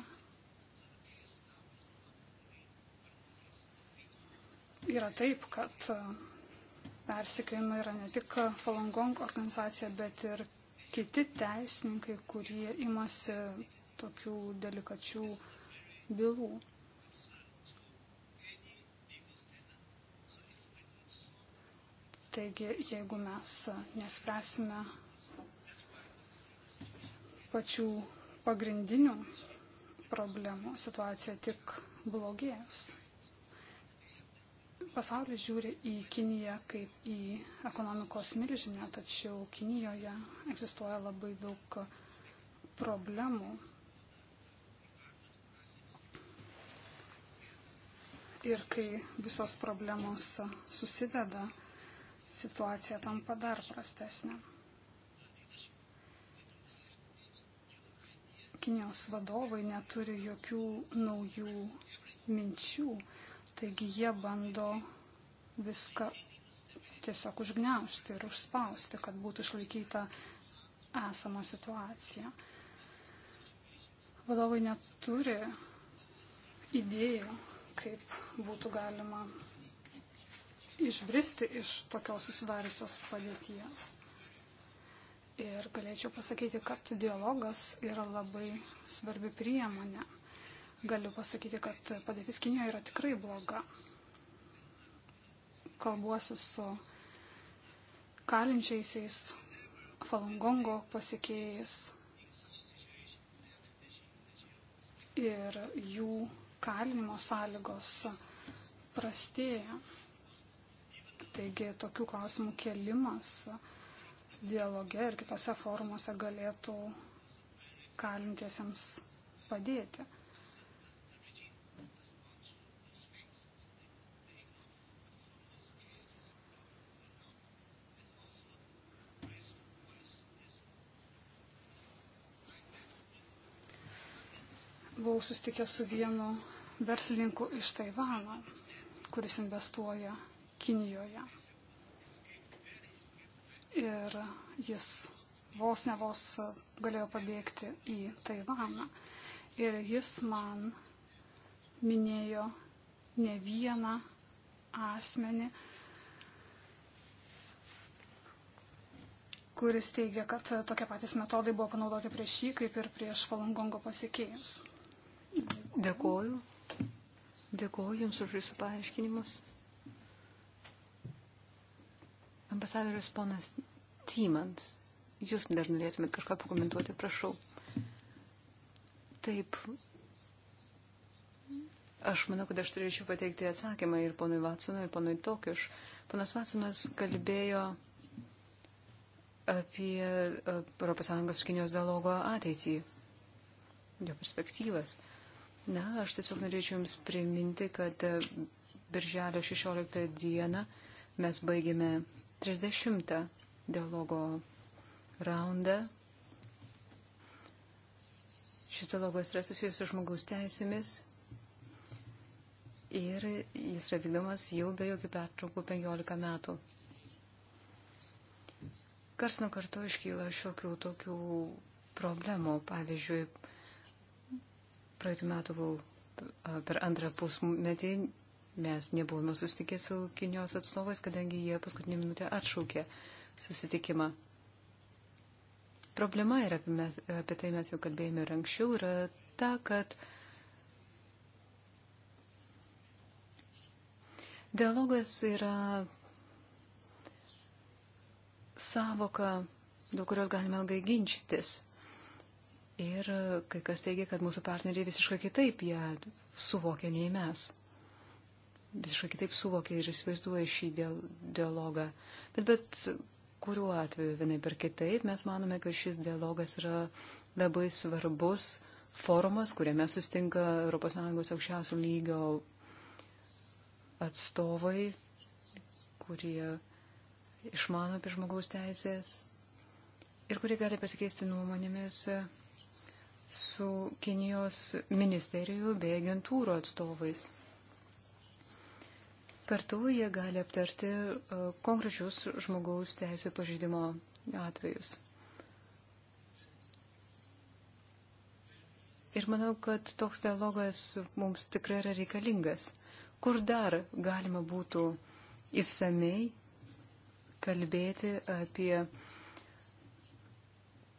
yra taip, kad e, persikėjimai yra ne tik Falangong organizacija, bet ir kiti teisininkai, kurie imasi tokių delikačių bylų. Taigi, jeigu mes nespręsime pačių pagrindinių problemų, situacija tik blogės. Pasaulis žiūri į Kiniją kaip į ekonomikos milžinę, tačiau Kinijoje egzistuoja labai daug problemų. Ir kai visos problemos susideda, situacija tampa dar prastesnė. Kinijos vadovai neturi jokių naujų minčių, taigi jie bando viską tiesiog užgneušti ir užspausti, kad būtų išlaikyta esama situacija. Vadovai neturi idėjų, kaip būtų galima išbristi iš tokios susidariusios padėties. Ir galėčiau pasakyti, kad dialogas yra labai svarbi priemonė. Galiu pasakyti, kad padėtis Kinijoje yra tikrai bloga. Kalbuosiu su kalinčiaisiais, falungongo pasikėjais ir jų kalinimo sąlygos prastėja. Taigi tokių klausimų kelimas dialoge ir kitose formuose galėtų kalintiesiems padėti. Buvau susitikęs su vienu verslininku iš Taivano, kuris investuoja Kinijoje. Ir jis vos ne vos galėjo pabėgti į Taivaną. Ir jis man minėjo ne vieną asmenį, kuris teigia, kad tokie patys metodai buvo panaudoti prieš jį, kaip ir prieš Falungongo pasiekėjus. Dėkoju. Dėkoju Jums už Jūsų paaiškinimus. Ambasadorius ponas Tymans, jūs dar norėtumėt kažką pakomentuoti, prašau. Taip. Aš manau, kad aš turėčiau pateikti atsakymą ir ponui Vatsonui, ir ponui Tokiš. Ponas Vatsonas kalbėjo apie ES ir Kinijos dialogo ateitį, jo perspektyvas. Na, aš tiesiog norėčiau Jums priminti, kad e, Birželio 16 dieną Mes baigėme 30 dialogo raundą. Šis dialogas yra susijęs su žmogaus teisėmis ir jis yra vykdomas jau be jokių pertraukų 15 metų. Kars nuo karto iškyla šiokių tokių problemų. Pavyzdžiui, praeitų metų buvau per antrą pusmetį Mes nebuvome susitikę su Kinijos atstovais, kadangi jie paskutinį minutę atšaukė susitikimą. Problema yra, apie, mes, apie tai mes jau kalbėjome ir anksčiau, yra ta, kad dialogas yra savoka, dėl kurios galime ilgai ginčytis. Ir kai kas teigia, kad mūsų partneriai visiškai kitaip jie suvokia nei mes visiškai kitaip suvokia ir įsivaizduoja šį dialogą. Bet, bet kuriuo atveju, vienai per kitaip, mes manome, kad šis dialogas yra labai svarbus forumas, kuriame sustinka ES aukščiausių lygio atstovai, kurie išmano apie žmogaus teisės ir kurie gali pasikeisti nuomonėmis su Kinijos ministerijų bei agentūrų atstovais. Kartu jie gali aptarti e, konkrečius žmogaus teisų pažeidimo atvejus. Ir manau, kad toks dialogas mums tikrai yra reikalingas. Kur dar galima būtų įsamei kalbėti apie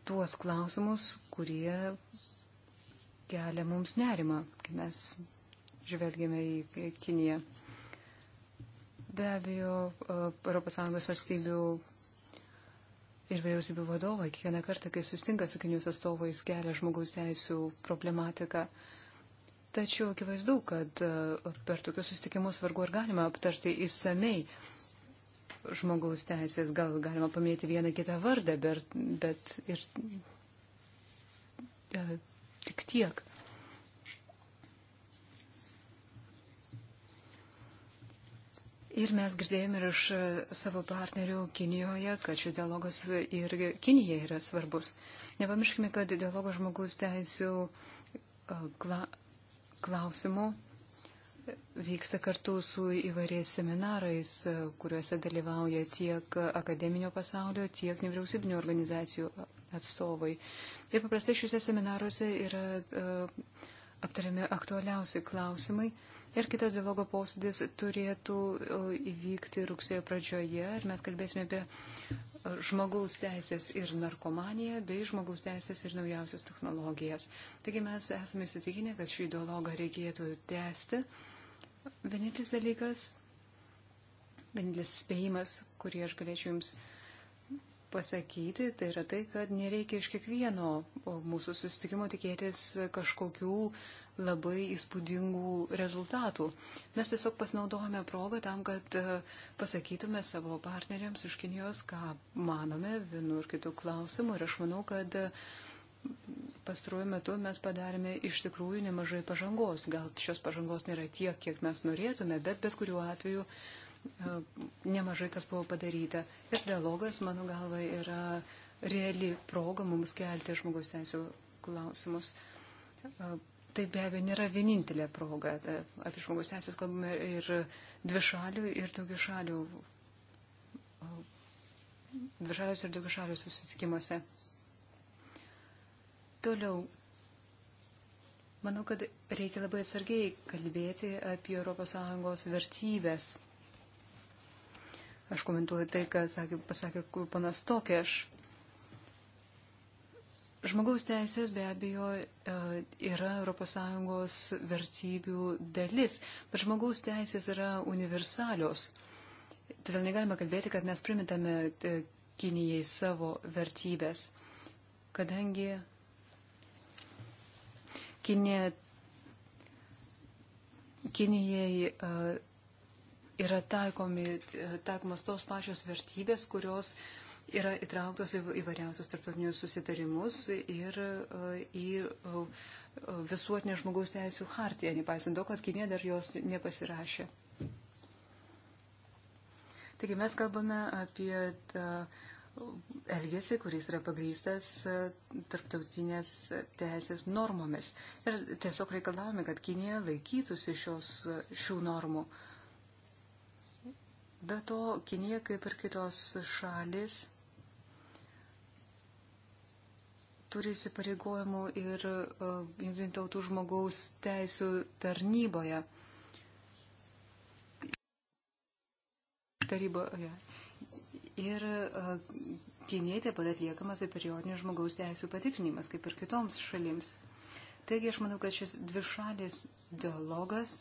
tuos klausimus, kurie kelia mums nerimą, kai mes žvelgiame į Kiniją. Be abejo, e, europos sąjungos valstybių ir vyriausybių vadovai kiekvieną kartą, kai sustinka su Kinijos atstovais, kelia žmogaus teisų problematiką. Tačiau akivaizdu, kad e, per tokius sustikimus vargu ar galima aptarti įsamei žmogaus teisės, gal galima paminėti vieną kitą vardą, bet, bet ir e, tik tiek. Ir mes girdėjome ir iš e, savo partnerių Kinijoje, kad šis dialogas ir Kinija yra svarbus. Nepamirškime, kad dialogo žmogus teisų e, klausimų e, vyksta kartu su įvairiais seminarais, kuriuose dalyvauja tiek akademinio pasaulio, tiek nevyriausybinio organizacijų atstovai. Ir paprastai šiuose seminaruose yra aptariami aktualiausi klausimai. Ir kitas dialogo posėdis turėtų įvykti rugsėjo pradžioje ir mes kalbėsime apie žmogaus teisės ir narkomaniją bei žmogaus teisės ir naujausias technologijas. Taigi mes esame įsitikinę, kad šį dialogą reikėtų tęsti. Vienintelis dalykas, vienintelis spėjimas, kurį aš galėčiau Jums pasakyti, tai yra tai, kad nereikia iš kiekvieno mūsų susitikimo tikėtis kažkokių labai įspūdingų rezultatų. Mes tiesiog pasinaudojame progą tam, kad e, pasakytume savo partneriams iš Kinijos, ką manome vienu ir kitu klausimu. Ir aš manau, kad e, pastaruoju metu mes padarėme iš tikrųjų nemažai pažangos. Gal šios pažangos nėra tiek, kiek mes norėtume, bet bet kuriuo atveju e, nemažai kas buvo padaryta. Ir dialogas, mano galva, yra reali proga mums kelti žmogaus teisų klausimus tai be abejo nėra vienintelė proga. E, apie žmogus teisės kalbame ir dvi šalių, ir šalių. Dvi dvišalius ir šalių susitikimuose. Toliau. Manau, kad reikia labai atsargiai kalbėti apie ES vertybės. Aš komentuoju tai, ką pasakė panas Tokėš. Žmogaus teisės be abejo e, yra ES vertybių dalis, bet žmogaus teisės yra universalios. Todėl negalime kalbėti, kad mes primitame e, Kinijai savo vertybės, kadangi Kinė, Kinijai e, yra taikomi, taikomas tos pačios vertybės, kurios yra įtrauktos į įvairiausius tarptautinius susitarimus ir e, į e, visuotinę žmogaus teisų hartiją, nepaisant to, kad Kinė dar jos nepasirašė. Taigi mes kalbame apie tą e, elgesį, kuris yra pagrystas tarptautinės teisės normomis. Ir tiesiog reikalavome, kad Kinė laikytųsi šios, šių normų. Be to, Kinė, kaip ir kitos šalis, turi įsipareigojimų ir e, jungtinių tautų žmogaus teisų tarnyboje. Taryboje. Ir e, Kinijai taip pat atliekamas ir periodinis žmogaus teisų patikrinimas, kaip ir kitoms šalims. Taigi aš manau, kad šis dvišalis dialogas,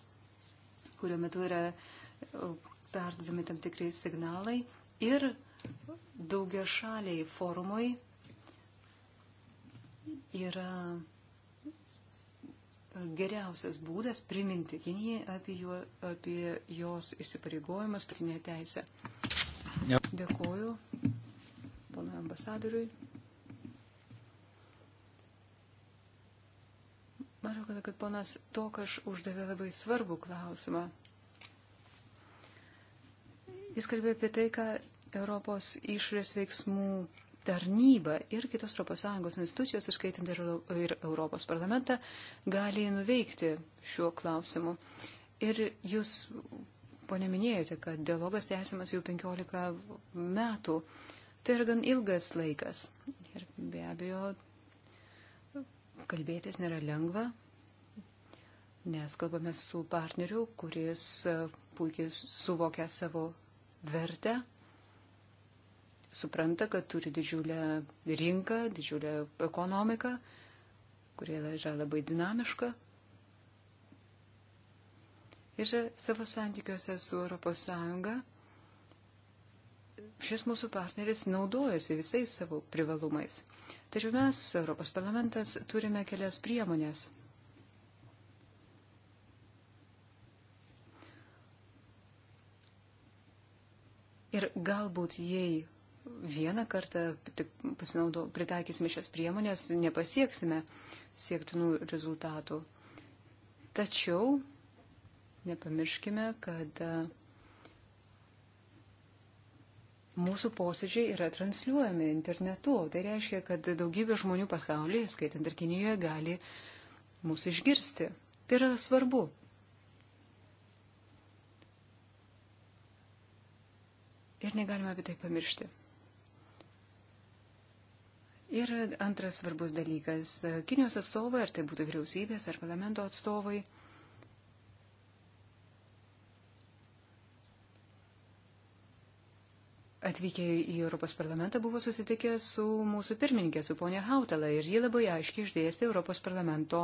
kurio metu yra e, perdodami tam tikrai signalai ir daugia šaliai forumui yra e, geriausias būdas priminti Kinijai apie, jo, apie jos įsipareigojimas pritinę teisę. Yep. Dėkuoju ponui ambasadoriui. Man kad, kad ponas Tokaš uždavė labai svarbų klausimą. Jis kalbėjo apie tai, ką Europos išorės veiksmų tarnyba ir kitos ES institucijos, išskaitant ir, Europos parlamentą, gali nuveikti šiuo klausimu. Ir jūs, ponė, minėjote, kad dialogas tęsiamas jau 15 metų. Tai yra gan ilgas laikas. Ir be abejo, kalbėtis nėra lengva, nes kalbame su partneriu, kuris puikiai suvokia savo vertę supranta, kad turi didžiulę rinką, didžiulę ekonomiką, kurie yra labai dinamiška. Ir savo santykiuose su Europos Sąjunga šis mūsų partneris naudojasi visais savo privalumais. Tačiau mes, Europos parlamentas, turime kelias priemonės. Ir galbūt jei vieną kartą tik pasinaudo, pritaikysime šias priemonės, nepasieksime siektinų rezultatų. Tačiau nepamirškime, kad e, mūsų posėdžiai yra transliuojami internetu. Tai reiškia, kad daugybė žmonių pasaulyje, skaitant ir Kinijoje, gali mūsų išgirsti. Tai yra svarbu. Ir negalime apie tai pamiršti. Ir antras svarbus dalykas Kinijos atstovai, ar tai būtų vyriausybės ar parlamento atstovai, atvykę į Europos parlamentą buvo susitikę su mūsų pirmininkė, su ponė Hautala, ir jį labai aiškiai išdėstė Europos parlamento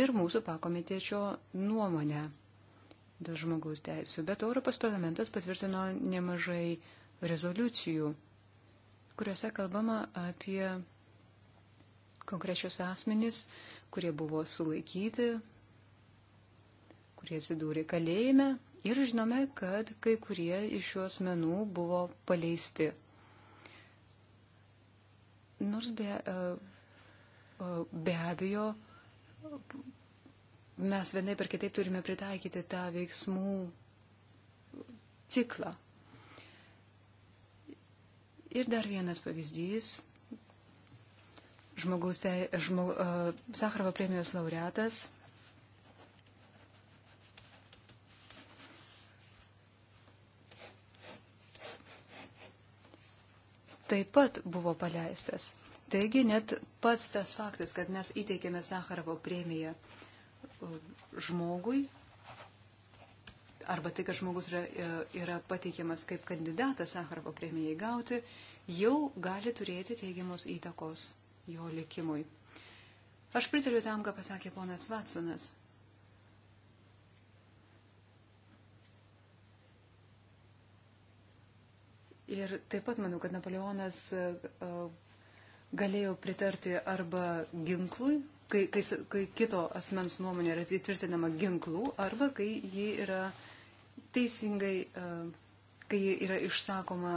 ir mūsų pakomitečio nuomonę dėl žmogaus teisų. Bet Europos parlamentas patvirtino nemažai rezoliucijų kuriuose kalbama apie konkrečius asmenys, kurie buvo sulaikyti, kurie atsidūrė kalėjime ir žinome, kad kai kurie iš šios menų buvo paleisti. Nors be, e, e, be abejo, mes vienai per kitaip turime pritaikyti tą veiksmų ciklą. Ir dar vienas pavyzdys. Žmogaus, te, žmog, uh, e, Sakarovo premijos laureatas. Taip pat buvo paleistas. Taigi net pats tas faktas, kad mes įteikėme Sakarovo premiją e, žmogui, arba tai, kad žmogus yra, e, yra pateikiamas kaip kandidatas Sakarovo premijai gauti, jau gali turėti teigiamos įtakos jo likimui. Aš pritariu tam, ką pasakė ponas Vatsonas. Ir taip pat manau, kad Napoleonas e, e, galėjo pritarti arba ginklui, kai, kai, kai kito asmens nuomonė yra įtvirtinama ginklų, arba kai ji yra uh, teisingai, e, kai jie yra išsakoma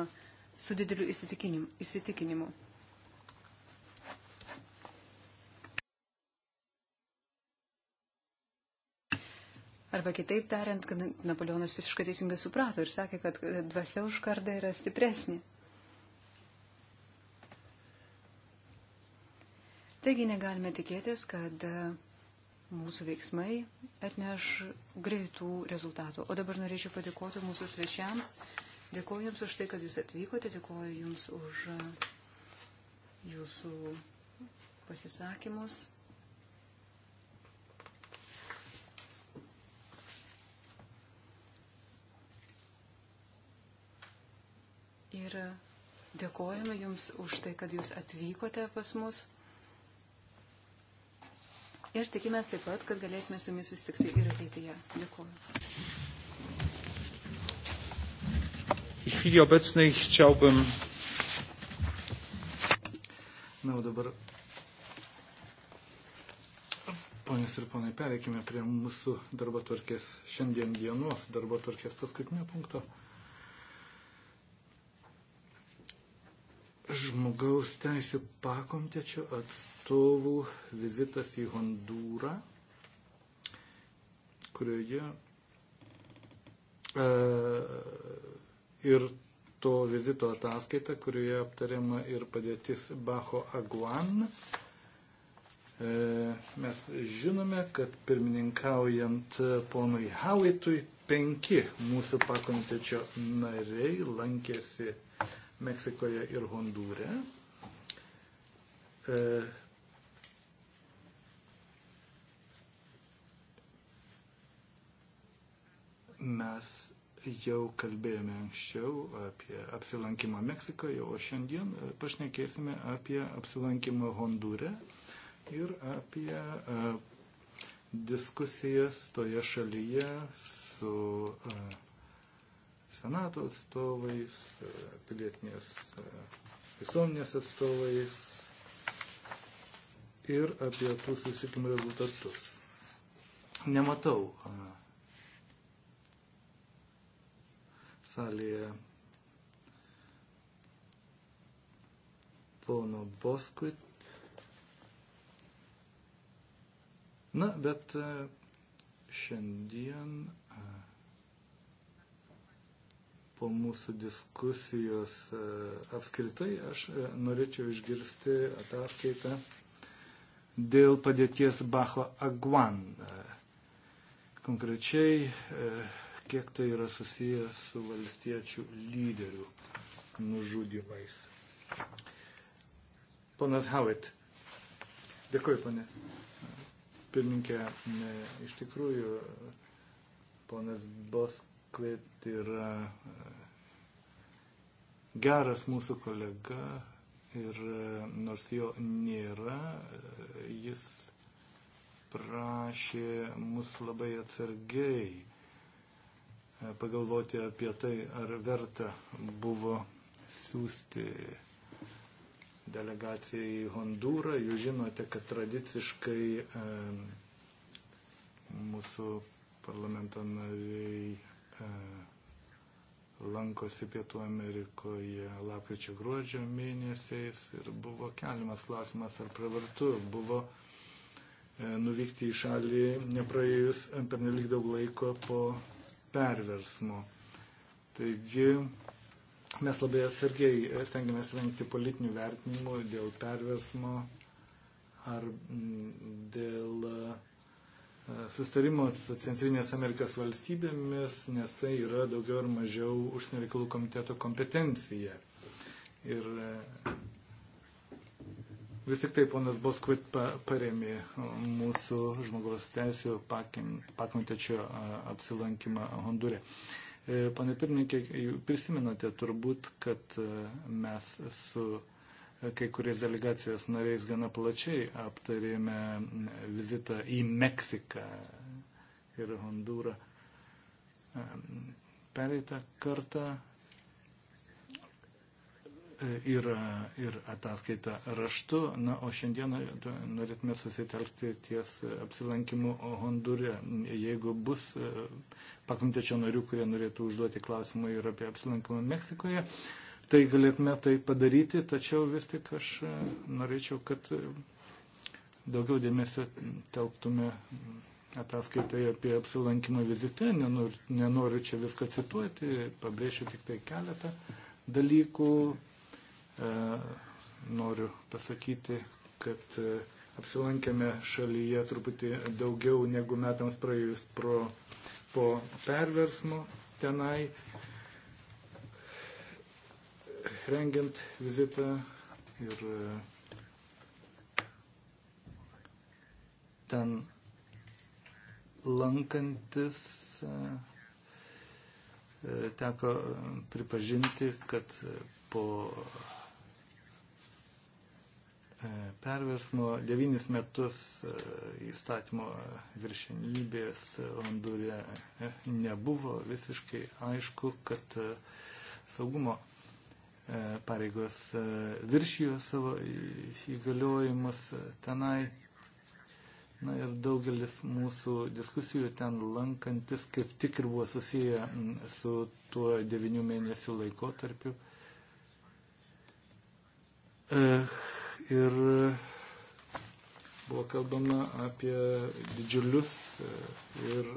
su dideliu įsitikinimu. Arba kitaip tariant, kad Napoleonas visiškai teisingai suprato ir sakė, kad dvasia už kardą yra stipresnė. Taigi negalime tikėtis, kad mūsų veiksmai atneš greitų rezultatų. O dabar norėčiau padėkoti mūsų svečiams. Dėkuoju Jums už tai, kad Jūs atvykote. Dėkuoju Jums už uh, Jūsų pasisakymus. Ir dėkojame Jums už tai, kad Jūs atvykote pas mus. Ir tikimės taip pat, kad galėsime su jumis susitikti ir ateityje. Dėkuoju. Na, o no, dabar, ponės ir ponai, pereikime prie mūsų darbo tvarkės šiandien dienos darbo tvarkės paskutinio punkto. žmogaus teisų pakomtečio atstovų vizitas į Hondūrą, kurioje e, eh, ir to vizito ataskaita, kurioje aptariama ir padėtis Bacho Aguan. Eh, mes žinome, kad pirmininkaujant ponui Hauitui penki mūsų pakomitečio nariai lankėsi Meksikoje ir Hondūre. Eh, mes jau kalbėjome anksčiau apie apsilankymą Meksikoje, o šiandien eh, pašnekėsime apie apsilankymą Hondūre ir apie eh, diskusijas toje šalyje su a, senato atstovais, e, pilietinės e, visuomenės atstovais ir apie tų susitikimų rezultatus. Nematau salėje pono Boskut. Na, bet e, šiandien po mūsų diskusijos e, apskritai aš e, norėčiau išgirsti ataskaitą dėl padėties Bacho Aguan. E, konkrečiai, kiek tai yra susiję su valstiečių lyderių nužudymais. Ponas Howitt. Dėkuoju, ponė. Pirminkė, iš tikrųjų, ponas Bosk Kvėt yra e, geras mūsų kolega ir e, nors jo nėra, e, jis prašė mus labai atsargiai pagalvoti apie tai, ar verta buvo siūsti delegaciją į Hondūrą. Jūs žinote, kad tradiciškai mūsų parlamento nariai E, lankosi Pietų Amerikoje lapkričio gruodžio mėnesiais ir buvo keliamas klausimas, ar pravartu buvo e, nuvykti į šalį nepraėjus e, per nelik daug laiko po perversmo. Taigi mes labai atsargiai stengiamės rengti politinių vertinimų dėl perversmo ar dėl sustarimo su Centrinės Amerikos valstybėmis, nes tai yra daugiau ar mažiau užsienio reikalų komiteto kompetencija. Ir e, vis tik tai ponas Boskvit paremė mūsų žmogaus teisų pakomitečio e, apsilankymą Hondūre. E, pane pirmininkė, prisimenate turbūt, kad mes su kai kuriais delegacijos nariais gana plačiai aptarėme vizitą į Meksiką ir Hondūrą. Pereitą kartą e, yra ir ataskaita raštu, na, o šiandien norėtume susitelkti ties apsilankimu Hondūrė. Jeigu bus e, pakomitečio narių, kurie norėtų užduoti klausimą ir apie apsilankimą Meksikoje, tai galėtume tai padaryti, tačiau vis tik aš e, norėčiau, kad e, daugiau dėmesio telktume ataskaitai apie apsilankimą vizite, nenoriu, nenoriu čia visko cituoti, pabrėšiu tik tai keletą dalykų. E, noriu pasakyti, kad apsilankėme šalyje truputį daugiau negu metams praėjus pro, po perversmo tenai rengiant vizitą ir e, ten lankantis e, e, teko pripažinti, kad po perversmo devynis metus įstatymo viršenybės Londūrė nebuvo visiškai aišku, kad saugumo E, pareigos e, viršijo savo įgaliojimus tenai. Na ir daugelis mūsų diskusijų ten lankantis kaip tik ir buvo susiję su tuo devinių mėnesių laikotarpiu. E, ir buvo kalbama apie didžiulius ir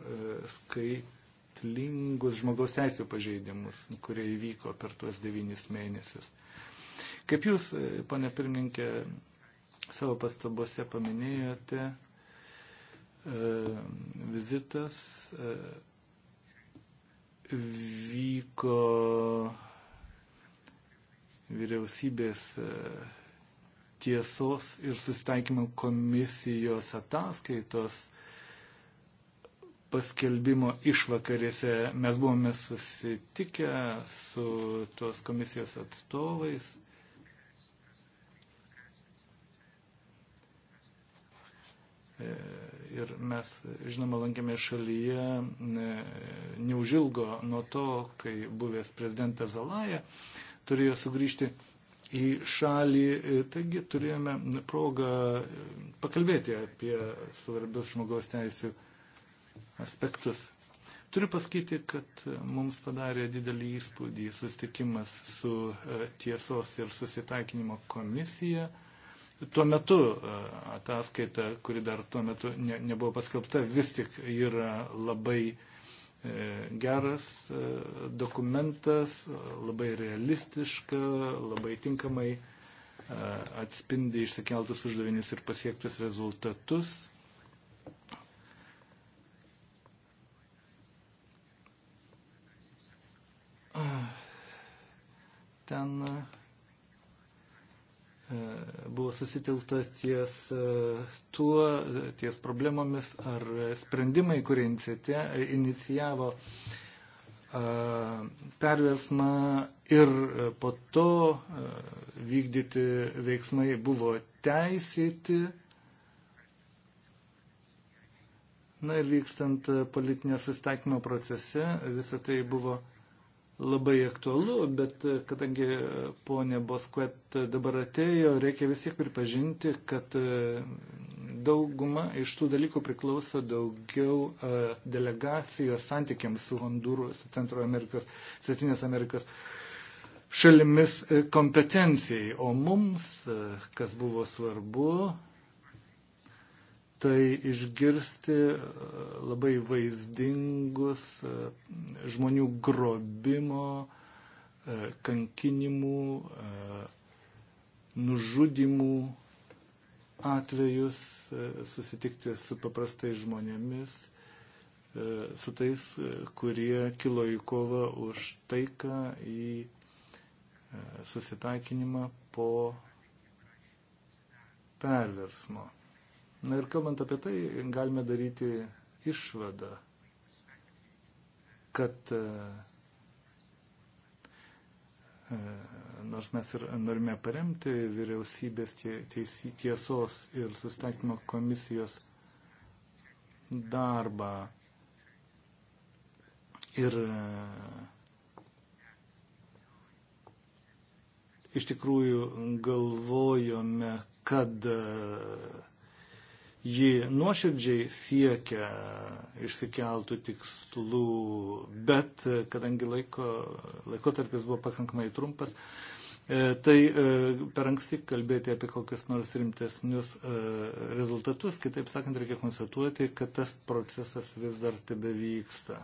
skai skaitlingus žmogaus teisų pažeidimus, kurie įvyko per tuos devynis mėnesius. Kaip jūs, e, ponė pirmininkė, savo pastabose paminėjote, e, vizitas e, vyko vyriausybės tiesos ir susitaikymo komisijos ataskaitos paskelbimo išvakarėse mes buvome susitikę su tuos komisijos atstovais. E, ir mes, žinoma, lankėme šalyje e, neužilgo nuo to, kai buvęs prezidentas Zalaja turėjo sugrįžti į šalį. E, taigi turėjome progą pakalbėti apie svarbius žmogaus teisės aspektus. Turiu pasakyti, kad e, mums padarė didelį įspūdį susitikimas su e, tiesos ir susitaikinimo komisija. Tuo metu e, ataskaita, kuri dar tuo metu ne, nebuvo paskelbta, vis tik yra labai geras dokumentas, labai realistiška, labai tinkamai atspindi išsikeltus uždavinius ir pasiektus rezultatus. ten eh, buvo susitelta ties eh, tuo, eh, ties problemomis ar sprendimai, kurie inicijavo perversmą ir po to vykdyti veiksmai buvo teisėti. Na ir vykstant politinio sustatymo procese visą tai buvo labai aktualu, bet e, kadangi e, ponė Boskvet e, dabar atėjo, reikia vis tiek pripažinti, kad dauguma iš tų dalykų priklauso daugiau delegacijos santykiams su Hondūros, Centro Amerikos, Svetinės Amerikos šalimis kompetencijai. O mums, kas buvo svarbu, tai išgirsti e, labai vaizdingus e, žmonių grobimo, e, kankinimų, nužudimų atvejus, susitikti su paprastai žmonėmis, su tais, kurie kilo į kovą už taiką, į susitaikinimą po perversmo. Na ir kalbant apie tai, galime daryti išvadą, kad e, e, nors mes ir norime paremti vyriausybės tiesos ir sustatymo komisijos darbą ir e, iš tikrųjų galvojome, kad ji nuoširdžiai siekia išsikeltų tikslų, bet kadangi laiko, laikotarpis buvo pakankamai trumpas, e, tai e, per anksti kalbėti apie kokius nors rimtesnius e, rezultatus, kitaip sakant, reikia konstatuoti, kad tas procesas vis dar tebe vyksta.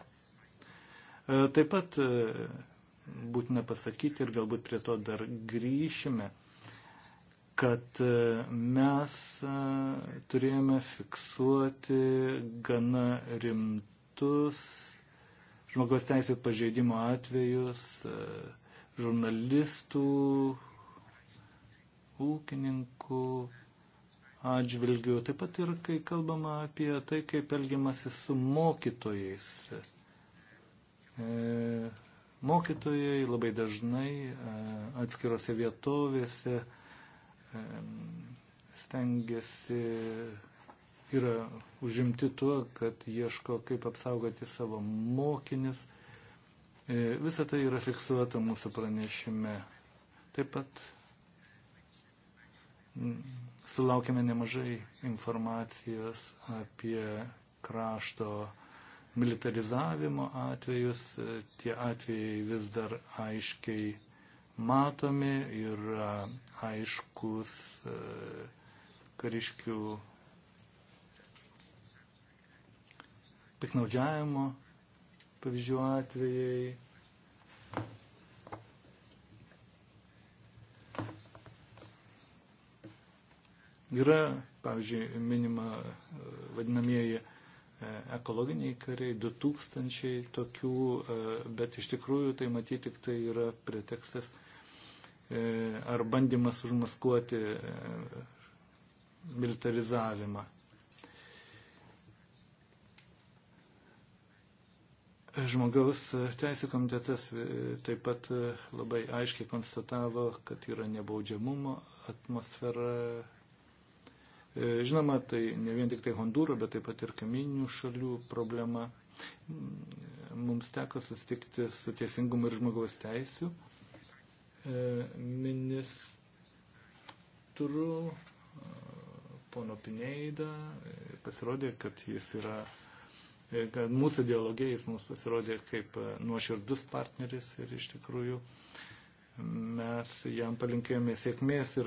Taip pat būtina pasakyti ir galbūt prie to dar grįšime kad e, mes e, turėjome fiksuoti gana rimtus žmogaus teisų pažeidimo atvejus e, žurnalistų, ūkininkų atžvilgių. Taip pat ir kai kalbama apie tai, kaip elgiamasi su mokytojais. Mokytojai labai dažnai atskirose vietovėse stengiasi yra užimti tuo, kad ieško, kaip apsaugoti savo mokinius. E, visa tai yra fiksuota mūsų pranešime. Taip pat sulaukime nemažai informacijos apie krašto militarizavimo atvejus. E, tie atvejai vis dar aiškiai matomi ir aiškus e, kariškių piknaudžiavimo pavyzdžių atvejai. Yra, pavyzdžiui, minima e, vadinamieji e, ekologiniai kariai, 2000 tokių, bet iš tikrųjų tai matyti tik tai yra pretekstas E, ar bandymas užmaskuoti e, militarizavimą. Žmogaus teisė komitetas e, taip pat labai aiškiai konstatavo, kad yra nebaudžiamumo atmosfera. Žinoma, tai ne vien tik tai Hondūro, bet taip pat ir kaminių šalių problema. Mums teko susitikti su teisingumu ir žmogaus teisiu ministru e, pono Pineidą, e, pasirodė, kad jis yra, e, kad mūsų dialogė jis mums pasirodė kaip nuoširdus partneris ir iš tikrųjų mes jam palinkėjome sėkmės ir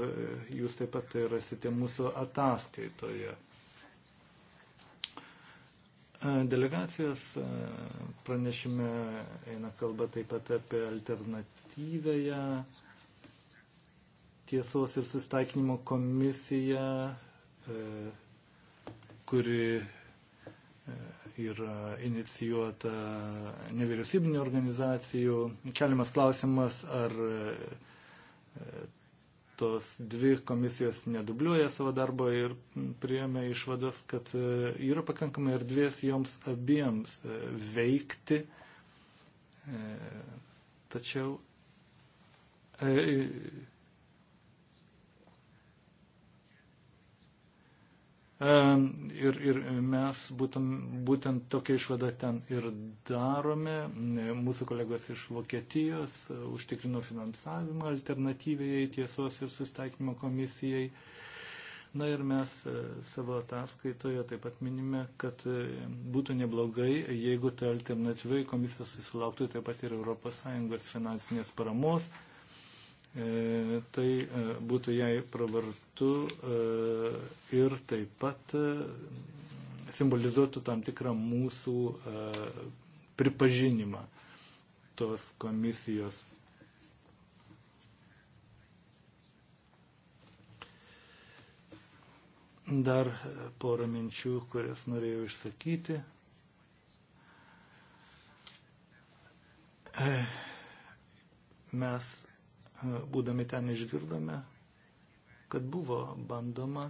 jūs taip pat tai rasite mūsų ataskaitoje. Delegacijos e, pranešime eina kalba taip pat apie alternatyvėją tiesos ir susitaikinimo komisiją, e, kuri e, yra inicijuota nevyriausybinio organizacijų. Keliamas klausimas, ar tos dvi komisijos nedubliuoja savo darbo ir priėmė išvados, kad e, yra pakankamai erdvės joms abiems e, veikti. E, tačiau Ir, ir mes būtent, būtent tokia išvada ten ir darome. Mūsų kolegos iš Vokietijos e, užtikrino finansavimą alternatyviai tiesos ir sustaikymo komisijai. Na ir mes e, savo ataskaitoje taip pat minime, kad e, būtų neblogai, jeigu ta alternatyviai komisija susilauktų taip pat ir ES finansinės paramos. E, tai e, būtų jai pravartu e, ir taip pat e, simbolizuotų tam tikrą mūsų pripažinimą tos komisijos. Dar porą minčių, kurias norėjau išsakyti. Mes būdami ten išgirdome, kad buvo bandoma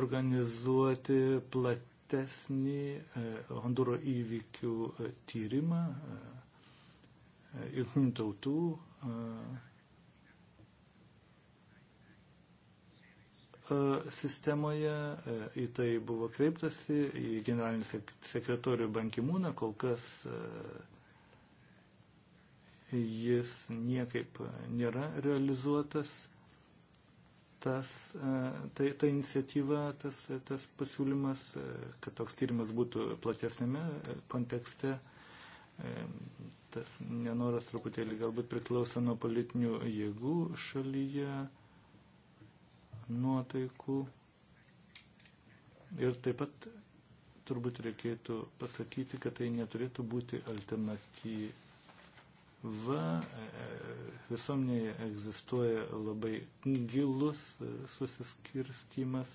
organizuoti platesnį e, Honduro įvykių e, tyrimą e, jungtinių tautų sistemoje, į tai buvo kreiptasi, į generalinį sekretorių Bankimūną, kol kas jis niekaip nėra realizuotas. Tas, e, tai, ta iniciatyva, tas, tas pasiūlymas, e, kad toks tyrimas būtų platesnėme kontekste, e, tas nenoras truputėlį galbūt priklauso nuo politinių jėgų šalyje, nuotaikų. Ir taip pat turbūt reikėtų pasakyti, kad tai neturėtų būti alternatyva v visuomenėje egzistuoja labai gilus e, susiskirstimas,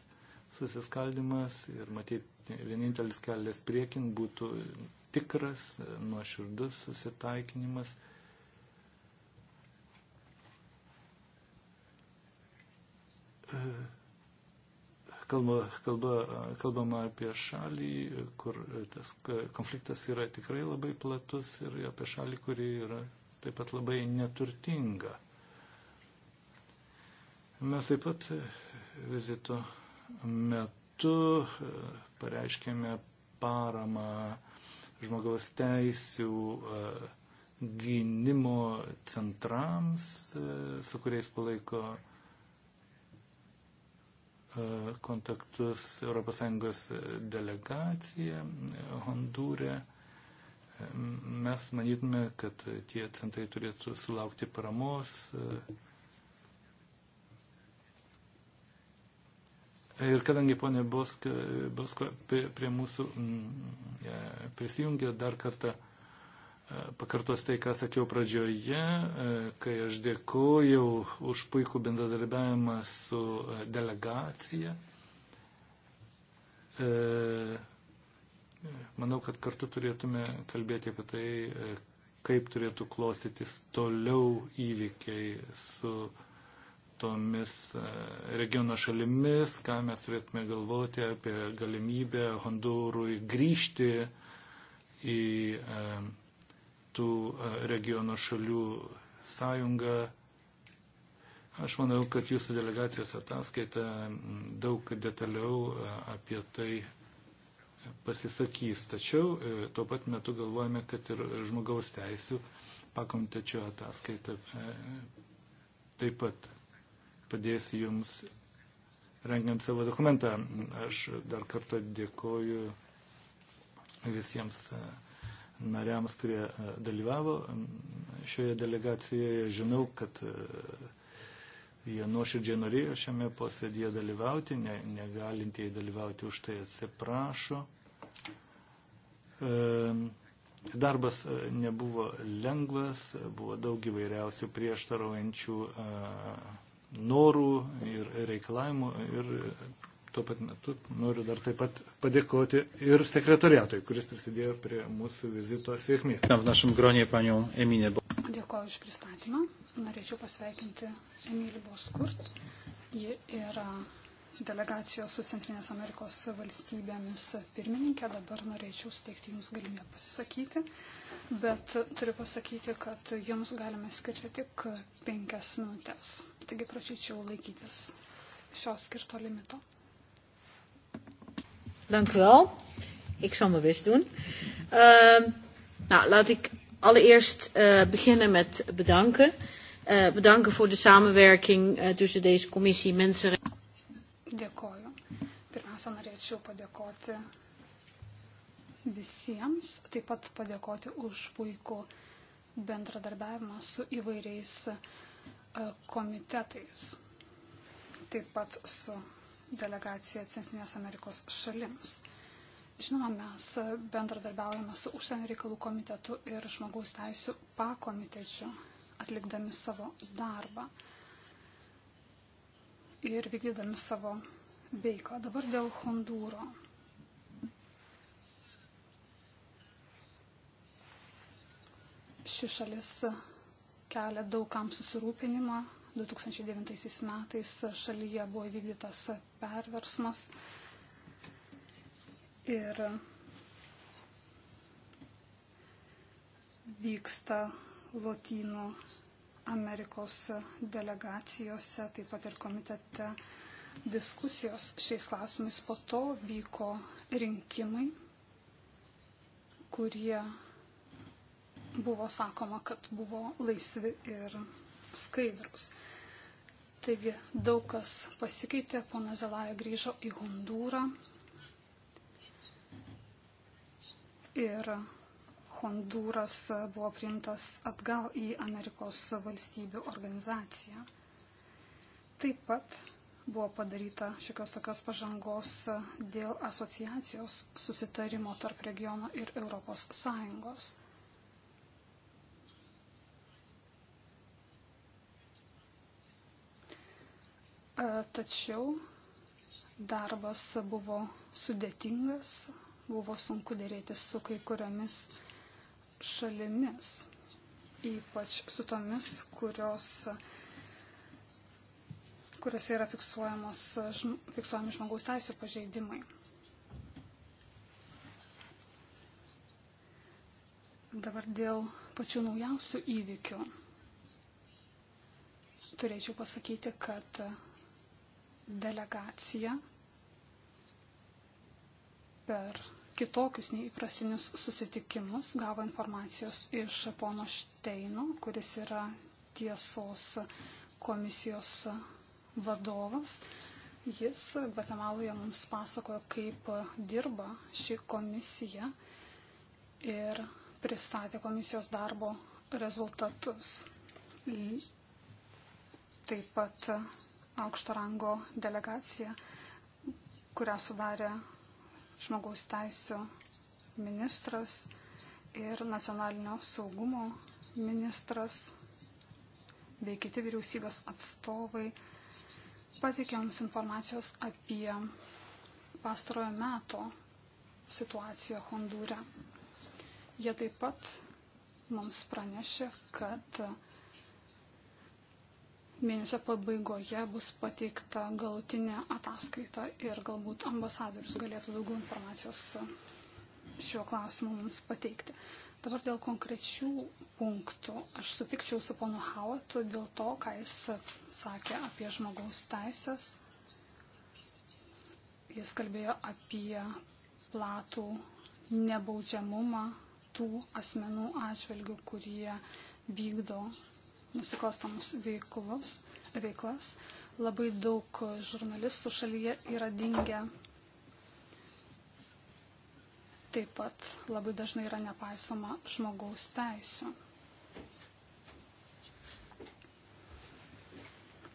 susiskaldimas ir matyt, vienintelis kelias priekin būtų tikras, e, nuoširdus susitaikinimas. Uh kalba, kalba, kalbama apie šalį, kur tas konfliktas yra tikrai labai platus ir apie šalį, kuri yra taip pat labai neturtinga. Mes taip pat vizito metu e, pareiškėme paramą žmogaus teisių e, gynimo centrams, e, su kuriais palaiko kontaktus ES delegacija Hondūre. Mes manytume, kad tie centrai turėtų sulaukti paramos. Ir kadangi ponė Bosko prie, prie mūsų mm, prisijungė dar kartą, pakartos tai, ką sakiau pradžioje, e, kai aš dėkojau už puikų bendradarbiavimą su e, delegacija. E, manau, kad kartu turėtume kalbėti apie tai, kaip turėtų klostytis toliau įvykiai su tomis regiono šalimis, ką mes turėtume galvoti apie galimybę Hondūrui grįžti į tų e, regiono šalių sąjunga. Aš manau, kad jūsų delegacijos ataskaita daug detaliau e, apie tai pasisakys. Tačiau e, tuo pat metu galvojame, kad ir žmogaus teisų pakomitečio ataskaita taip pat padės jums rengiant savo dokumentą. Aš dar kartą dėkoju visiems nariams, kurie e, dalyvavo šioje delegacijoje. Žinau, kad e, jie nuoširdžiai norėjo šiame posėdėje dalyvauti, ne, negalintieji dalyvauti už tai atsiprašo. E, darbas nebuvo lengvas, buvo daug įvairiausių prieštaraujančių norų ir reikalavimų ir tuo pat metu noriu dar taip pat padėkoti ir sekretoriatui, kuris prisidėjo prie mūsų vizito sėkmės. Dėkoju iš pristatymą. Norėčiau pasveikinti Emilį Boskurt. Ji yra delegacijos su Centrinės Amerikos valstybėmis pirmininkė. Dabar norėčiau steigti Jums galimybę pasisakyti, bet turiu pasakyti, kad Jums galime skirti tik penkias minutės. Taigi prašyčiau laikytis šio skirto limito. Dank u wel. Ik zal mijn best doen. Uh, nou, laat ik allereerst uh, beginnen met bedanken. Uh, bedanken voor de samenwerking uh, tussen deze commissie Mensenrechten. Dank u visiems, taip pat padėkoti už puikų bendradarbiavimą su įvairiais komitetais, taip pat su delegacija Centrinės Amerikos šalims. Žinoma, mes bendradarbiaujame su užsienio reikalų komitetu ir žmogaus teisų pakomitečiu, atlikdami savo darbą ir vykdydami savo veiklą. Dabar dėl Hondūro. Ši šalis kelia daugam susirūpinimą, 2009 metais šalyje buvo įvykdytas perversmas ir vyksta Lotynų Amerikos delegacijose, taip pat ir komitete diskusijos šiais klausimais. Po to vyko rinkimai, kurie buvo sakoma, kad buvo laisvi ir skaidrus. Taigi daug kas pasikeitė, pana Zelaja grįžo į Hondūrą ir Hondūras buvo priimtas atgal į Amerikos valstybių organizaciją. Taip pat buvo padaryta šiokios tokios pažangos dėl asociacijos susitarimo tarp regiono ir Europos Sąjungos. E, tačiau darbas buvo sudėtingas, buvo sunku dėrėti su kai kuriamis šalimis, ypač su tomis, kurios kuriuose yra fiksuojami žmogaus teisų pažeidimai. Dabar dėl pačių naujausių įvykių. Turėčiau pasakyti, kad delegacija per kitokius neįprastinius susitikimus gavo informacijos iš pono Šteino, kuris yra tiesos komisijos vadovas. Jis Gvatemaloje mums pasakojo, kaip dirba ši komisija ir pristatė komisijos darbo rezultatus. Taip pat aukšto rango delegacija, kurią sudarė žmogaus teisų ministras ir nacionalinio saugumo ministras bei kiti vyriausybės atstovai pateikė mums informacijos apie pastarojo meto situaciją Hondūre. Jie taip pat mums pranešė, kad mėnesio pabaigoje bus pateikta galutinė ataskaita ir galbūt ambasadorius galėtų daugiau informacijos šiuo klausimu mums pateikti. Dabar dėl konkrečių punktų. Aš sutikčiau su ponu Hauatu dėl to, ką jis sakė apie žmogaus teisės. Jis kalbėjo apie platų nebaudžiamumą tų asmenų atžvilgių, kurie vykdo nusikalstamus veiklus, veiklas. Labai daug žurnalistų šalyje yra dingę. Taip pat labai dažnai yra nepaisoma žmogaus teisų.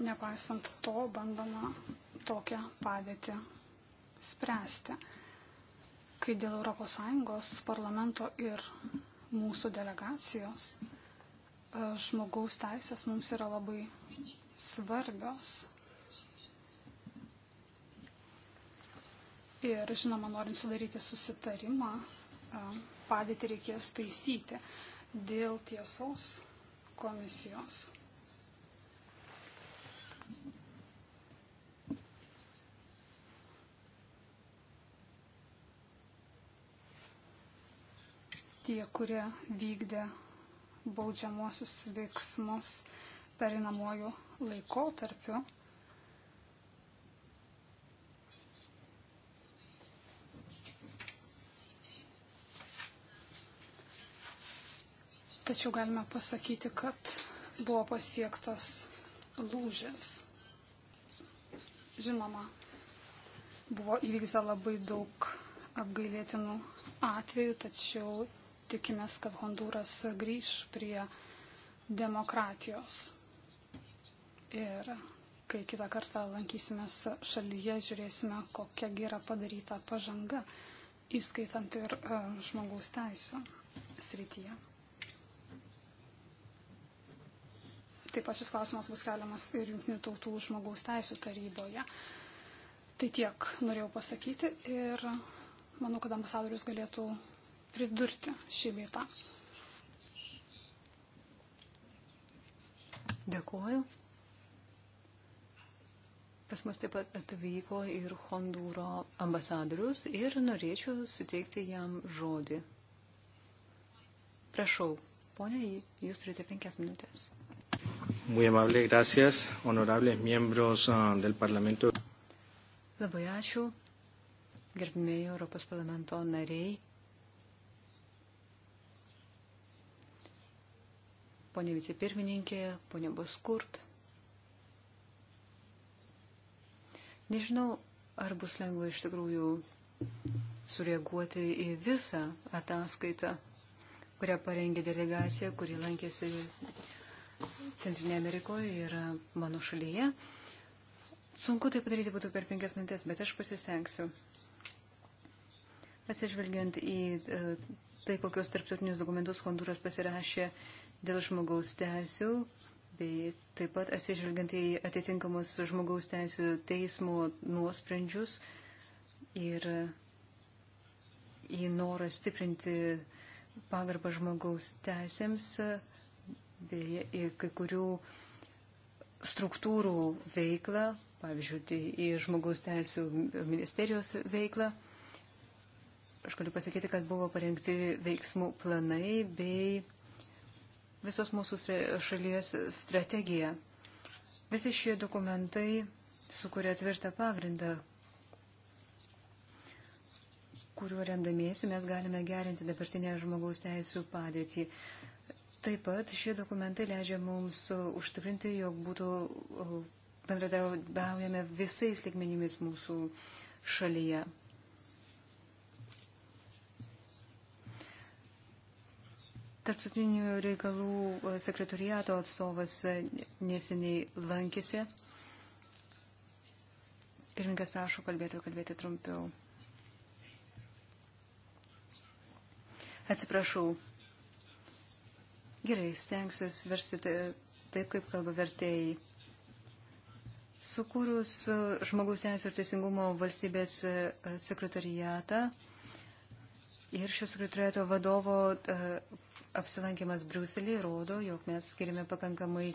Nepaisant to, bandoma tokią padėtį spręsti kai dėl ES parlamento ir mūsų delegacijos žmogaus teisės mums yra labai svarbios. Ir žinoma, norint sudaryti susitarimą, padėti reikės taisyti dėl tiesos komisijos. Tie, kurie vykdė baudžiamosius veiksmus perinamuoju laikotarpiu. Tačiau galime pasakyti, kad buvo pasiektas lūžis. Žinoma, buvo įvykta labai daug apgailėtinų atvejų, tačiau tikimės, kad Honduras grįž prie demokratijos. Ir kai kitą kartą lankysimės šalyje, žiūrėsime, kokia gera padaryta pažanga, įskaitant ir e, žmogaus teisų srityje. Taip pat šis klausimas bus keliamas ir Junktinių tautų žmogaus teisų taryboje. Tai tiek norėjau pasakyti ir manau, kad ambasadorius galėtų pridurti šį vietą. Dėkuoju. Pas mus taip pat atvyko ir Hondūro ambasadorius ir norėčiau suteikti jam žodį. Prašau, ponia, jūs turite penkias minutės. Muy amable, gracias, honorables miembros ah, del Parlamento. Labai ačiū, gerbimieji Europos parlamento nariai. ponė vicepirmininkė, ponė Boskurt. Nežinau, ar bus lengva iš tikrųjų sureaguoti į visą ataskaitą, kurią parengė delegacija, kuri lankėsi Centrinėje Amerikoje ir mano šalyje. Sunku tai padaryti būtų per penkias minutės, bet aš pasistengsiu. Pasižvelgiant į e, tai, kokius tarptautinius dokumentus Honduras pasirašė dėl žmogaus teisų, bei taip pat atsižvelgiant į atitinkamus žmogaus teisų teismo nuosprendžius ir į norą stiprinti pagarbą žmogaus teisėms, bei į kai kurių struktūrų veiklą, pavyzdžiui, į žmogaus teisų ministerijos veiklą. Aš galiu pasakyti, kad buvo parengti veiksmų planai bei visos mūsų šalies strategija. Visi šie dokumentai sukuria tvirtą pagrindą, kuriuo remdamiesi mes galime gerinti dabartinę žmogaus teisų padėtį. Taip pat šie dokumentai leidžia mums užtikrinti, jog būtų uh, bendradarbiaujame visais ligmenimis mūsų šalyje. Tarptautinių reikalų e, sekretoriato atstovas e, neseniai lankėsi. Pirmininkas prašo kalbėti, kalbėti trumpiau. Atsiprašau. Gerai, stengsiuosi versti taip, kaip kalba vertėjai. Sukūrus e, žmogaus teisų ir teisingumo valstybės sekretoriatą ir šio sekretoriato vadovo apsilankimas Briuselį rodo, jog mes skirime pakankamai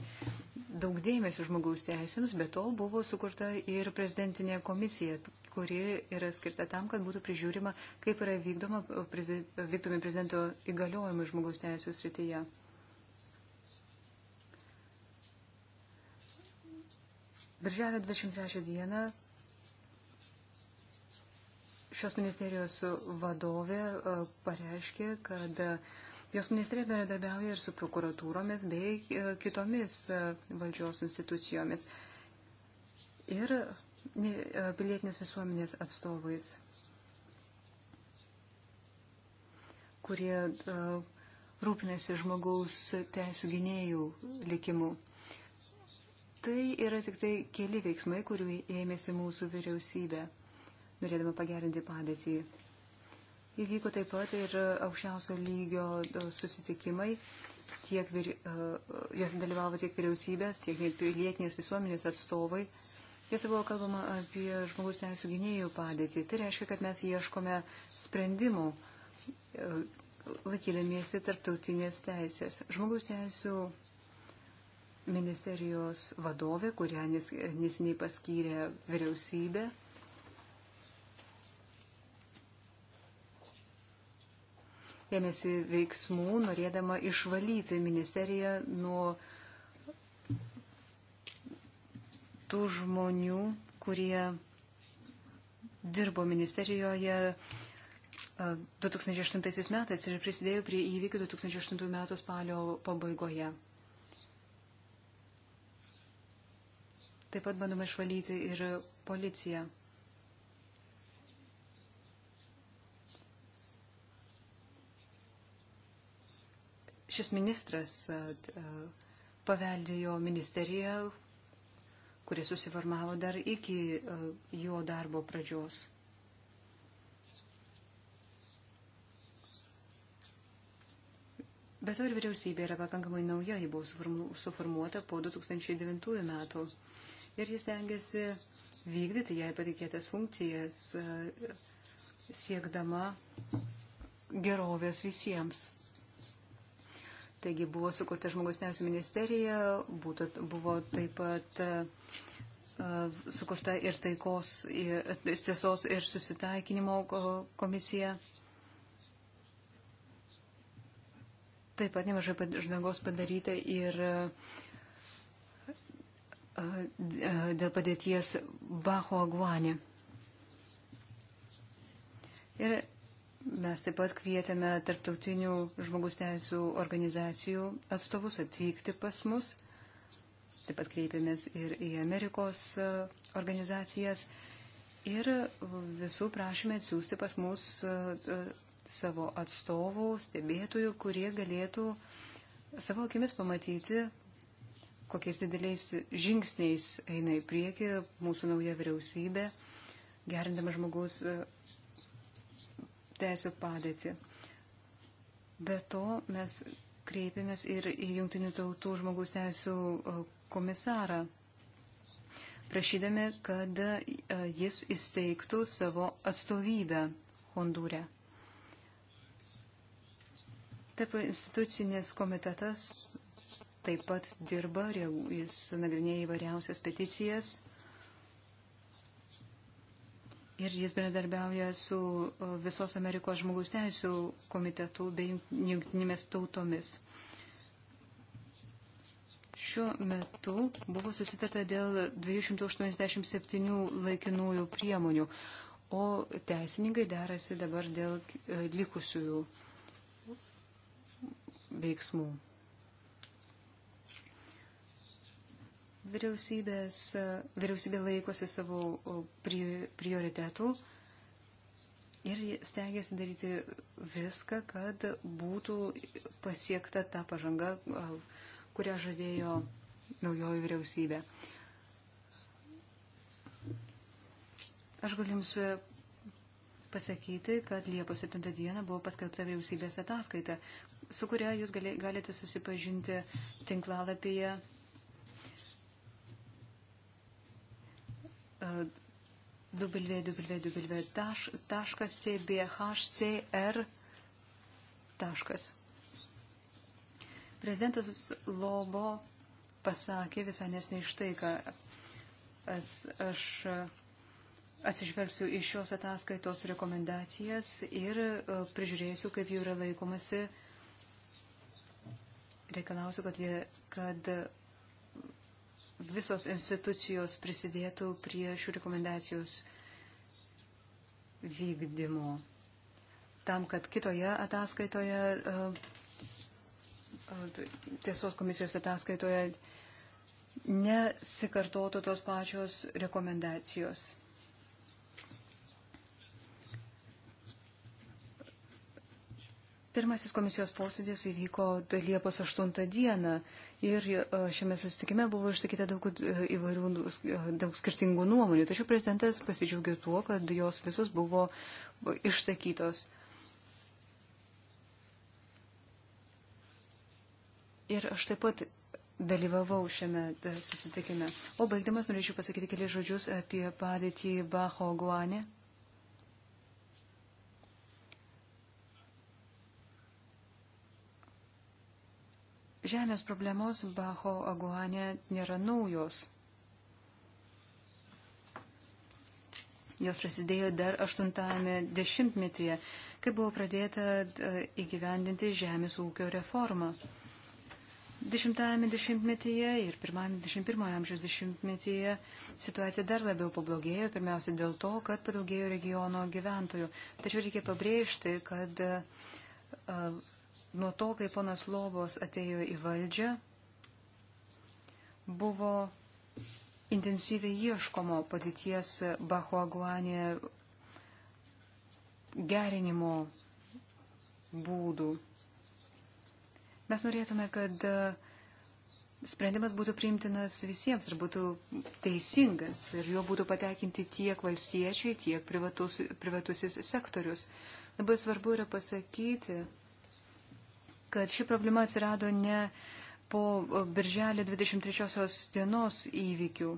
daug dėmesio žmogaus teisėms, bet to buvo sukurta ir prezidentinė komisija, kuri yra skirta tam, kad būtų prižiūrima, kaip yra vykdoma, vykdomi prezidento įgaliojimai žmogaus teisų srityje. Birželio 23 dieną šios ministerijos vadovė e, pareiškė, kad Jos ministrė bendradarbiauja ir su prokuratūromis bei e, kitomis e, valdžios institucijomis ir e, pilietinės visuomenės atstovais, kurie rūpinasi žmogaus teisų gynėjų likimu. Tai yra tik tai keli veiksmai, kurių ėmėsi mūsų vyriausybė, norėdama pagerinti padėtį Įvyko taip pat ir e, aukščiausio lygio e, susitikimai, tiek vir, e, jos dalyvavo tiek vyriausybės, tiek pilietinės visuomenės atstovai. Jose buvo kalbama apie žmogus teisų gynėjų padėtį. Tai reiškia, kad mes ieškome sprendimų laikydamiesi tarptautinės teisės. Žmogus teisų ministerijos vadovė, kurią nesiniai paskyrė vyriausybė, ėmėsi veiksmų, norėdama išvalyti ministeriją nuo tų žmonių, kurie dirbo ministerijoje 2008 metais ir prisidėjo prie įvykių 2008 metų spalio pabaigoje. Taip pat bandoma išvalyti ir policiją. šis ministras e, paveldėjo ministeriją, kuri susiformavo dar iki e, jo darbo pradžios. Bet to ir vyriausybė yra pakankamai nauja, ji buvo suformuota po 2009 metų. Ir jis tengiasi vykdyti jai patikėtas funkcijas, e, siekdama gerovės visiems. Taigi buvo sukurta žmogus teisų ministerija, būtų, buvo taip pat uh, sukurta ir taikos, ir, tiesos ir susitaikinimo komisija. Taip pat nemažai žmogaus padaryta ir uh, dėl padėties Bacho Aguani. Ir Mes taip pat kvietėme tarptautinių žmogus teisų organizacijų atstovus atvykti pas mus. Taip pat kreipėmės ir į Amerikos e, organizacijas. Ir visų prašymė atsiųsti pas mus e, e, savo atstovų, stebėtojų, kurie galėtų savo akimis pamatyti, kokiais dideliais žingsniais eina į priekį mūsų nauja vyriausybė, gerindama žmogus teisų padėtį. Be to, mes kreipėmės ir į Junktinių tautų žmogaus teisų e, komisarą, prašydami, kad e, jis įsteigtų savo atstovybę Hondūre. Taip, institucinis komitetas taip pat dirba, jis nagrinėja įvairiausias peticijas Ir jis bendradarbiauja su e, visos Amerikos žmogaus teisų komitetu bei jungtinėmis tautomis. Šiuo metu buvo susitarta dėl 287 laikinųjų priemonių, o teisininkai derasi dabar dėl e, likusiųjų veiksmų. vyriausybės, vyriausybė laikosi jako savo prioritetų ir stengiasi daryti viską, kad būtų pasiekta ta pažanga, kurią žadėjo naujoji vyriausybė. Aš galiu Jums pasakyti, kad Liepos 7 dieną buvo paskelbta vyriausybės ataskaita, su kuria Jūs galite susipažinti tinklalapyje www.tbhcr. Prezidentas Lobo pasakė visą nesnei štai, kad aš atsižvelgsiu iš šios ataskaitos rekomendacijas ir e, prižiūrėsiu, kaip jų yra laikomasi. Reikalausiu, kad, jie, kad visos institucijos prisidėtų prie šių rekomendacijos vykdymo. Tam, kad kitoje ataskaitoje, e, e, tiesos komisijos ataskaitoje nesikartotų tos pačios rekomendacijos. Pirmasis komisijos posėdis įvyko Liepos 8 dieną ir e, šiame susitikime buvo išsakyta daug e, įvairių, e, daug skirtingų nuomonių. Tačiau prezidentas pasidžiaugė tuo, kad jos visos buvo išsakytos. Ir aš taip pat dalyvavau šiame susitikime. O baigdamas norėčiau pasakyti keli žodžius apie padėtį Bacho Guane. Žemės problemos Bacho Aguane nėra naujos. Jos prasidėjo dar 80-ame dešimtmetyje, kai buvo pradėta e, įgyvendinti žemės ūkio reformą. 10-ame dešimtmetyje ir 21-ojo amžiaus dešimtmetyje situacija dar labiau pablogėjo, pirmiausia dėl to, kad padaugėjo regiono gyventojų. Tačiau reikia pabrėžti, kad e, nuo to, kai ponas Lobos atėjo į valdžią, buvo intensyviai ieškomo padėties Aguanė gerinimo būdų. Mes norėtume, kad sprendimas būtų priimtinas visiems ir būtų teisingas ir jo būtų patekinti tiek valstiečiai, tiek privatusis sektorius. Labai svarbu yra pasakyti, kad ši problema atsirado ne po e, birželio 23 dienos įvykių.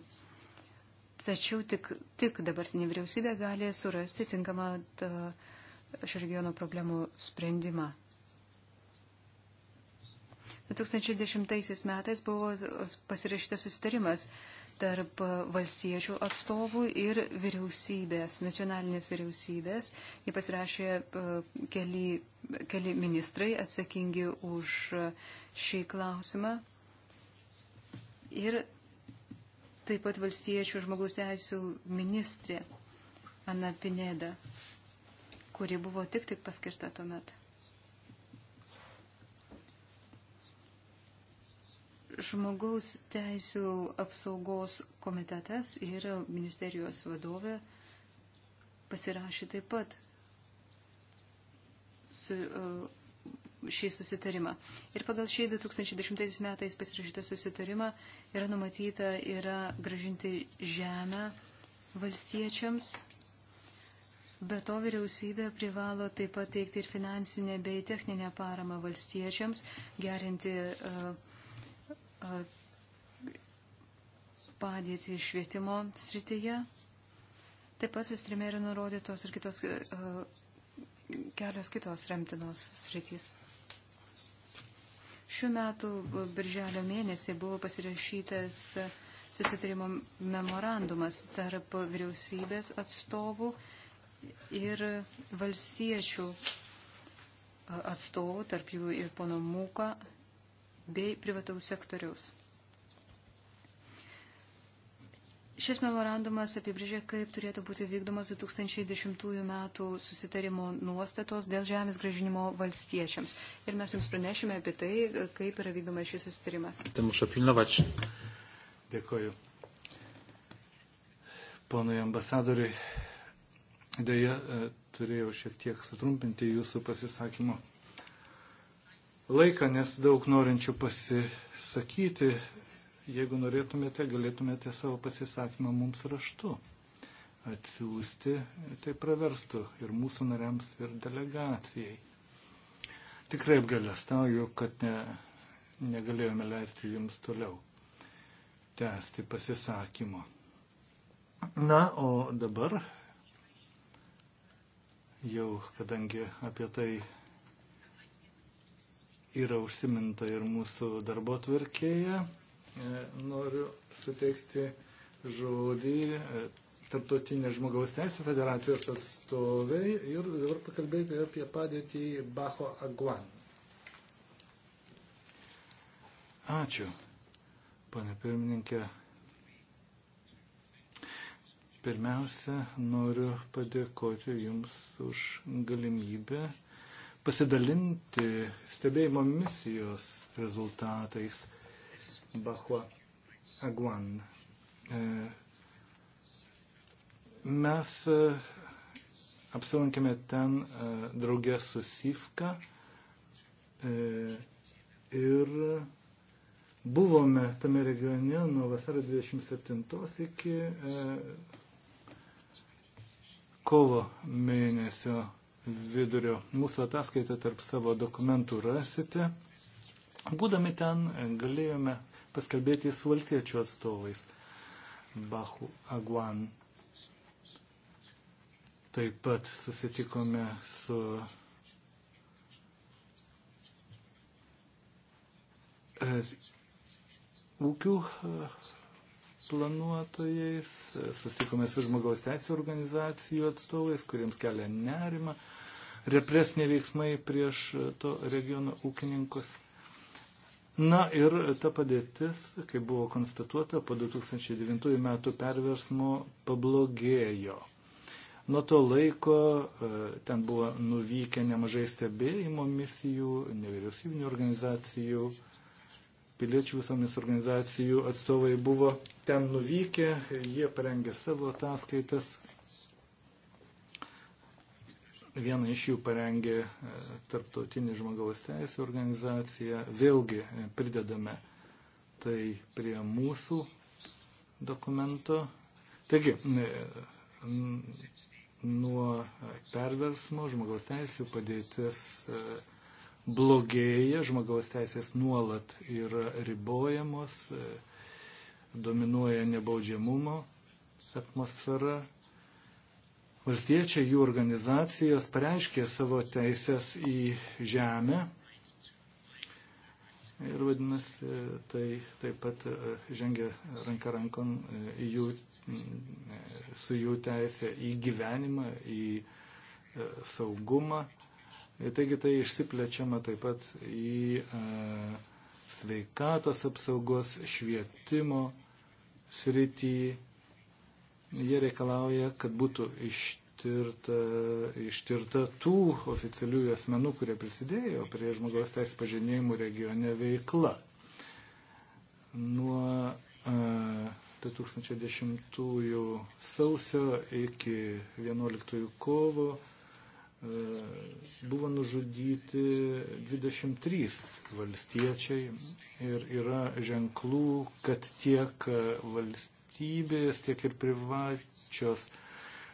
Tačiau tik, tik dabartinė vyriausybė gali surasti tinkamą e, šio regiono problemų sprendimą. 2010 metais buvo pasirašytas susitarimas tarp valstiečių atstovų ir vyriausybės, nacionalinės vyriausybės. Jį pasirašė e, keli, keli ministrai atsakingi už šį klausimą. Ir taip pat valstiečių žmogaus teisų ministrė Ana Pineda, kuri buvo tik tik paskirta tuo metu. Žmogaus teisų apsaugos komitetas ir ministerijos vadovė pasirašė taip pat su, uh, šį susitarimą. Ir pagal šį 2010 metais pasirašytą susitarimą yra numatyta yra gražinti žemę valstiečiams. Be to vyriausybė privalo taip pat teikti ir finansinę bei techninę paramą valstiečiams, gerinti uh, padėtį švietimo srityje. Taip pat vis trimė yra nurodytos ir kitos, e, kelios kitos remtinos sritys. Šiuo metu birželio mėnesį buvo pasirašytas susitarimo memorandumas tarp vyriausybės atstovų ir valstiečių atstovų, tarp jų ir pono Mūko bei privataus sektoriaus. Šis memorandumas apibrėžė, kaip turėtų būti vykdomas 2010 metų susitarimo nuostatos dėl žemės gražinimo valstiečiams. Ir mes jums pranešime apie tai, kaip yra vykdomas šis susitarimas. Dėkoju. Ponui ambasadoriui, dėja, turėjau šiek tiek sutrumpinti jūsų pasisakymą laiką, nes daug norinčių pasisakyti. Jeigu norėtumėte, galėtumėte savo pasisakymą mums raštu atsiųsti, tai praverstų ir mūsų nariams, ir delegacijai. Tikrai apgalėstauju, kad ne, negalėjome leisti jums toliau tęsti pasisakymo. Na, o dabar jau, kadangi apie tai yra užsiminta ir mūsų darbo tvarkėje. E, noriu suteikti žodį e, Tarptautinės žmogaus teisų federacijos atstovai ir dabar pakalbėti apie padėtį Bacho Aguan. Ačiū, pane pirmininkė. Pirmiausia, noriu padėkoti Jums už galimybę pasidalinti stebėjimo misijos rezultatais Bahua Aguan. E, mes e, apsilankėme ten e, draugė su Sifka ir buvome tame regione nuo vasaro 27 iki kovo mėnesio vidurio. Mūsų ataskaitą tarp savo dokumentų rasite. Būdami ten galėjome paskalbėti su valtiečių atstovais. Bahu Aguan. Taip pat susitikome su ūkių e, planuotojais, susitikome su žmogaus teisų organizacijų atstovais, kuriems kelia nerima represiniai veiksmai prieš e, to regiono ūkininkus. Na ir ta padėtis, kai buvo konstatuota po 2009 metų perversmo, pablogėjo. Nuo to laiko e, ten buvo nuvykę nemažai stebėjimo misijų, nevyriausybinių organizacijų, piliečių visomis organizacijų atstovai buvo ten nuvykę, jie parengė savo ataskaitas, viena iš jų parengė e, Tarptautinė žmogaus teisų organizacija. Vėlgi e, pridedame tai prie mūsų dokumento. Taigi, e, nuo perversmo žmogaus teisų padėtis blogėja, žmogaus teisės nuolat yra ribojamos, dominuoja nebaudžiamumo atmosfera, Valstiečiai jų organizacijos pareiškė savo teisės į žemę. Ir vadinasi, tai taip pat e, žengia ranka rankon e, jų, e, su jų teisė į gyvenimą, į saugumą. Taigi tai išsiplečiama taip pat į sveikatos apsaugos, švietimo srityje Jie reikalauja, kad būtų ištirta, ištirta tų oficialiųjų asmenų, kurie prisidėjo prie žmogaus teisų pažinėjimų regione veikla. Nuo e, uh, 2010 sausio iki 11 kovo e, buvo nužudyti 23 valstiečiai ir yra ženklų, kad tiek valst valstybės, tiek ir privačios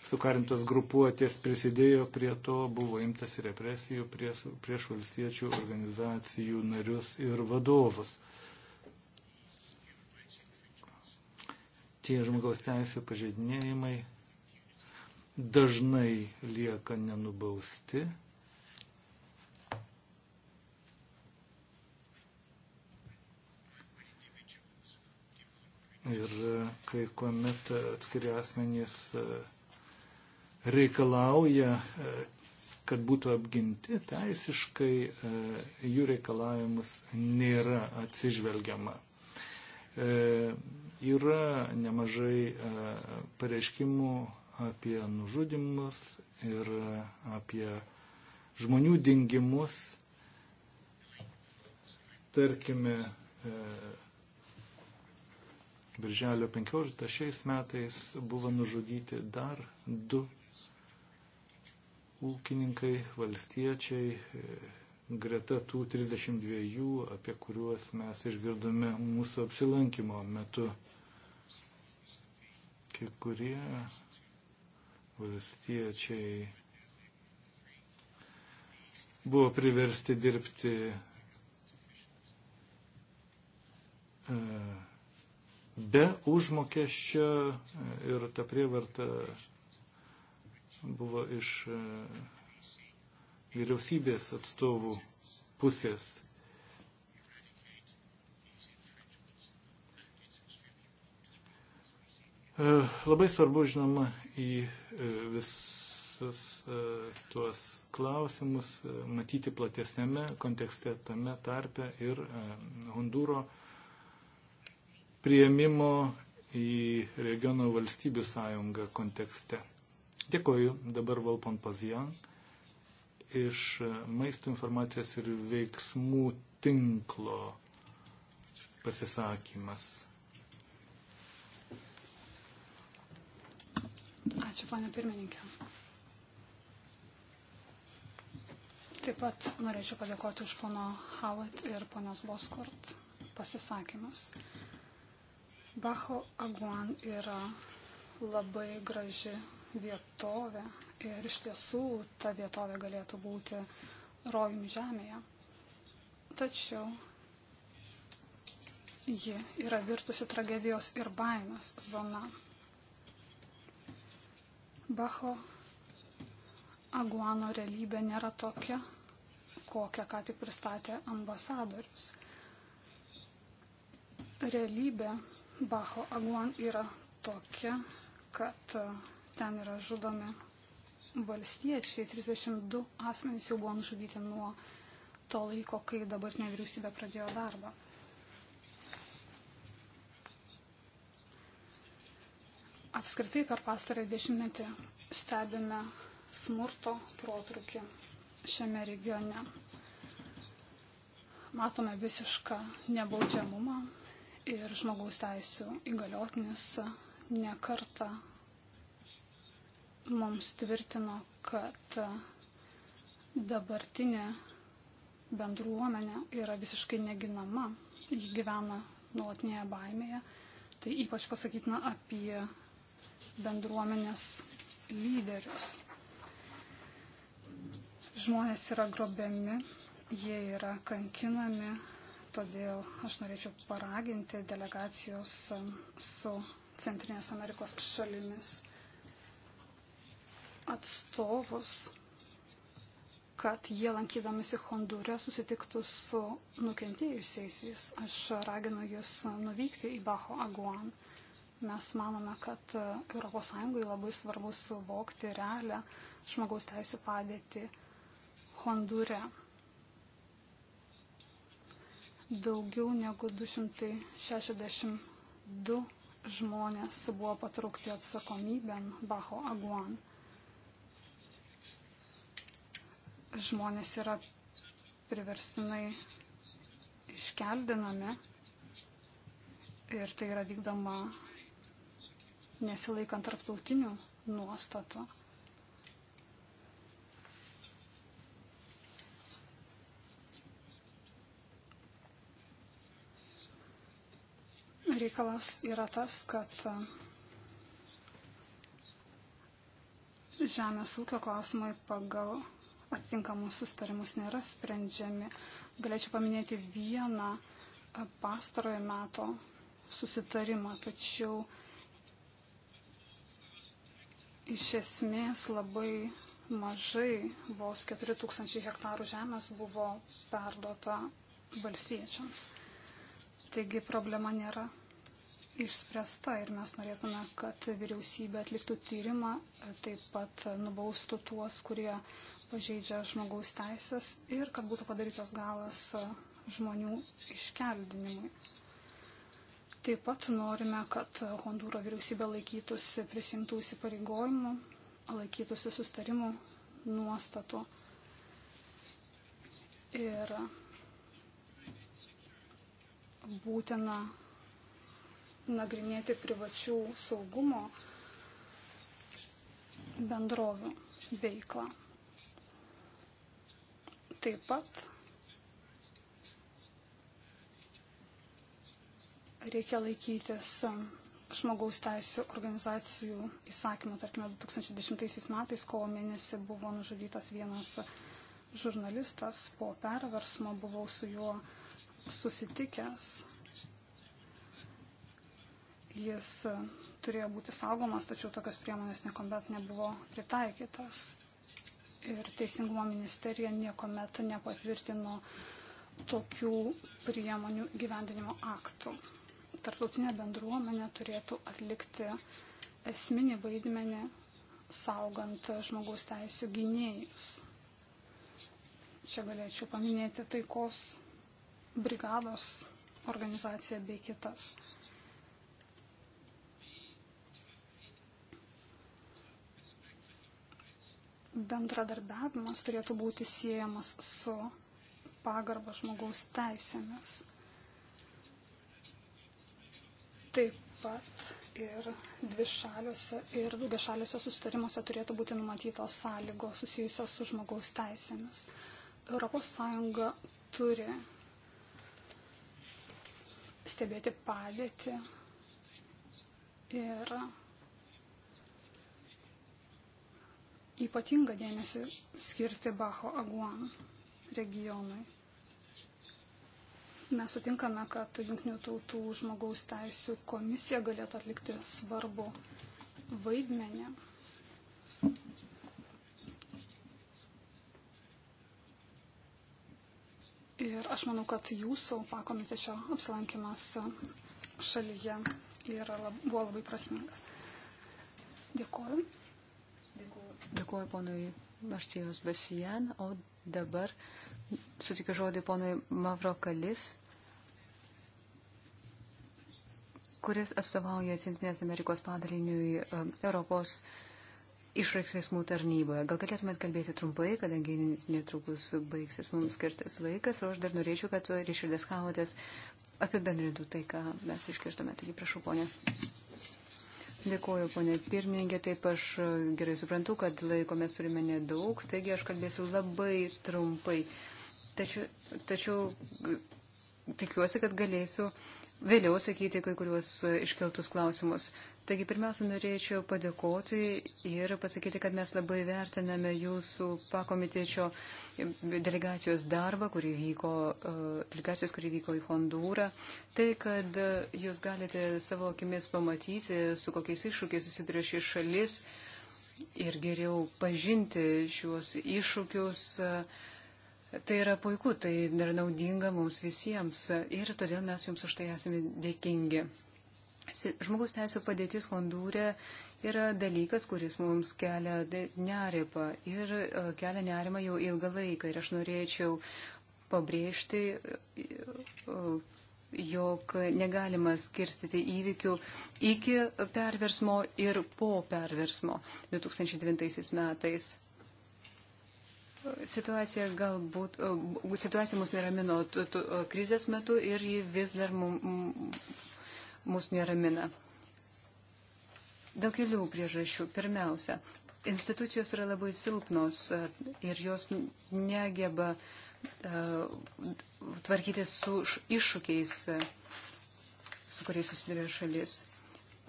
sukarintos grupuotės prisidėjo prie to, buvo imtas represijų prieš, prieš valstiečių organizacijų narius ir vadovus. Tie žmogaus teisų pažeidinėjimai dažnai lieka nenubausti Ir kai kuomet atskiri asmenys e, reikalauja, e, kad būtų apginti teisiškai, e, jų reikalavimus nėra atsižvelgiama. Yra nemažai pareiškimų apie nužudimus ir apie žmonių dingimus. Tarkime, Birželio 15 šiais metais buvo nužudyti dar du ūkininkai, valstiečiai, greta tų 32, apie kuriuos mes išgirdome mūsų apsilankimo metu. Kai kurie valstiečiai buvo priversti dirbti uh, be užmokesčio ir ta prievarta buvo iš e, vyriausybės atstovų pusės. E, labai svarbu, žinoma, į e, visus tuos klausimus matyti platesnėme kontekste, tame tarpe ir Hondūro prieimimo į regiono valstybių sąjungą kontekste. Dėkoju dabar Valpon Pazijan iš maisto informacijos ir veiksmų tinklo pasisakymas. Ačiū, ponė pirmininkė. Taip pat norėčiau padėkoti už pono Howard ir ponios Boskort pasisakymus. Bacho Aguan yra labai graži vietovė ir iš tiesų ta vietovė galėtų būti rojumi žemėje. Tačiau ji yra virtusi tragedijos ir baimės zona. Bacho Aguano realybė nėra tokia, kokią ką tik pristatė ambasadorius. Realybė Bacho Aguan yra tokia, kad e, ten yra žudomi valstiečiai. 32 asmenys jau buvo nužudyti nuo to laiko, kai dabar nevyriausybė pradėjo darbą. Apskritai per pastarąjį dešimtmetį stebime smurto protrukį šiame regione. Matome visišką nebaudžiamumą, ir žmogaus teisų įgaliotinis nekarta mums tvirtino, kad dabartinė bendruomenė yra visiškai neginama, ji gyvena nuolatinėje baimėje. Tai ypač pasakytina apie bendruomenės lyderius. Žmonės yra grobiami, jie yra kankinami, Todėl aš norėčiau paraginti delegacijos su Centrinės Amerikos šalimis atstovus, kad jie lankydamasi Hondūre susitiktų su nukentėjusiais. Aš raginu jūs nuvykti į Bacho Aguan. Mes manome, kad ES labai svarbu suvokti realią žmogaus teisų padėtį Hondūre. Daugiau negu 262 žmonės buvo patraukti atsakomybėm Bacho Aguan. Žmonės yra priverstinai iškeldinami ir tai yra vykdoma nesilaikant tarptautinių nuostatų. reikalas yra tas, kad žemės ūkio klausimai pagal atitinkamus sustarimus nėra sprendžiami. Galėčiau paminėti vieną pastarojo meto susitarimą, tačiau iš esmės labai mažai, vos 4000 hektarų žemės buvo perduota valstiečiams. Taigi problema nėra išspręsta ir mes norėtume, kad vyriausybė atliktų tyrimą, taip pat nubaustų tuos, kurie pažeidžia žmogaus teisės ir kad būtų padarytas galas žmonių iškeldinimui. Taip pat norime, kad Hondūro vyriausybė laikytųsi prisimtų įsipareigojimų, laikytųsi sustarimų nuostatų. Ir būtina nagrinėti privačių saugumo bendrovių veiklą. Taip pat reikia laikytis žmogaus teisų organizacijų įsakymų. Tarkime, 2010 metais kovo mėnesį buvo nužudytas vienas žurnalistas. Po perversmo buvau su juo susitikęs Jis e, turėjo būti saugomas, tačiau tokios priemonės niekuomet nebuvo pritaikytas. Ir Teisingumo ministerija niekuomet nepatvirtino tokių priemonių gyvendinimo aktų. Tartautinė bendruomenė turėtų atlikti esminį vaidmenį saugant žmogaus teisų gynėjus. Čia galėčiau paminėti taikos brigados organizaciją bei kitas. bendradarbiavimas turėtų būti siejamas su pagarba žmogaus teisėmis. Taip pat ir dvišaliuose ir daugiašaliuose sustarimuose turėtų būti numatytos sąlygos susijusios su žmogaus teisėmis. ES turi stebėti padėtį ir ypatingą dėmesį skirti Bacho Aguan regionui. Mes sutinkame, kad Junktinių tautų žmogaus teisų komisija galėtų atlikti svarbu vaidmenį. Ir aš manau, kad jūsų pakomitečio apsilankimas šalyje yra, buvo labai prasmingas. Dėkuoju. Dėkuoju ponui Marcijos Besijan, o dabar sutikiu žodį ponui Mavro Kalis, kuris atstovauja Centrinės Amerikos padaliniui um, Europos išraiks veiksmų tarnyboje. Gal galėtumėt kalbėti trumpai, kadangi netrukus baigsis mums skirtas laikas, o aš dar norėčiau, kad Rišardas Kavotės apibendrintų tai, ką mes iškirtume. Taigi prašau, ponė. Dėkuoju, ponė pirmininkė, taip aš e, gerai suprantu, kad laiko mes turime nedaug, taigi aš kalbėsiu labai trumpai. Tačiau, tačiau tikiuosi, kad galėsiu vėliau sakyti kai kuriuos iškeltus klausimus. Taigi pirmiausia, norėčiau padėkoti ir pasakyti, kad mes labai vertiname jūsų pakomitečio delegacijos darbą, kuri vyko, e, delegacijos, kuri vyko į Hondūrą. Tai, kad jūs galite savo akimis pamatyti, su kokiais iššūkiais susiduria šis šalis ir geriau pažinti šiuos iššūkius. Uh, Tai yra puiku, tai yra naudinga mums visiems ir todėl mes jums už tai esame dėkingi. Žmogus teisų padėtis Hondūrė yra dalykas, kuris mums kelia nerimą ir e, kelia nerimą jau ilgą laiką. Ir aš norėčiau pabrėžti, e, e, jog negalima skirstyti įvykių iki perversmo ir po perversmo 2009 metais situacija galbūt, e, situacija mus neramino e, krizės metu ir ji vis dar mus neramina. Dėl kelių priežasčių. Pirmiausia, institucijos yra labai silpnos e, ir jos negeba tvarkyti su iššūkiais, su kuriais susiduria šalis.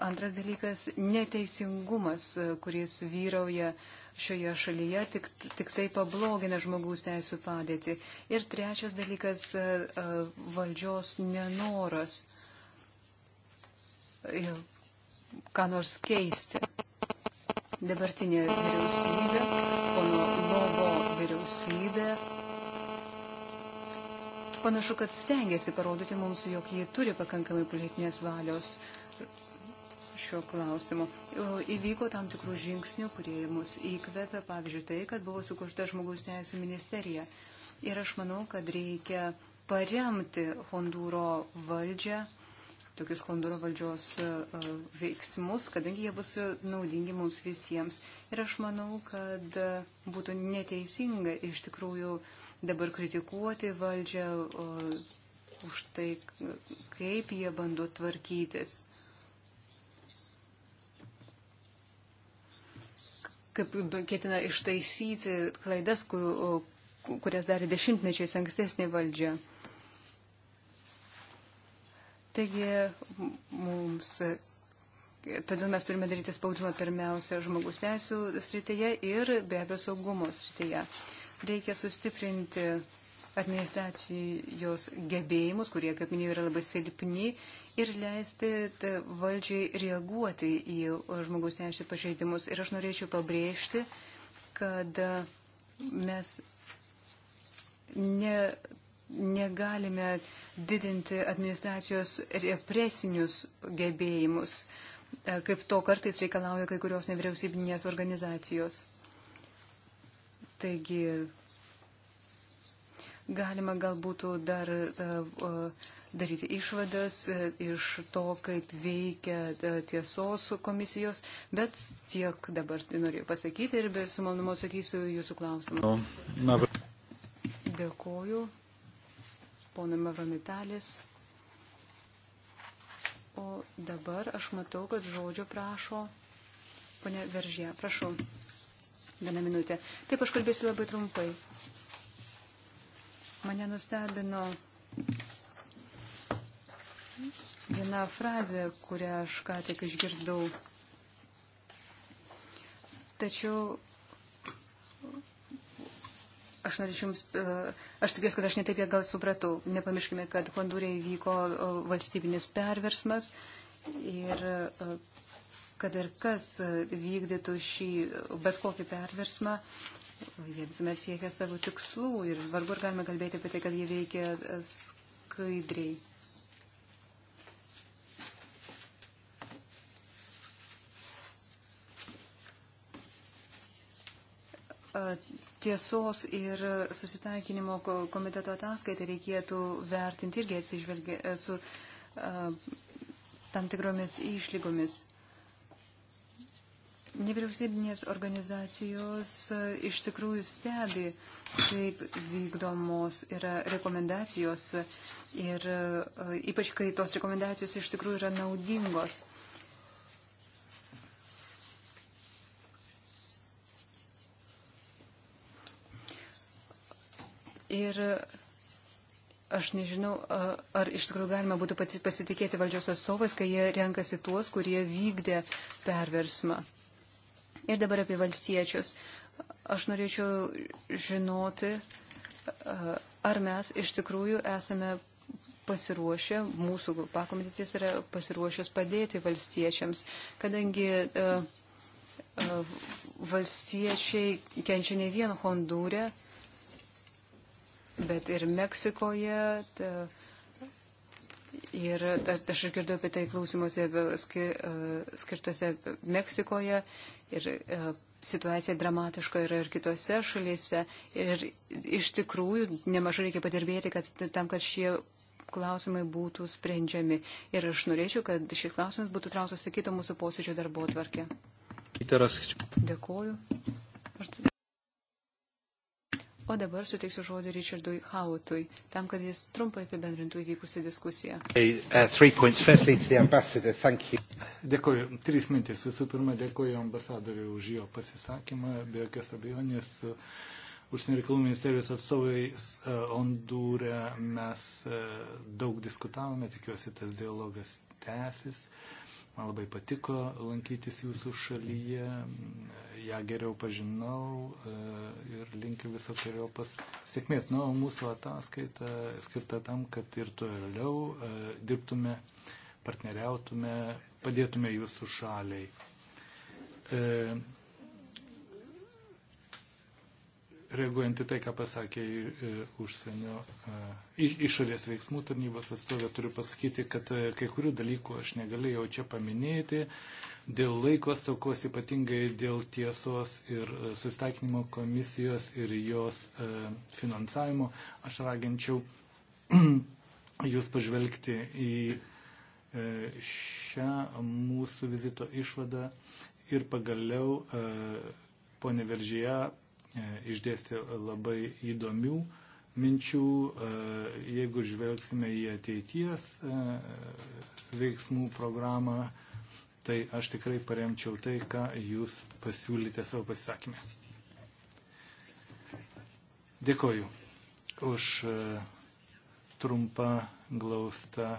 Antras dalykas neteisingumas, kuris vyrauja šioje šalyje, tik, tik tai pablogina žmogaus teisų padėtį. Ir trečias dalykas valdžios nenoras e, ką nors keisti. Dabartinė vyriausybė, pono Lobo vyriausybė panašu, kad stengiasi parodyti mums, jog jie turi pakankamai politinės valios šio klausimu. Įvyko tam tikrų žingsnių, kurie mus įkvepia, pavyzdžiui, tai, kad buvo sukurta žmogaus teisų ministerija. Ir aš manau, kad reikia paremti Honduro valdžią, tokius Honduro valdžios e, veiksmus, kadangi jie bus naudingi mums visiems. Ir aš manau, kad būtų neteisinga iš tikrųjų dabar kritikuoti valdžią už tai, kaip jie bando tvarkytis. kaip ketina ištaisyti klaidas, kur, kurias darė dešimtmečiais ankstesnė valdžia. Taigi mums, todėl mes turime daryti spaudimą pirmiausia žmogus teisų srityje ir be abejo saugumo srityje. Reikia sustiprinti administracijos gebėjimus, kurie, kaip minėjau, yra labai silpni, ir leisti valdžiai reaguoti į žmogus teisų pažeidimus. Ir aš norėčiau pabrėžti, kad mes ne, negalime didinti administracijos represinius gebėjimus, e, kaip to kartais reikalauja kai kurios nevyriausybinės organizacijos. Taigi Galima gal būtų dar e, e, daryti išvadas e, iš to, kaip veikia tiesos komisijos, bet tiek dabar noriu pasakyti ir be su malonumu atsakysiu jūsų klausimą. Dėkuoju. No, Dėkoju, ponai Mavromitalis. O dabar aš matau, kad žodžio prašo. Pone Veržė, prašau. Vieną minutę. Taip, aš kalbėsiu labai trumpai. Mane nustebino viena frazė, kurią aš ką tik išgirdau. Tačiau Aš norėčiau Jums, e, aš tikiuosi, kad aš netaip ją gal supratau. Nepamirškime, kad Hondūrė įvyko e, valstybinis perversmas ir e, kad ir kas vykdytų šį bet kokį perversmą, jie visuomet siekia savo tikslų ir vargu ar galime kalbėti apie tai, kad jie veikia e, skaidriai. E, tiesos ir susitaikinimo komiteto ataskaitą reikėtų vertinti irgi atsižvelgia su e, tam tikromis išlygomis. Nevyriausybinės organizacijos iš tikrųjų stebi, kaip vykdomos yra rekomendacijos ir e, ypač kai tos rekomendacijos iš tikrųjų yra naudingos. Ir Aš nežinau, ar iš tikrųjų galima būtų pasitikėti valdžios atstovais, kai jie renkasi tuos, kurie vykdė perversmą. Ir dabar apie valstiečius. Aš norėčiau žinoti, ar mes iš tikrųjų esame pasiruošę, mūsų pakomitėtis yra pasiruošęs padėti valstiečiams, kadangi valstiečiai kenčia ne vien Hondūrę, bet ir Meksikoje, ta, Ir aš girdėjau apie tai klausimuose e, skirtose Meksikoje. Ir e, situacija dramatiška yra ir kitose šalyse. Ir iš tikrųjų nemažai reikia padirbėti, kad tam, kad šie klausimai būtų sprendžiami. Ir aš norėčiau, kad šis klausimas būtų trausas sakyto mūsų posėdžio darbo atvarkė. Dėkuoju. Aš O dabar suteiksiu žodį Richardui Hautui, tam, kad jis trumpai apibendrintų įvykusią diskusiją. Dėkuoju. Trys mintys. Visų pirma, dėkuoju ambasadoriui už jo pasisakymą. Be jokios abejonės, užsienio reikalų ministerijos atstovai Ondūrė mes daug diskutavome, tikiuosi tas dialogas tęsis. Man labai patiko lankytis jūsų šalyje, ją geriau pažinau e, ir linkiu visokiojo pas sėkmės. Na, o mūsų ataskaita skirta tam, kad ir toliau e, dirbtume, partneriautume, padėtume jūsų šaliai. E, reaguojant į tai, ką pasakė e, užsienio e, išorės veiksmų tarnybos atstovė, turiu pasakyti, kad e, kai kurių dalykų aš negalėjau čia paminėti. Dėl laiko stokos ypatingai dėl tiesos ir sustaikinimo komisijos ir jos finansavimo aš raginčiau jūs pažvelgti į šią mūsų vizito išvadą ir pagaliau ponė Veržyje E, išdėstė labai įdomių minčių. E, jeigu žvelgsime į ateities e, veiksmų programą, tai aš tikrai paremčiau tai, ką jūs pasiūlyte savo pasisakymę. Dėkoju už trumpą glaustą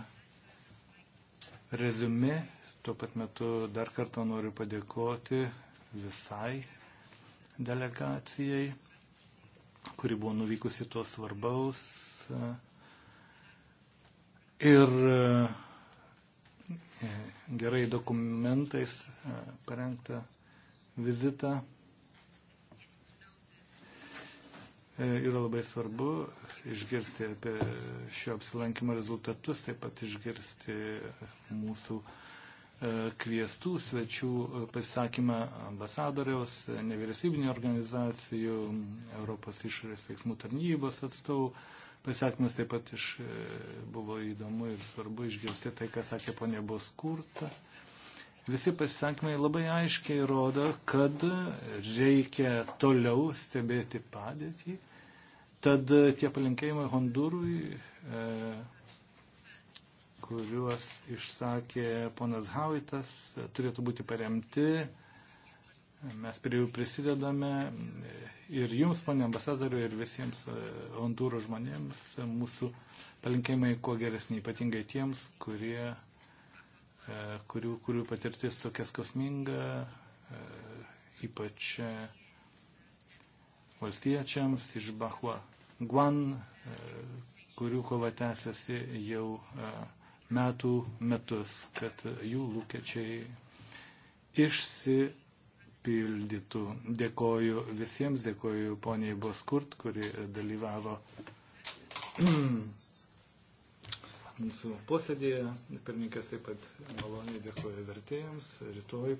rezumė. Tuo pat metu dar kartą noriu padėkoti visai delegacijai, kuri buvo nuvykusi tuo svarbaus. Ir e, gerai dokumentais e, parengta vizita. E, yra labai svarbu išgirsti apie šio apsilankimo rezultatus, taip pat išgirsti mūsų uh, kviestų svečių pasisakymą ambasadoriaus, nevyriausybinio organizacijų, Europos išorės veiksmų tarnybos atstovų. Pasakymas taip pat iš, e, buvo įdomu ir svarbu išgirsti tai, ką sakė ponė Boskurta. Visi pasisakymai labai aiškiai rodo, kad reikia toliau stebėti padėtį. Tad tie palinkėjimai Hondūrui e, kuriuos išsakė ponas Hauitas, turėtų būti paremti. Mes prie jų prisidedame ir jums, ponė ambasadoriu, ir visiems e, Hondūro žmonėms mūsų palinkėjimai kuo geresni, ypatingai tiems, kurie, e, kurių, kurių patirtis tokia skausminga, e, ypač valstiečiams iš Bahua Guan, kurių kova tęsiasi jau metų metus, kad jų lūkesčiai išsipildytų. Dėkoju visiems, dėkoju poniai Boskurt, kuri dalyvavo mūsų posėdėje. Pirmininkas taip pat maloniai dėkoju vertėjams. Rytoj.